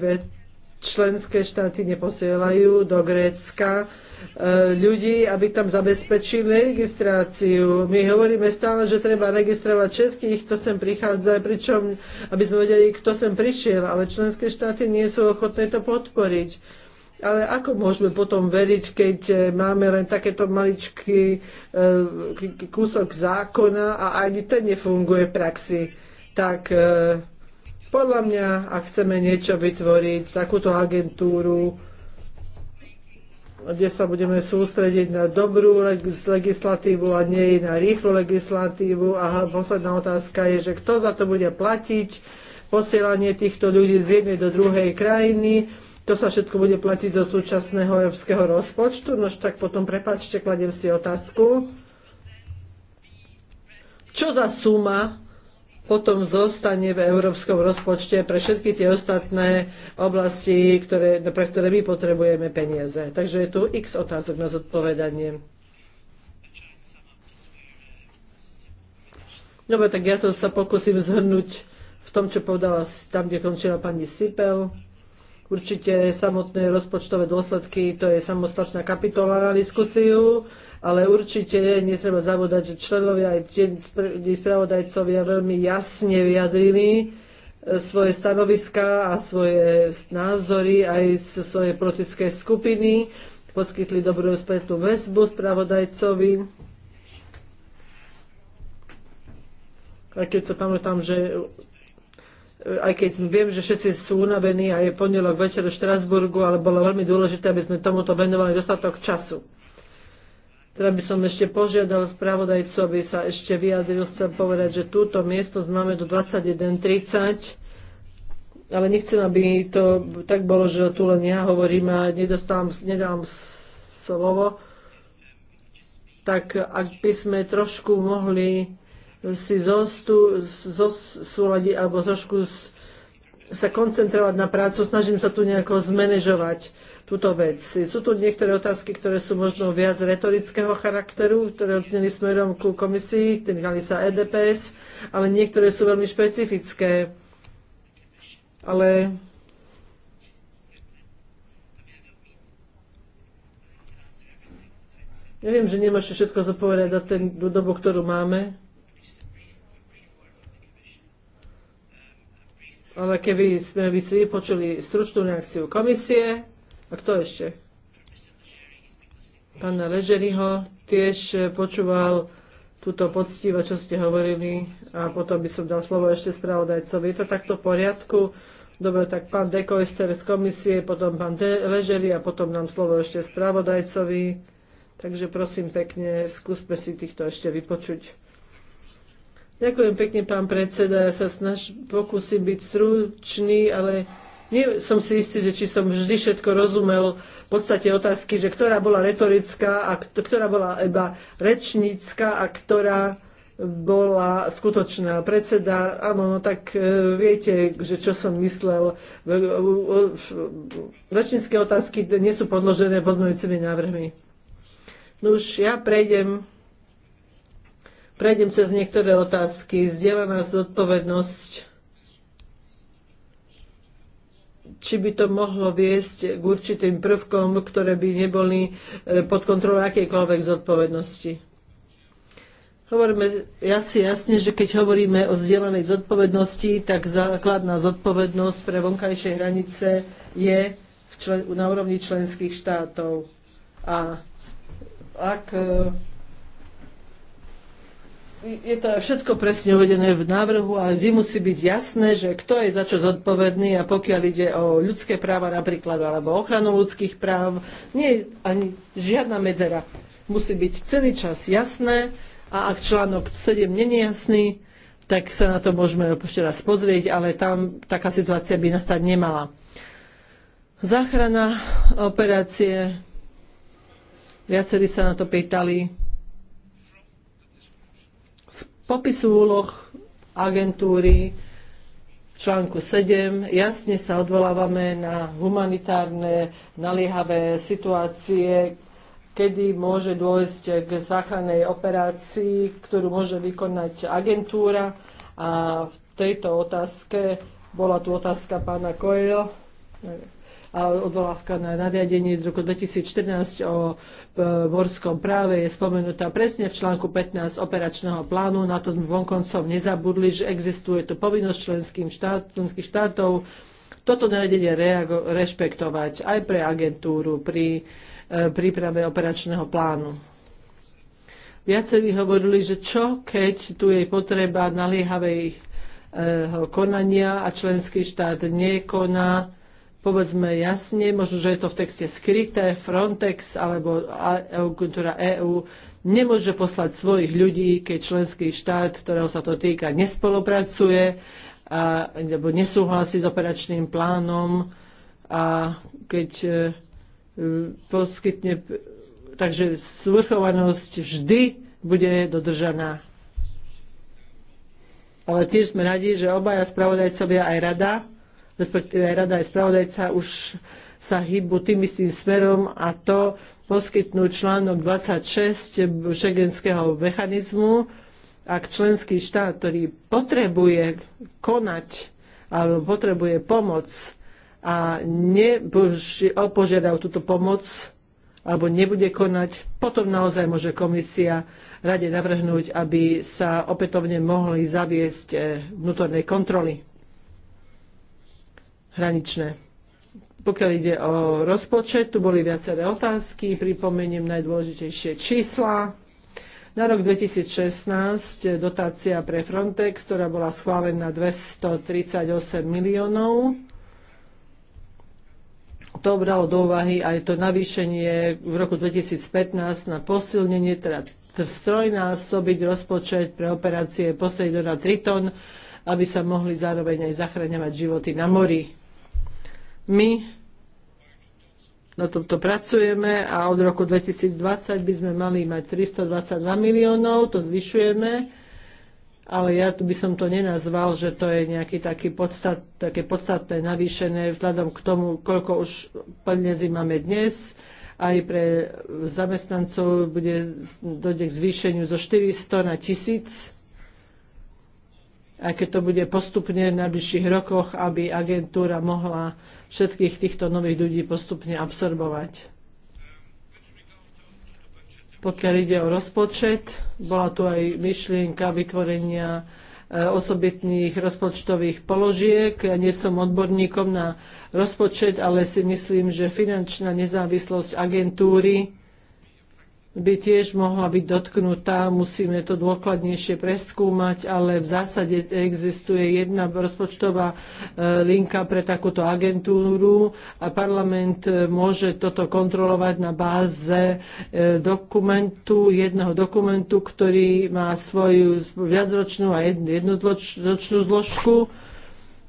členské štáty neposielajú do Grécka e, ľudí, aby tam zabezpečili registráciu. My hovoríme stále, že treba registrovať všetkých, kto sem prichádza, pričom aby sme vedeli, kto sem prišiel, ale členské štáty nie sú ochotné to podporiť. Ale ako môžeme potom veriť, keď e, máme len takéto maličký e, kúsok zákona a ani ten nefunguje v praxi? Tak e, podľa mňa, ak chceme niečo vytvoriť, takúto agentúru, kde sa budeme sústrediť na dobrú legislatívu a nie na rýchlu legislatívu. A posledná otázka je, že kto za to bude platiť posielanie týchto ľudí z jednej do druhej krajiny to sa všetko bude platiť zo súčasného európskeho rozpočtu, nož tak potom prepačte, kladem si otázku, čo za suma potom zostane v európskom rozpočte pre všetky tie ostatné oblasti, ktoré, pre ktoré my potrebujeme peniaze. Takže je tu x otázok na zodpovedanie. Dobre, no, tak ja to sa pokúsim zhrnúť v tom, čo povedala tam, kde končila pani Sipel. Určite samotné rozpočtové dôsledky, to je samostatná kapitola na diskusiu, ale určite netreba zabúdať, že členovia aj tie spravodajcovia veľmi jasne vyjadrili e, svoje stanoviská a svoje názory aj z svojej politické skupiny. Poskytli dobrú spätnú väzbu spravodajcovi. A keď sa pamätám, že aj keď viem, že všetci sú unavení a je pondelok večer v Štrasburgu, ale bolo veľmi dôležité, aby sme tomuto venovali dostatok času. Teda by som ešte požiadal spravodajcu, aby sa ešte vyjadril. Chcem povedať, že túto miesto máme do 21.30 ale nechcem, aby to tak bolo, že tu len ja hovorím a nedostávam, nedám slovo, tak ak by sme trošku mohli si zostu, zosúľadiť alebo trošku sa koncentrovať na prácu, snažím sa tu nejako zmanéžovať túto vec. Sú tu niektoré otázky, ktoré sú možno viac retorického charakteru, ktoré odzneli smerom ku komisii, týkali sa EDPS, ale niektoré sú veľmi špecifické. Ale Ja viem, že nemôžete všetko zodpovedať za ten dobu, ktorú máme, Ale keby sme by si vypočuli stručnú reakciu komisie, a kto ešte? Pána Ležeriho tiež počúval túto poctivo, čo ste hovorili a potom by som dal slovo ešte spravodajcovi. Je to takto v poriadku? Dobre, tak pán Dekoester z komisie, potom pán De- Ležeri a potom nám slovo ešte spravodajcovi. Takže prosím pekne, skúsme si týchto ešte vypočuť. Ďakujem pekne, pán predseda. Ja sa snaž, pokúsim byť stručný, ale nie som si istý, že či som vždy všetko rozumel v podstate otázky, že ktorá bola retorická a ktorá bola iba rečnícka a ktorá bola skutočná predseda. Áno, tak e, viete, že čo som myslel. Rečnícke otázky nie sú podložené pozmeňujúcimi návrhmi. No už ja prejdem Prejdem cez niektoré otázky. nás zodpovednosť či by to mohlo viesť k určitým prvkom, ktoré by neboli e, pod kontrolou akejkoľvek zodpovednosti. Hovoríme jasne, jasne, že keď hovoríme o zdieľanej zodpovednosti, tak základná zodpovednosť pre vonkajšie hranice je člen, na úrovni členských štátov. A ak e, je to všetko presne uvedené v návrhu a vždy musí byť jasné, že kto je za čo zodpovedný a pokiaľ ide o ľudské práva napríklad alebo ochranu ľudských práv, nie je ani žiadna medzera. Musí byť celý čas jasné a ak článok 7 není jasný, tak sa na to môžeme ešte raz pozrieť, ale tam taká situácia by nastať nemala. Záchrana operácie, viacerí sa na to pýtali, popisu úloh agentúry v článku 7 jasne sa odvolávame na humanitárne naliehavé situácie, kedy môže dôjsť k záchrannej operácii, ktorú môže vykonať agentúra. A v tejto otázke bola tu otázka pána Kojo a odvolávka na nariadenie z roku 2014 o e, morskom práve je spomenutá presne v článku 15 operačného plánu. Na to sme vonkoncom nezabudli, že existuje tu povinnosť členským štát, členských štátov toto nariadenie rešpektovať aj pre agentúru pri e, príprave operačného plánu. Viacerí hovorili, že čo, keď tu je potreba naliehavej konania a členský štát nekoná, povedzme jasne, možno, že je to v texte skryté, Frontex alebo EU kultúra EU nemôže poslať svojich ľudí, keď členský štát, ktorého sa to týka, nespolupracuje a, alebo nesúhlasí s operačným plánom a keď e, e poskytne... Takže svrchovanosť vždy bude dodržaná. Ale tiež sme radi, že obaja spravodajcovia aj rada respektíve rada aj spravodajca už sa hýbu tým istým smerom a to poskytnú článok 26 šegenského mechanizmu, ak členský štát, ktorý potrebuje konať alebo potrebuje pomoc a nepožiadal túto pomoc alebo nebude konať, potom naozaj môže komisia rade navrhnúť, aby sa opätovne mohli zaviesť eh, vnútornej kontroly hraničné. Pokiaľ ide o rozpočet, tu boli viaceré otázky, pripomeniem najdôležitejšie čísla. Na rok 2016 dotácia pre Frontex, ktorá bola schválená 238 miliónov. To bralo do úvahy aj to navýšenie v roku 2015 na posilnenie, teda strojnásobiť rozpočet pre operácie Poseidona Triton, aby sa mohli zároveň aj zachraňovať životy na mori my na tomto pracujeme a od roku 2020 by sme mali mať 322 miliónov, to zvyšujeme, ale ja by som to nenazval, že to je nejaké podstat, také podstatné navýšené vzhľadom k tomu, koľko už peniazy máme dnes. Aj pre zamestnancov bude dojde k zvýšeniu zo 400 na 1000 aj keď to bude postupne v najbližších rokoch, aby agentúra mohla všetkých týchto nových ľudí postupne absorbovať. Pokiaľ ide o rozpočet, bola tu aj myšlienka vytvorenia e, osobitných rozpočtových položiek. Ja nie som odborníkom na rozpočet, ale si myslím, že finančná nezávislosť agentúry by tiež mohla byť dotknutá. Musíme to dôkladnejšie preskúmať, ale v zásade existuje jedna rozpočtová e, linka pre takúto agentúru a parlament e, môže toto kontrolovať na báze e, dokumentu, jedného dokumentu, ktorý má svoju viacročnú a jednoročnú zložku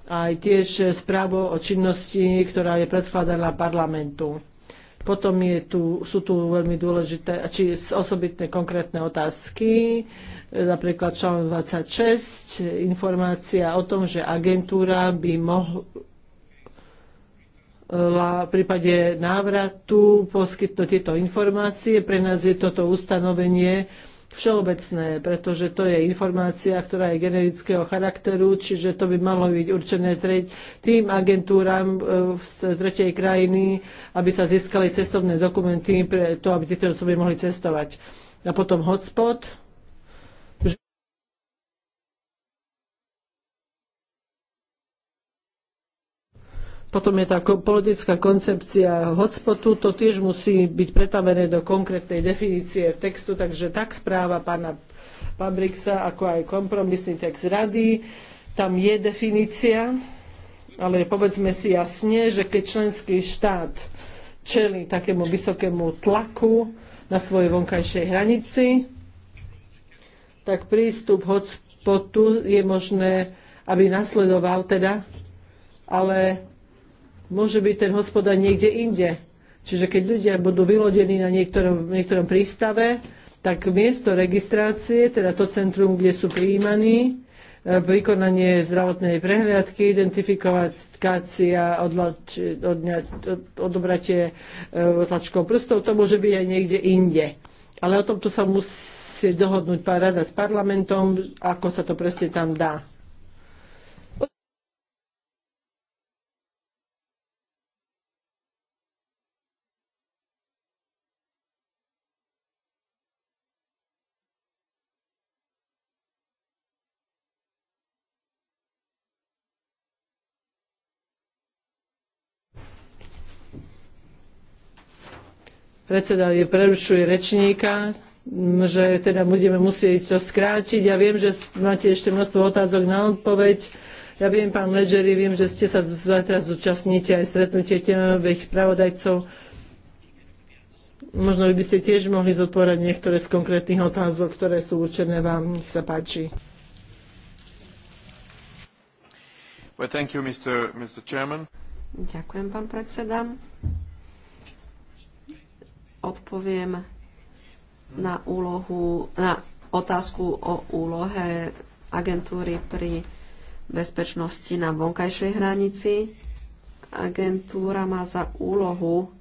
aj tiež správu o činnosti, ktorá je predkladaná parlamentu. Potom je tu, sú tu veľmi dôležité, či osobitné konkrétne otázky, napríklad článok 26, informácia o tom, že agentúra by mohla v prípade návratu poskytnúť tieto informácie. Pre nás je toto ustanovenie všeobecné, pretože to je informácia, ktorá je generického charakteru, čiže to by malo byť určené tým agentúram e, z tretej krajiny, aby sa získali cestovné dokumenty pre to, aby tieto osoby mohli cestovať. A potom hotspot, Potom je tá politická koncepcia hotspotu, to tiež musí byť pretavené do konkrétnej definície v textu, takže tak správa pána Pabriksa, ako aj kompromisný text rady, tam je definícia, ale povedzme si jasne, že keď členský štát čeli takému vysokému tlaku na svojej vonkajšej hranici, tak prístup hotspotu je možné, aby nasledoval teda, ale môže byť ten hospodár niekde inde. Čiže keď ľudia budú vylodení na niektorom, niektorom prístave, tak miesto registrácie, teda to centrum, kde sú prijímaní, e, vykonanie zdravotnej prehliadky, identifikácia, odlač, odňa, od, odobratie e, otlačkou prstov, to môže byť aj niekde inde. Ale o tomto sa musí dohodnúť rada s parlamentom, ako sa to presne tam dá. predseda je prerušuje rečníka, že teda budeme musieť to skrátiť. Ja viem, že máte ešte množstvo otázok na odpoveď. Ja viem, pán Ledgeri, viem, že ste sa zatiaľ zúčastníte aj stretnutie tiemových spravodajcov. Možno by ste tiež mohli zodpovedať niektoré z konkrétnych otázok, ktoré sú určené vám. Nech sa páči. Well, you, Mr. Mr. Ďakujem, pán predseda odpoviem na, úlohu, na otázku o úlohe agentúry pri bezpečnosti na vonkajšej hranici. Agentúra má za úlohu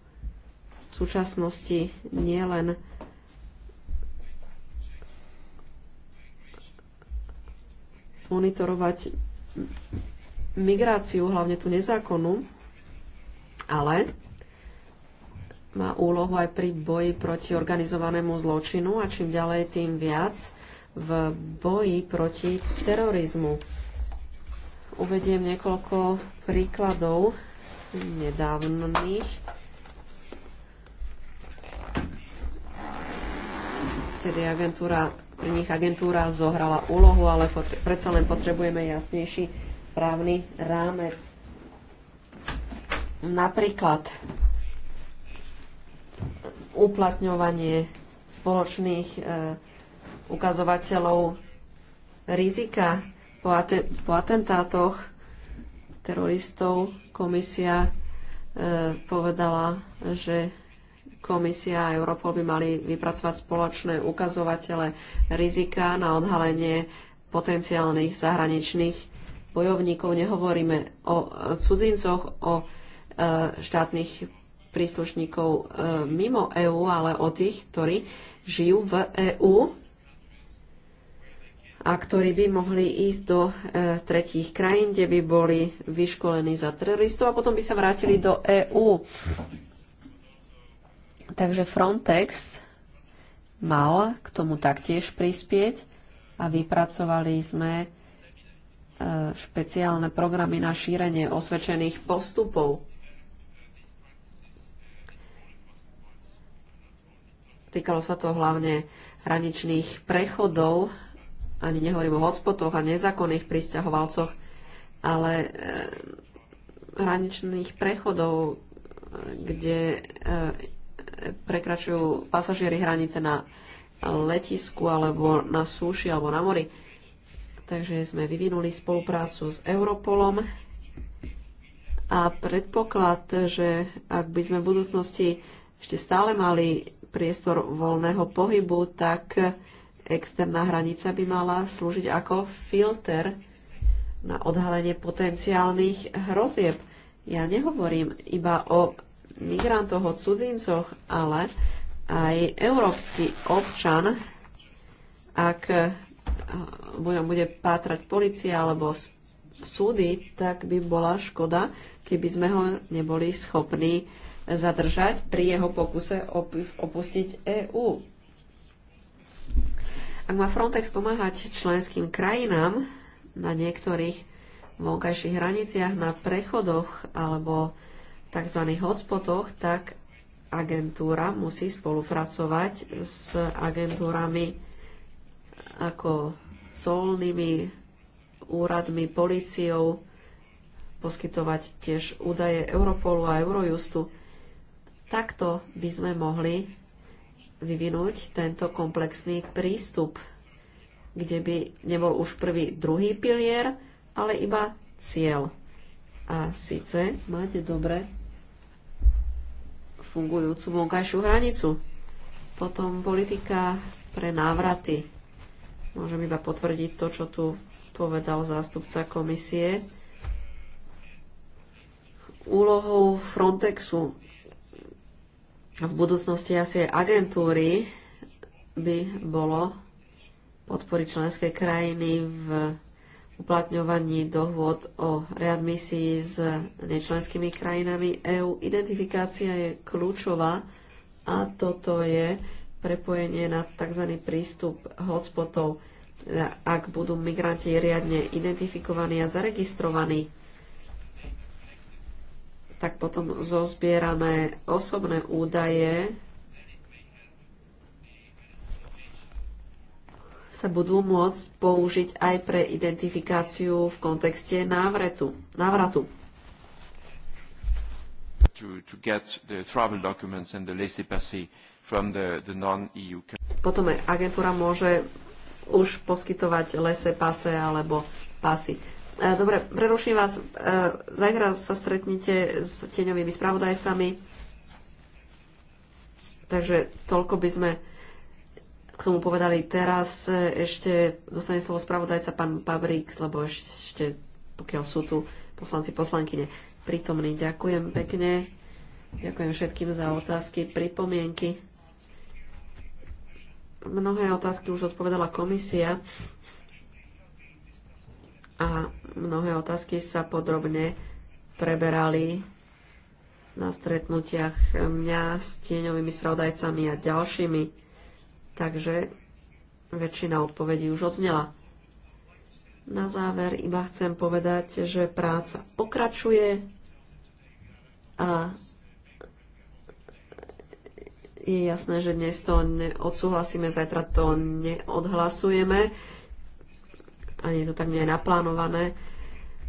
v súčasnosti nielen monitorovať migráciu, hlavne tú nezákonnú, ale má úlohu aj pri boji proti organizovanému zločinu a čím ďalej, tým viac v boji proti terorizmu. Uvediem niekoľko príkladov nedávnych, Vtedy agentúra, pri nich agentúra zohrala úlohu, ale potre, predsa len potrebujeme jasnejší právny rámec. Napríklad uplatňovanie spoločných e, ukazovateľov rizika po, atentátoch teroristov komisia e, povedala, že komisia a Europol by mali vypracovať spoločné ukazovatele rizika na odhalenie potenciálnych zahraničných bojovníkov. Nehovoríme o e, cudzincoch, o štátnych príslušníkov e, mimo EÚ, ale o tých, ktorí žijú v EÚ a ktorí by mohli ísť do e, tretích krajín, kde by boli vyškolení za teroristov a potom by sa vrátili do EÚ. Takže Frontex mal k tomu taktiež prispieť a vypracovali sme e, špeciálne programy na šírenie osvedčených postupov Týkalo sa to hlavne hraničných prechodov, ani nehovorím o hospotoch a nezákonných pristahovalcoch, ale e, hraničných prechodov, kde e, prekračujú pasažieri hranice na letisku alebo na súši alebo na mori. Takže sme vyvinuli spoluprácu s Europolom a predpoklad, že ak by sme v budúcnosti ešte stále mali priestor voľného pohybu, tak externá hranica by mala slúžiť ako filter na odhalenie potenciálnych hrozieb. Ja nehovorím iba o migrantoch, o cudzincoch, ale aj európsky občan, ak eh, bude pátrať policia alebo súdy, tak by bola škoda, keby sme ho neboli schopní zadržať pri jeho pokuse opustiť EÚ. Ak má Frontex pomáhať členským krajinám na niektorých vonkajších hraniciach, na prechodoch alebo tzv. hotspotoch, tak agentúra musí spolupracovať s agentúrami ako colnými úradmi, políciou, poskytovať tiež údaje Europolu a Eurojustu. Takto by sme mohli vyvinúť tento komplexný prístup, kde by nebol už prvý, druhý pilier, ale iba cieľ. A síce máte dobre fungujúcu vonkajšiu hranicu. Potom politika pre návraty. Môžem iba potvrdiť to, čo tu povedal zástupca komisie. Úlohou Frontexu v budúcnosti asi agentúry by bolo podporiť členské krajiny v uplatňovaní dohôd o readmisii s nečlenskými krajinami EÚ. Identifikácia je kľúčová a toto je prepojenie na tzv. prístup hotspotov, ak budú migranti riadne identifikovaní a zaregistrovaní tak potom zozbierame osobné údaje sa budú môcť použiť aj pre identifikáciu v kontexte návratu. návratu. To, to get the travel documents and the from the, the non-EU Potom agentúra môže už poskytovať lese, pase alebo pasy. E, dobre, preruším vás. E, zajtra sa stretnite s tieňovými spravodajcami. Takže toľko by sme k tomu povedali teraz. E, ešte dostane slovo spravodajca pán Pabrix, lebo ešte pokiaľ sú tu poslanci, poslankyne prítomní. Ďakujem pekne. Ďakujem všetkým za otázky, pripomienky. Mnohé otázky už odpovedala komisia a Mnohé otázky sa podrobne preberali na stretnutiach mňa s tieňovými spravodajcami a ďalšími. Takže väčšina odpovedí už odznela. Na záver iba chcem povedať, že práca pokračuje a je jasné, že dnes to neodsúhlasíme, zajtra to neodhlasujeme ani to tak nie je naplánované.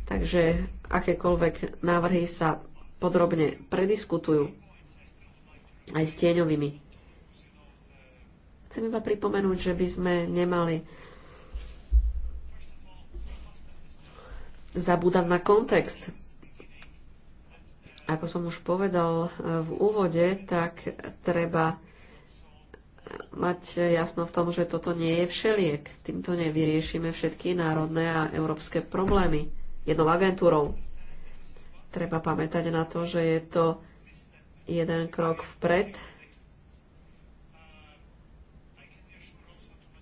Takže akékoľvek návrhy sa podrobne prediskutujú aj s tieňovými. Chcem iba pripomenúť, že by sme nemali zabúdať na kontext. Ako som už povedal v úvode, tak treba mať jasno v tom, že toto nie je všeliek. Týmto nevyriešime všetky národné a európske problémy jednou agentúrou. Treba pamätať na to, že je to jeden krok vpred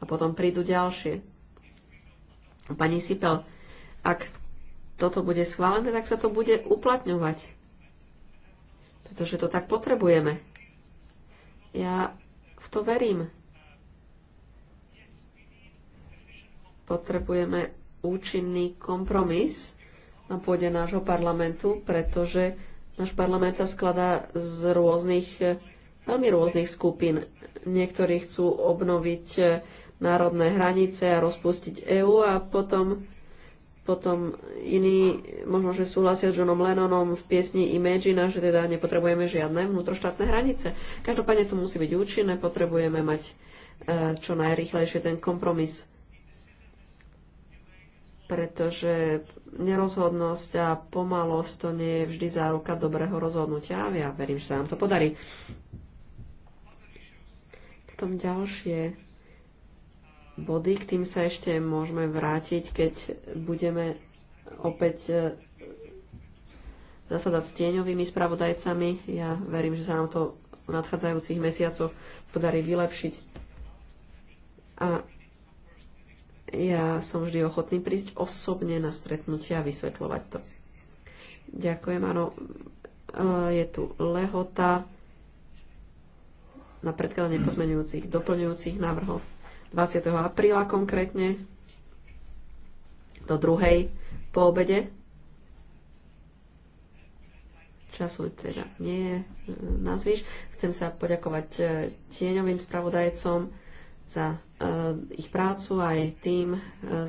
a potom prídu ďalšie. Pani Sipel, ak toto bude schválené, tak sa to bude uplatňovať. Pretože to tak potrebujeme. Ja v to verím. Potrebujeme účinný kompromis na pôde nášho parlamentu, pretože náš parlament sa skladá z rôznych, veľmi rôznych skupín. Niektorí chcú obnoviť národné hranice a rozpustiť EÚ a potom potom iní možno, že súhlasia s Johnom Lennonom v piesni Imagina, že teda nepotrebujeme žiadne vnútroštátne hranice. Každopádne to musí byť účinné, potrebujeme mať e, čo najrychlejšie ten kompromis. Pretože nerozhodnosť a pomalosť to nie je vždy záruka dobrého rozhodnutia a ja verím, že sa nám to podarí. Potom ďalšie body. K tým sa ešte môžeme vrátiť, keď budeme opäť e, zasadať s tieňovými spravodajcami. Ja verím, že sa nám to v nadchádzajúcich mesiacoch podarí vylepšiť. A ja som vždy ochotný prísť osobne na stretnutia a vysvetľovať to. Ďakujem, áno. E, je tu lehota na predkladanie pozmenujúcich, doplňujúcich návrhov. 20. apríla konkrétne, do druhej po obede. Času teda nie je na Chcem sa poďakovať e, tieňovým spravodajcom za e, ich prácu aj tým e,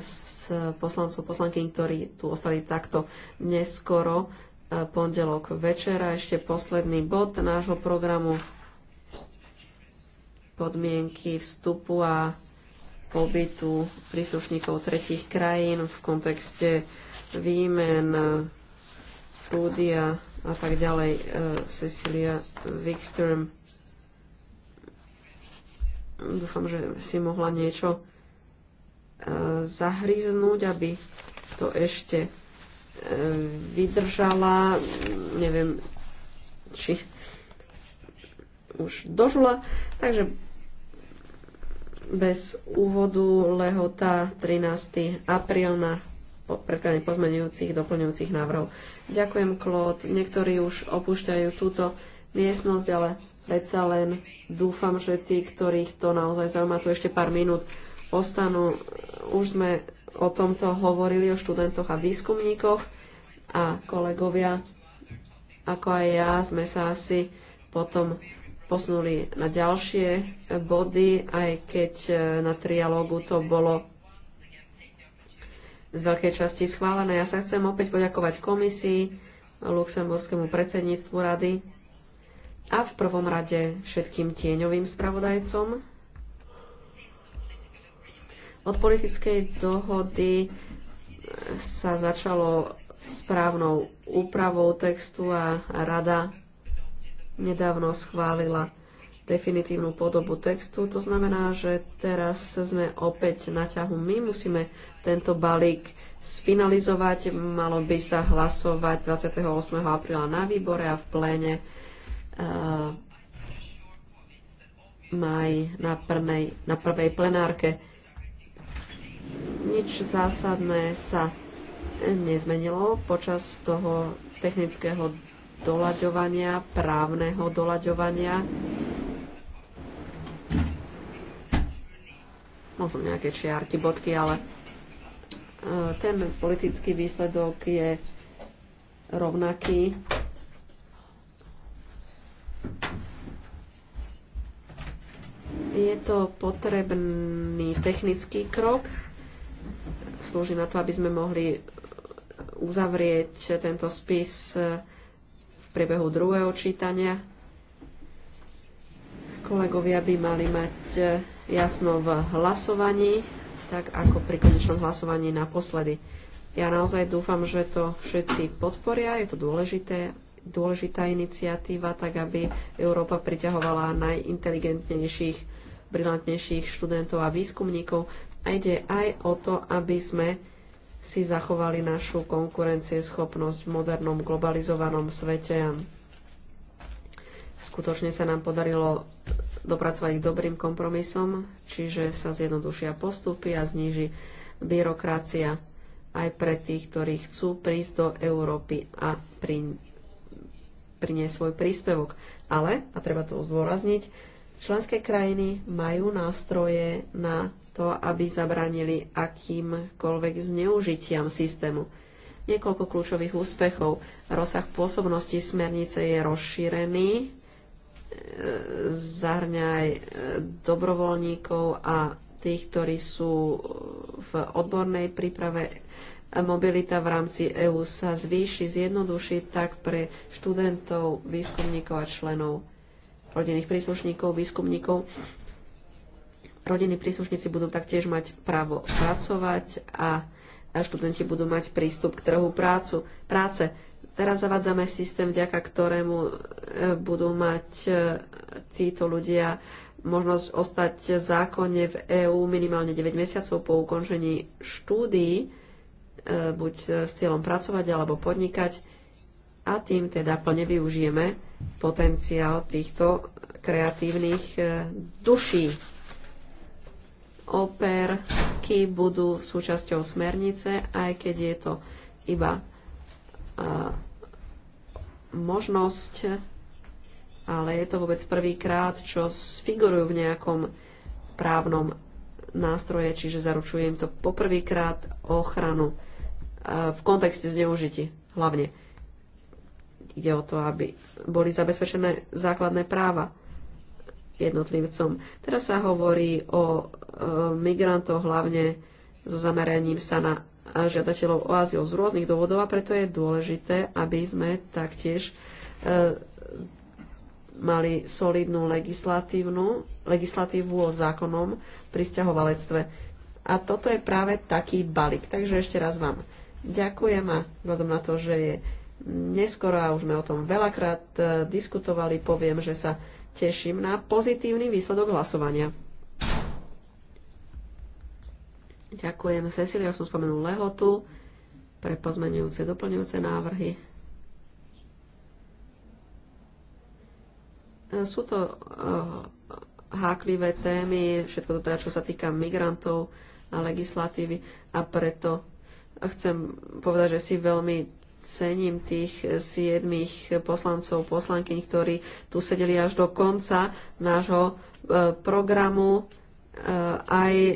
s poslancov, poslanky, ktorí tu ostali takto neskoro pondelok večera. Ešte posledný bod nášho programu podmienky vstupu a pobytu príslušníkov tretich krajín v kontexte výmen, štúdia a tak ďalej. E, Cecilia Wikström dúfam, že si mohla niečo e, zahryznúť, aby to ešte e, vydržala. Neviem, či už dožula. Takže bez úvodu lehota 13. apríl na predkladanie pozmenujúcich, doplňujúcich návrhov. Ďakujem, Klód. Niektorí už opúšťajú túto miestnosť, ale predsa len dúfam, že tí, ktorých to naozaj zaujíma, tu ešte pár minút ostanú. Už sme o tomto hovorili, o študentoch a výskumníkoch a kolegovia, ako aj ja, sme sa asi potom posunuli na ďalšie body, aj keď e, na trialógu to bolo z veľkej časti schválené. Ja sa chcem opäť poďakovať komisii, luxemburskému predsedníctvu rady a v prvom rade všetkým tieňovým spravodajcom. Od politickej dohody e, sa začalo správnou úpravou textu a rada nedávno schválila definitívnu podobu textu. To znamená, že teraz sme opäť na ťahu. My musíme tento balík sfinalizovať. Malo by sa hlasovať 28. apríla na výbore a v pléne uh, maj na, na prvej plenárke. Nič zásadné sa nezmenilo počas toho technického doľaďovania, právneho doľaďovania. Možno nejaké čiarky, bodky, ale e, ten politický výsledok je rovnaký. Je to potrebný technický krok. Slúži na to, aby sme mohli uzavrieť tento spis priebehu druhého čítania. Kolegovia by mali mať e, jasno v hlasovaní, tak ako pri konečnom hlasovaní naposledy. Ja naozaj dúfam, že to všetci podporia, je to dôležité, dôležitá iniciatíva, tak aby Európa priťahovala najinteligentnejších, brilantnejších študentov a výskumníkov. A ide aj o to, aby sme si zachovali našu konkurencieschopnosť v modernom globalizovanom svete. Skutočne sa nám podarilo dopracovať k dobrým kompromisom, čiže sa zjednodušia postupy a zníži byrokracia aj pre tých, ktorí chcú prísť do Európy a pri, priniesť svoj príspevok. Ale, a treba to zdôrazniť, členské krajiny majú nástroje na to, aby zabránili akýmkoľvek zneužitiam systému. Niekoľko kľúčových úspechov. Rozsah pôsobnosti smernice je rozšírený, e, zahrňa aj e, dobrovoľníkov a tých, ktorí sú v odbornej príprave mobilita v rámci EÚ sa zvýši, zjednoduší tak pre študentov, výskumníkov a členov rodinných príslušníkov, výskumníkov. Rodiny príslušníci budú taktiež mať právo pracovať a študenti budú mať prístup k trhu prácu, práce. Teraz zavádzame systém, vďaka ktorému e, budú mať e, títo ľudia možnosť ostať zákonne v EÚ minimálne 9 mesiacov po ukončení štúdií, e, buď s cieľom pracovať alebo podnikať a tým teda plne využijeme potenciál týchto kreatívnych duší operky budú súčasťou smernice, aj keď je to iba možnosť, ale je to vôbec prvýkrát, čo sfigurujú v nejakom právnom nástroje, čiže zaručujem to poprvýkrát ochranu v kontexte zneužití hlavne. Ide o to, aby boli zabezpečené základné práva jednotlivcom. Teraz sa hovorí o e, migrantoch, hlavne so zameraním sa na žiadateľov o azyl z rôznych dôvodov a preto je dôležité, aby sme taktiež e, mali solidnú legislatívnu, legislatívu o zákonom pri stiahovalectve. A toto je práve taký balík. Takže ešte raz vám ďakujem a vzhľadom na to, že je neskoro a už sme o tom veľakrát e, diskutovali, poviem, že sa teším na pozitívny výsledok hlasovania. Ďakujem Cecilia, už som spomenul lehotu pre pozmenujúce, doplňujúce návrhy. Sú to eh, háklivé témy, všetko to teda, čo sa týka migrantov a legislatívy a preto chcem povedať, že si veľmi cením tých siedmých poslancov, poslankyň, ktorí tu sedeli až do konca nášho e, programu. E, aj e,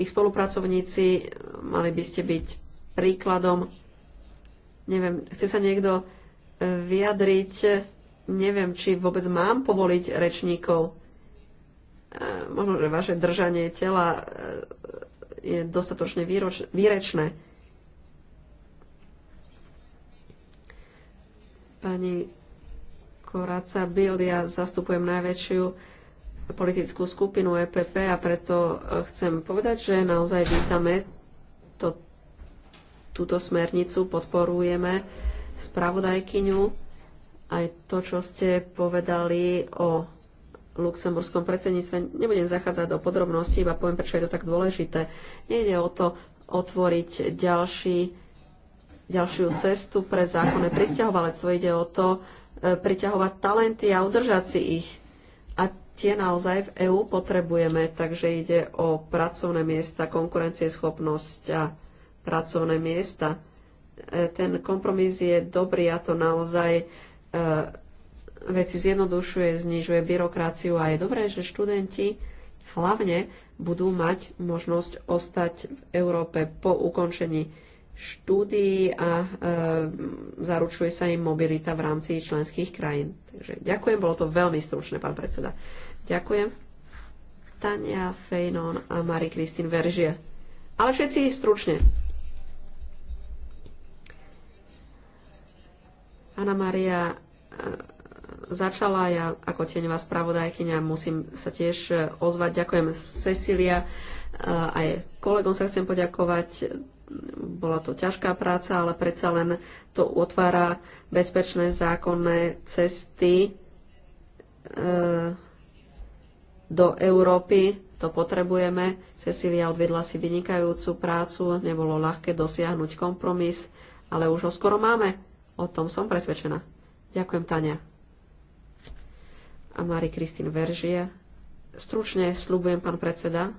ich spolupracovníci mali by ste byť príkladom. Neviem, chce sa niekto vyjadriť, neviem, či vôbec mám povoliť rečníkov. Možno, že vaše držanie tela je dostatočne výroč, výrečné. Pani Koráca Bild, ja zastupujem najväčšiu politickú skupinu EPP a preto e, chcem povedať, že naozaj vítame to, túto smernicu, podporujeme spravodajkyňu aj to, čo ste povedali o luxemburskom predsedníctve. Nebudem zachádzať do podrobností, iba poviem, prečo je to tak dôležité. Nejde o to otvoriť ďalší ďalšiu cestu pre zákonné pristahovalectvo. Ide o to e, priťahovať talenty a udržať si ich. A tie naozaj v EÚ potrebujeme, takže ide o pracovné miesta, konkurencieschopnosť a pracovné miesta. E, ten kompromis je dobrý a to naozaj e, veci zjednodušuje, znižuje byrokraciu a je dobré, že študenti hlavne budú mať možnosť ostať v Európe po ukončení štúdií a e, zaručuje sa im mobilita v rámci členských krajín. Takže ďakujem, bolo to veľmi stručné, pán predseda. Ďakujem. Tania Fejnon a Marie Kristín Veržie. Ale všetci stručne. Anna Maria e, začala, ja ako tieňová spravodajkyňa musím sa tiež e, ozvať. Ďakujem Cecilia, e, aj kolegom sa chcem poďakovať bola to ťažká práca, ale predsa len to otvára bezpečné zákonné cesty e, do Európy. To potrebujeme. Cecília odvedla si vynikajúcu prácu. Nebolo ľahké dosiahnuť kompromis, ale už ho skoro máme. O tom som presvedčená. Ďakujem, Tania. A Mari Kristín Veržie. Stručne slúbujem, pán predseda,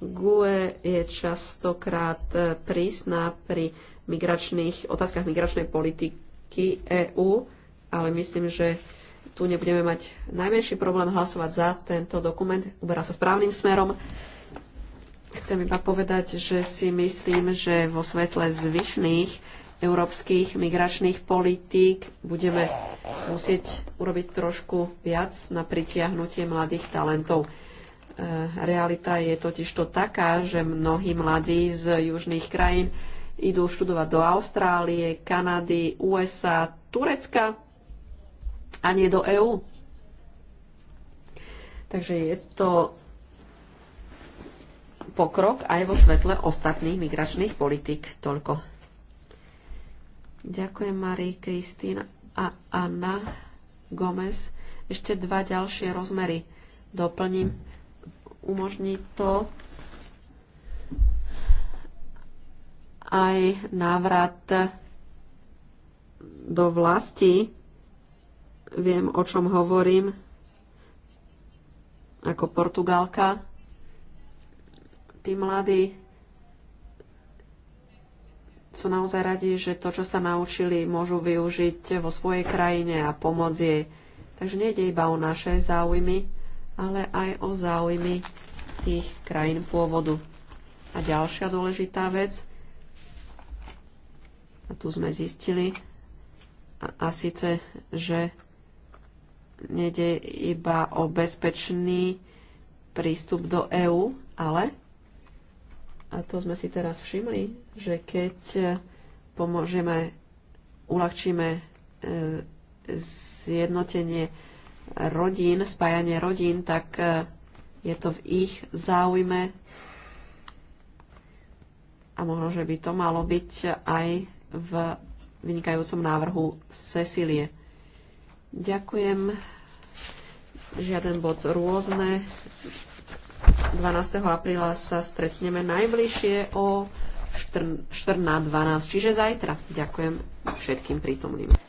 GUE je častokrát e, prísna pri migračných, otázkach migračnej politiky EÚ, ale myslím, že tu nebudeme mať najmenší problém hlasovať za tento dokument. Uberá sa správnym smerom. Chcem iba povedať, že si myslím, že vo svetle zvyšných európskych migračných politík budeme musieť urobiť trošku viac na pritiahnutie mladých talentov. Eh, realita je totiž to taká, že mnohí mladí z južných krajín idú študovať do Austrálie, Kanady, USA, Turecka a nie do EÚ. Takže je to pokrok aj vo svetle ostatných migračných politik. Toľko. Ďakujem Marii, Kristýna a Anna Gomez. Ešte dva ďalšie rozmery doplním umožní to aj návrat do vlasti. Viem, o čom hovorím ako Portugalka. Tí mladí sú naozaj radi, že to, čo sa naučili, môžu využiť vo svojej krajine a pomôcť jej. Takže nejde iba o naše záujmy, ale aj o záujmy tých krajín pôvodu. A ďalšia dôležitá vec, a tu sme zistili, a, a síce, že nejde iba o bezpečný prístup do EÚ, ale, a to sme si teraz všimli, že keď e, pomôžeme, uľahčíme e, zjednotenie rodín, spájanie rodín, tak e, je to v ich záujme a možno, že by to malo byť aj v vynikajúcom návrhu Cecilie. Ďakujem. Žiaden bod rôzne. 12. apríla sa stretneme najbližšie o 4 čiže zajtra. Ďakujem všetkým prítomným.